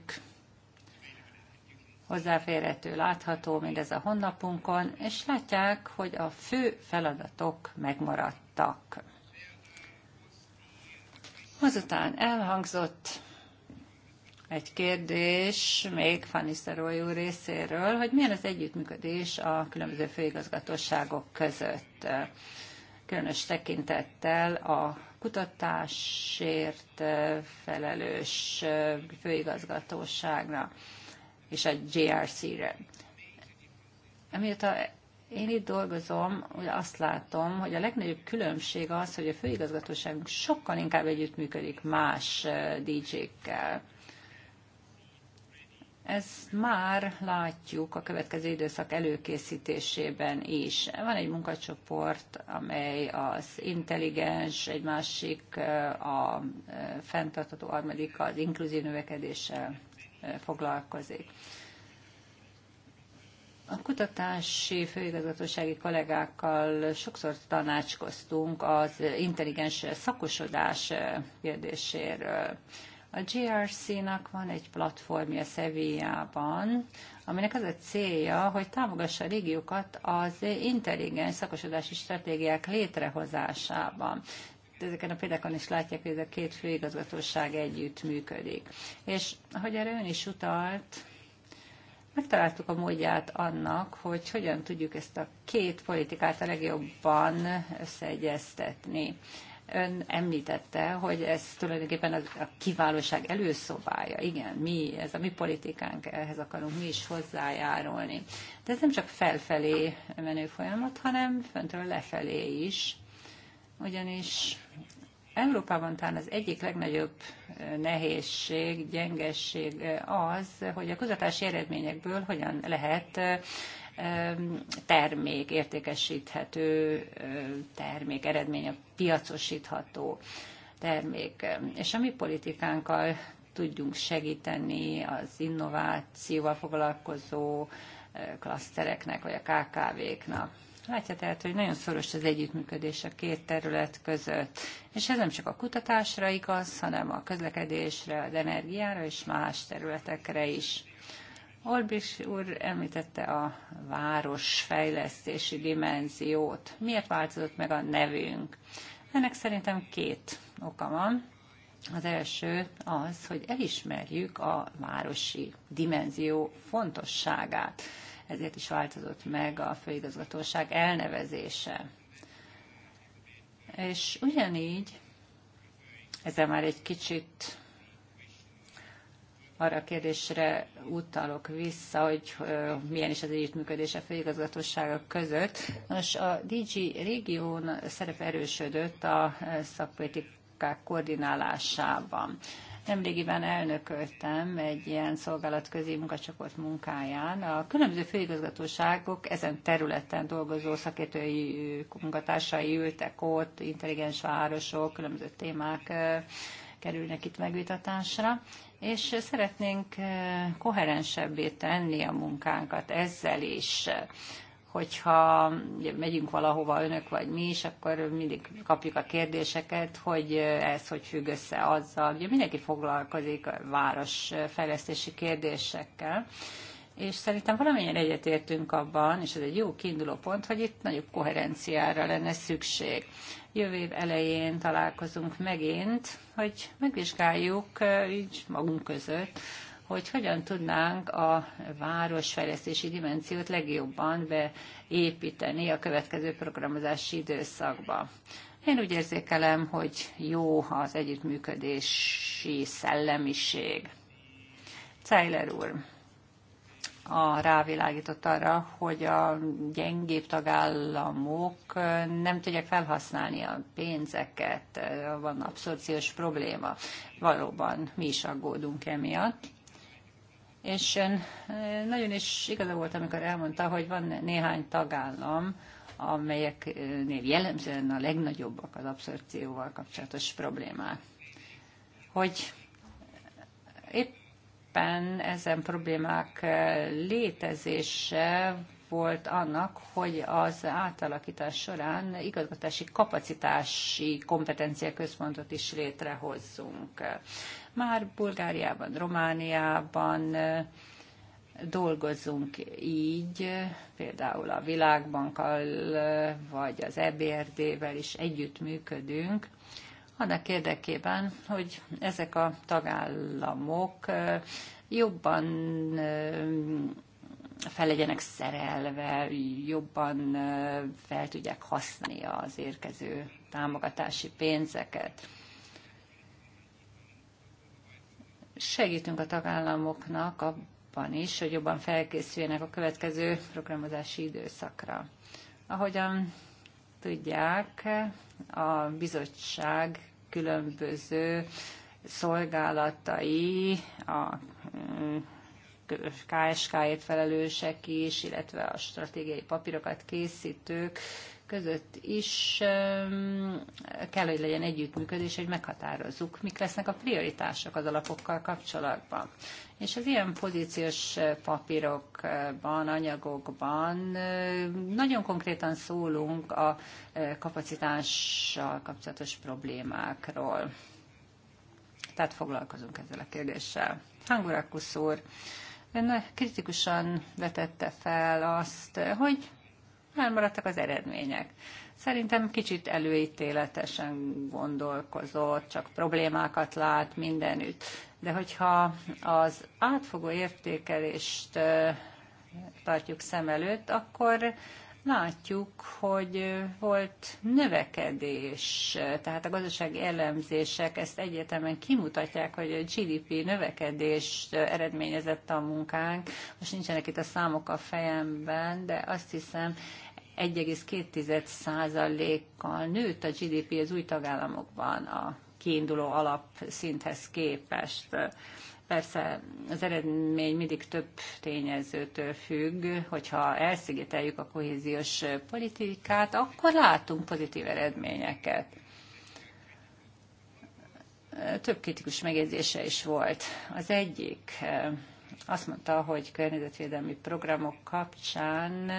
hozzáférhető, látható mindez a honlapunkon, és látják, hogy a fő feladatok megmaradtak. Azután elhangzott egy kérdés még Fanny Szeroly részéről, hogy milyen az együttműködés a különböző főigazgatóságok között, különös tekintettel a kutatásért felelős főigazgatóságra és a GRC-re. Amióta én itt dolgozom, hogy azt látom, hogy a legnagyobb különbség az, hogy a főigazgatóságunk sokkal inkább együttműködik más DJ-kkel. Ezt már látjuk a következő időszak előkészítésében is. Van egy munkacsoport, amely az intelligens, egy másik a fenntartató harmadik az inkluzív növekedéssel foglalkozik. A kutatási főigazgatósági kollégákkal sokszor tanácskoztunk az intelligens szakosodás kérdéséről. A GRC-nak van egy platformja Szevijában, aminek az a célja, hogy támogassa a régiókat az intelligens szakosodási stratégiák létrehozásában ezeken a példákon is látják, hogy ez a két főigazgatóság együtt működik. És ahogy erre ön is utalt, megtaláltuk a módját annak, hogy hogyan tudjuk ezt a két politikát a legjobban összeegyeztetni. Ön említette, hogy ez tulajdonképpen a kiválóság előszobája. Igen, mi, ez a mi politikánk, ehhez akarunk mi is hozzájárulni. De ez nem csak felfelé menő folyamat, hanem föntről lefelé is. Ugyanis Európában talán az egyik legnagyobb nehézség, gyengesség az, hogy a kutatási eredményekből hogyan lehet termék, értékesíthető termék, eredmény, piacosítható termék. És a mi politikánkkal tudjunk segíteni az innovációval foglalkozó klasztereknek, vagy a KKV-knak. Látja tehát, hogy nagyon szoros az együttműködés a két terület között. És ez nem csak a kutatásra igaz, hanem a közlekedésre, az energiára és más területekre is. Olbis úr említette a városfejlesztési dimenziót. Miért változott meg a nevünk? Ennek szerintem két oka van. Az első az, hogy elismerjük a városi dimenzió fontosságát ezért is változott meg a főigazgatóság elnevezése. És ugyanígy, ezzel már egy kicsit arra a kérdésre utalok vissza, hogy milyen is az együttműködés a főigazgatóságok között. Nos, a DG régión szerep erősödött a szakpolitikák koordinálásában. Nemrégiben elnököltem egy ilyen szolgálatközi munkacsoport munkáján. A különböző főigazgatóságok ezen területen dolgozó szakértői munkatársai ültek ott, intelligens városok, különböző témák kerülnek itt megvitatásra, és szeretnénk koherensebbé tenni a munkánkat ezzel is hogyha megyünk valahova önök vagy mi is, akkor mindig kapjuk a kérdéseket, hogy ez hogy függ össze azzal. Ugye mindenki foglalkozik a városfejlesztési kérdésekkel, és szerintem valamennyire egyetértünk abban, és ez egy jó kiinduló pont, hogy itt nagyobb koherenciára lenne szükség. Jövő év elején találkozunk megint, hogy megvizsgáljuk így magunk között, hogy hogyan tudnánk a városfejlesztési dimenziót legjobban beépíteni a következő programozási időszakba. Én úgy érzékelem, hogy jó az együttműködési szellemiség. Zeiler úr a, rávilágított arra, hogy a gyengébb tagállamok nem tudják felhasználni a pénzeket, van abszorciós probléma. Valóban mi is aggódunk emiatt és ön nagyon is igaza volt, amikor elmondta, hogy van néhány tagállam, amelyek jellemzően a legnagyobbak az abszorpcióval kapcsolatos problémák. Hogy éppen ezen problémák létezése volt annak, hogy az átalakítás során igazgatási kapacitási kompetencia központot is létrehozzunk. Már Bulgáriában, Romániában dolgozunk így, például a Világbankkal vagy az EBRD-vel is együttműködünk, annak érdekében, hogy ezek a tagállamok jobban fel legyenek szerelve, jobban fel tudják használni az érkező támogatási pénzeket. segítünk a tagállamoknak abban is, hogy jobban felkészüljenek a következő programozási időszakra. Ahogyan tudják, a bizottság különböző szolgálatai, a KSK-ért felelősek is, illetve a stratégiai papírokat készítők között is kell, hogy legyen együttműködés, hogy meghatározzuk, mik lesznek a prioritások az alapokkal kapcsolatban. És az ilyen pozíciós papírokban, anyagokban nagyon konkrétan szólunk a kapacitással kapcsolatos problémákról. Tehát foglalkozunk ezzel a kérdéssel. Hangurakusz úr, ön kritikusan vetette fel azt, hogy maradtak az eredmények. Szerintem kicsit előítéletesen gondolkozott, csak problémákat lát mindenütt. De hogyha az átfogó értékelést tartjuk szem előtt, akkor látjuk, hogy volt növekedés, tehát a gazdasági elemzések ezt egyetemen kimutatják, hogy a GDP növekedést eredményezett a munkánk. Most nincsenek itt a számok a fejemben, de azt hiszem 1,2%-kal nőtt a GDP az új tagállamokban a kiinduló alapszinthez képest. Persze az eredmény mindig több tényezőtől függ, hogyha elszigeteljük a kohéziós politikát, akkor látunk pozitív eredményeket. Több kritikus megjegyzése is volt. Az egyik eh, azt mondta, hogy környezetvédelmi programok kapcsán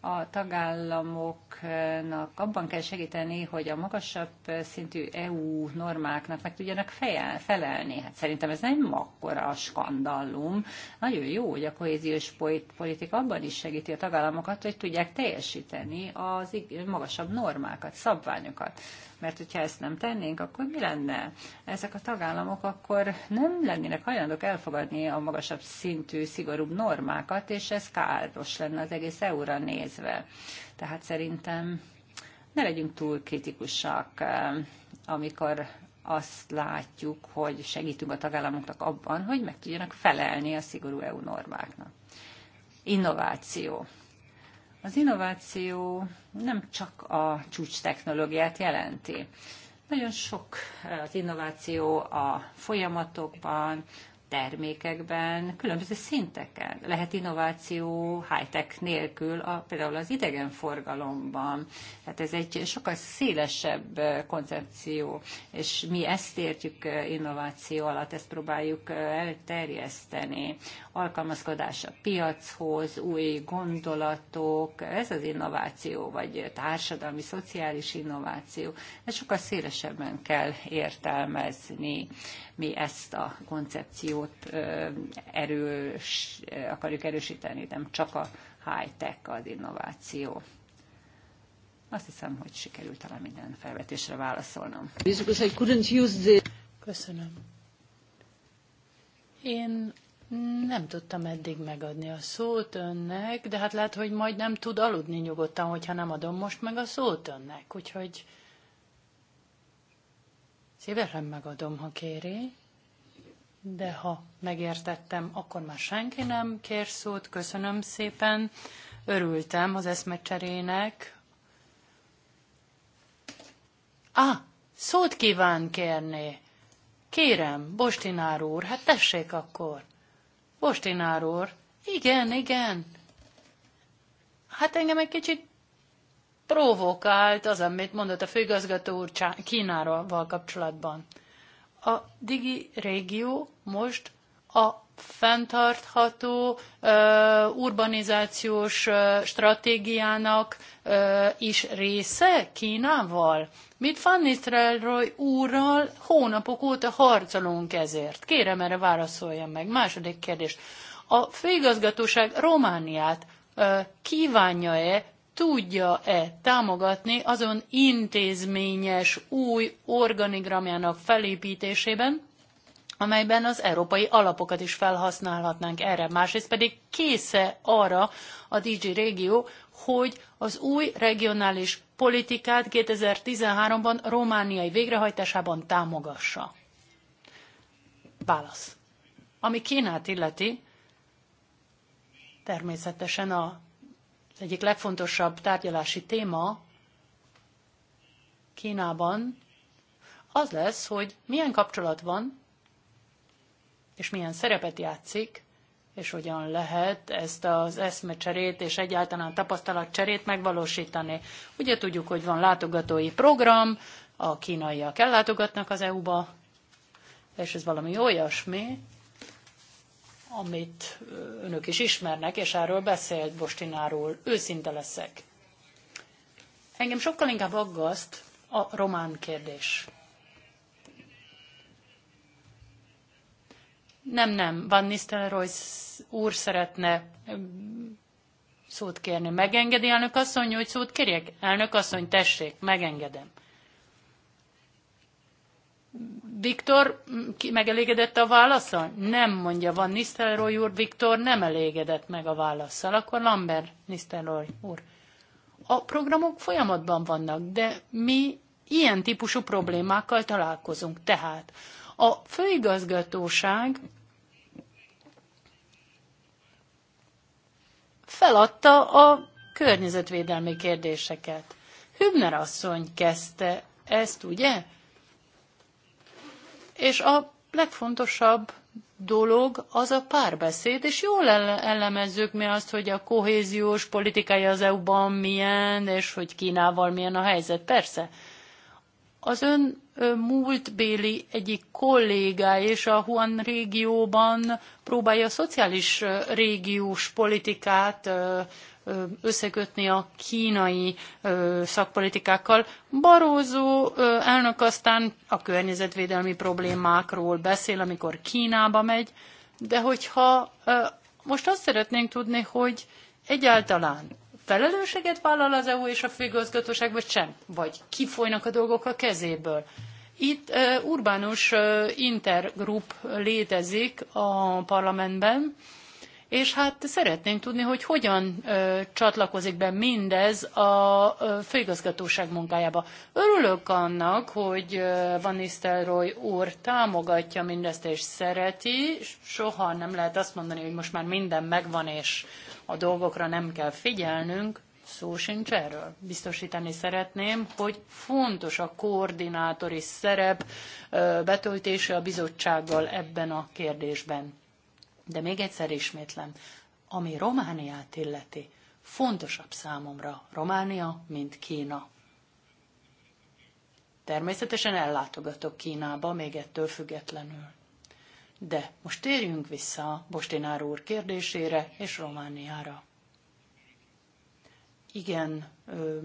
a tagállamoknak abban kell segíteni, hogy a magasabb szintű EU normáknak meg tudjanak fejel, felelni. Hát szerintem ez nem akkora skandallum. Nagyon jó, hogy a kohéziós politika abban is segíti a tagállamokat, hogy tudják teljesíteni az magasabb normákat, szabványokat mert hogyha ezt nem tennénk, akkor mi lenne? Ezek a tagállamok akkor nem lennének hajlandók elfogadni a magasabb szintű, szigorúbb normákat, és ez káros lenne az egész EU-ra nézve. Tehát szerintem ne legyünk túl kritikusak, eh, amikor azt látjuk, hogy segítünk a tagállamoknak abban, hogy meg tudjanak felelni a szigorú EU normáknak. Innováció. Az innováció nem csak a csúcs technológiát jelenti. Nagyon sok eh, az innováció a folyamatokban, termékekben, különböző szinteken. Lehet innováció high-tech nélkül, a, például az idegenforgalomban. Tehát ez egy sokkal szélesebb koncepció, és mi ezt értjük innováció alatt, ezt próbáljuk elterjeszteni. Alkalmazkodás a piachoz, új gondolatok, ez az innováció, vagy társadalmi, szociális innováció. Ez sokkal szélesebben kell értelmezni mi ezt a koncepciót erős, akarjuk erősíteni, nem csak a high-tech, az innováció. Azt hiszem, hogy sikerült talán minden felvetésre válaszolnom. Köszönöm. Én nem tudtam eddig megadni a szót önnek, de hát lehet, hogy majd nem tud aludni nyugodtan, hogyha nem adom most meg a szót önnek. Úgyhogy Szívesen megadom, ha kéri, de ha megértettem, akkor már senki nem kér szót. Köszönöm szépen. Örültem az eszmecserének. Á, ah, szót kíván kérni. Kérem, Bostinár úr, hát tessék akkor. Bostinár úr, igen, igen. Hát engem egy kicsit provokált az, amit mondott a főigazgató úr Kínáról kapcsolatban. A Digi Régió most a fenntartható uh, urbanizációs uh, stratégiának uh, is része Kínával? Mit Van Nistelrooy úrral hónapok óta harcolunk ezért? Kérem erre válaszoljon meg. Második kérdés. A főigazgatóság Romániát kívánja-e tudja-e támogatni azon intézményes új organigramjának felépítésében, amelyben az európai alapokat is felhasználhatnánk erre. Másrészt pedig késze arra a DG régió, hogy az új regionális politikát 2013-ban romániai végrehajtásában támogassa. Válasz. Ami Kínát illeti, természetesen a az egyik legfontosabb tárgyalási téma Kínában az lesz, hogy milyen kapcsolat van, és milyen szerepet játszik, és hogyan lehet ezt az eszmecserét és egyáltalán tapasztalatcserét megvalósítani. Ugye tudjuk, hogy van látogatói program, a kínaiak ellátogatnak az EU-ba, és ez valami olyasmi, amit önök is ismernek, és erről beszélt Bostinár úr. Őszinte leszek. Engem sokkal inkább aggaszt a román kérdés. Nem, nem, Van Nistelrooy úr szeretne szót kérni. Megengedi elnök asszony, hogy szót kérjek? Elnök asszony, tessék, megengedem. Viktor megelégedett a válaszsal? Nem, mondja Van Nisztelrooy úr, Viktor nem elégedett meg a válaszsal. Akkor Lambert Nisztelrooy úr. A programok folyamatban vannak, de mi ilyen típusú problémákkal találkozunk. Tehát a főigazgatóság feladta a környezetvédelmi kérdéseket. Hübner asszony kezdte ezt, ugye? És a legfontosabb dolog az a párbeszéd, és jól elemezzük mi azt, hogy a kohéziós politikája az EU-ban milyen, és hogy Kínával milyen a helyzet. Persze, az ön múltbéli egyik kollégá és a Huan régióban próbálja a szociális régiós politikát összekötni a kínai szakpolitikákkal. Barózó elnök aztán a környezetvédelmi problémákról beszél, amikor Kínába megy, de hogyha most azt szeretnénk tudni, hogy egyáltalán felelősséget vállal az EU és a főgazgatóság, vagy sem? Vagy kifolynak a dolgok a kezéből? Itt uh, urbánus uh, intergrup létezik a parlamentben, uh, és hát szeretnénk tudni, hogy hogyan ö, csatlakozik be mindez a ö, főigazgatóság munkájába. Örülök annak, hogy ö, Van Nistelrooy úr támogatja mindezt és szereti, soha nem lehet azt mondani, hogy most már minden megvan és a dolgokra nem kell figyelnünk, szó sincs erről. Biztosítani szeretném, hogy fontos a koordinátori szerep betöltése a bizottsággal ebben a kérdésben. De még egyszer ismétlem, ami Romániát illeti, fontosabb számomra Románia, mint Kína. Természetesen ellátogatok Kínába, még ettől függetlenül. De most térjünk vissza Bostinár úr kérdésére és Romániára. Igen, ö,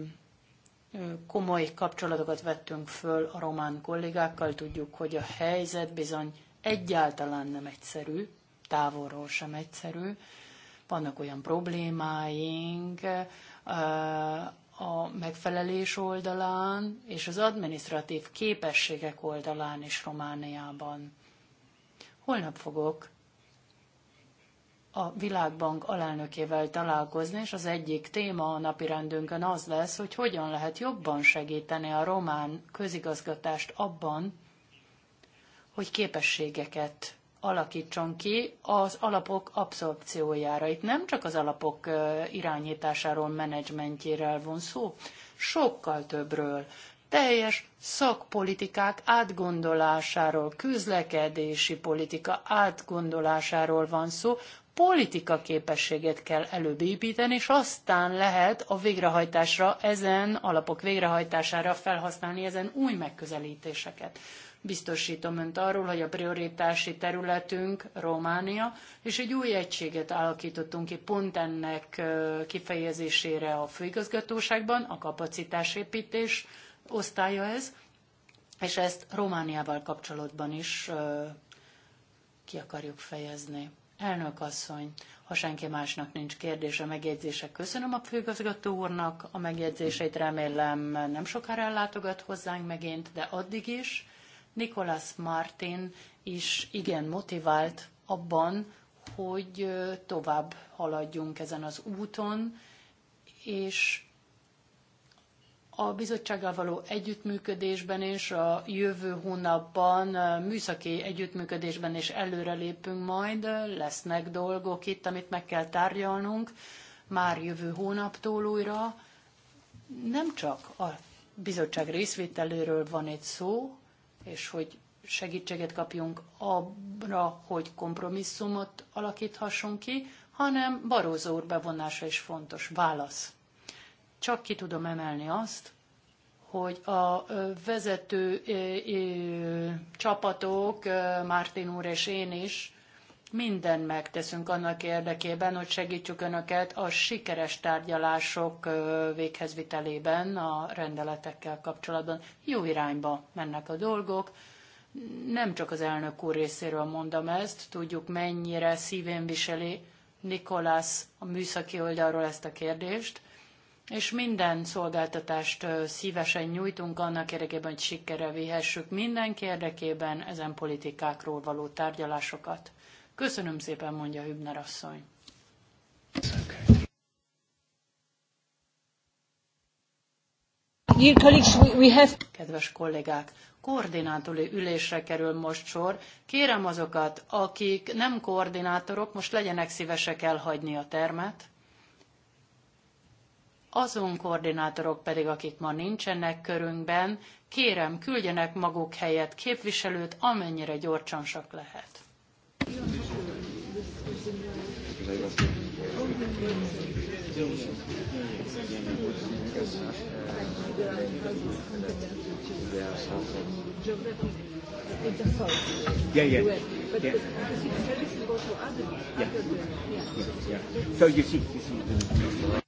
ö, komoly kapcsolatokat vettünk föl a román kollégákkal, tudjuk, hogy a helyzet bizony egyáltalán nem egyszerű, távolról sem egyszerű. Vannak olyan problémáink a megfelelés oldalán és az administratív képességek oldalán is Romániában. Holnap fogok a Világbank alelnökével találkozni, és az egyik téma a rendünkön az lesz, hogy hogyan lehet jobban segíteni a román közigazgatást abban, hogy képességeket alakítson ki az alapok abszorpciójára. Itt nem csak az alapok irányításáról, menedzsmentjéről van szó, sokkal többről. Teljes szakpolitikák átgondolásáról, közlekedési politika átgondolásáról van szó, politika képességet kell előbb építeni, és aztán lehet a végrehajtásra, ezen alapok végrehajtására felhasználni ezen új megközelítéseket. Biztosítom önt arról, hogy a prioritási területünk Románia, és egy új egységet alakítottunk ki pont ennek kifejezésére a főigazgatóságban, a kapacitásépítés osztálya ez, és ezt Romániával kapcsolatban is ki akarjuk fejezni. Elnök asszony, ha senki másnak nincs kérdése, megjegyzése, köszönöm a főgazgató úrnak a megjegyzéseit, remélem nem sokára ellátogat hozzánk megint, de addig is Nicholas Martin is igen motivált abban, hogy tovább haladjunk ezen az úton, és a bizottsággal való együttműködésben és a jövő hónapban műszaki együttműködésben is előrelépünk majd, lesznek dolgok itt, amit meg kell tárgyalnunk már jövő hónaptól újra. Nem csak a bizottság részvételéről van itt szó, és hogy segítséget kapjunk abra, hogy kompromisszumot alakíthassunk ki, hanem Barózó úr bevonása is fontos. Válasz. Csak ki tudom emelni azt, hogy a vezető csapatok, Mártin úr és én is, minden megteszünk annak érdekében, hogy segítsük Önöket a sikeres tárgyalások véghezvitelében a rendeletekkel kapcsolatban. Jó irányba mennek a dolgok. Nem csak az elnök úr részéről mondom ezt, tudjuk mennyire szívén viseli Nikolász a műszaki oldalról ezt a kérdést, és minden szolgáltatást szívesen nyújtunk annak érdekében, hogy sikerre vihessük mindenki érdekében ezen politikákról való tárgyalásokat. Köszönöm szépen, mondja Hübner asszony. Kedves kollégák, koordinátori ülésre kerül most sor. Kérem azokat, akik nem koordinátorok, most legyenek szívesek elhagyni a termet. Azon koordinátorok pedig, akik ma nincsenek körünkben, kérem, küldjenek maguk helyet képviselőt, amennyire gyorsan csak lehet. Yeah, yeah. yeah. Yeah. yeah. yeah. So you see, you see.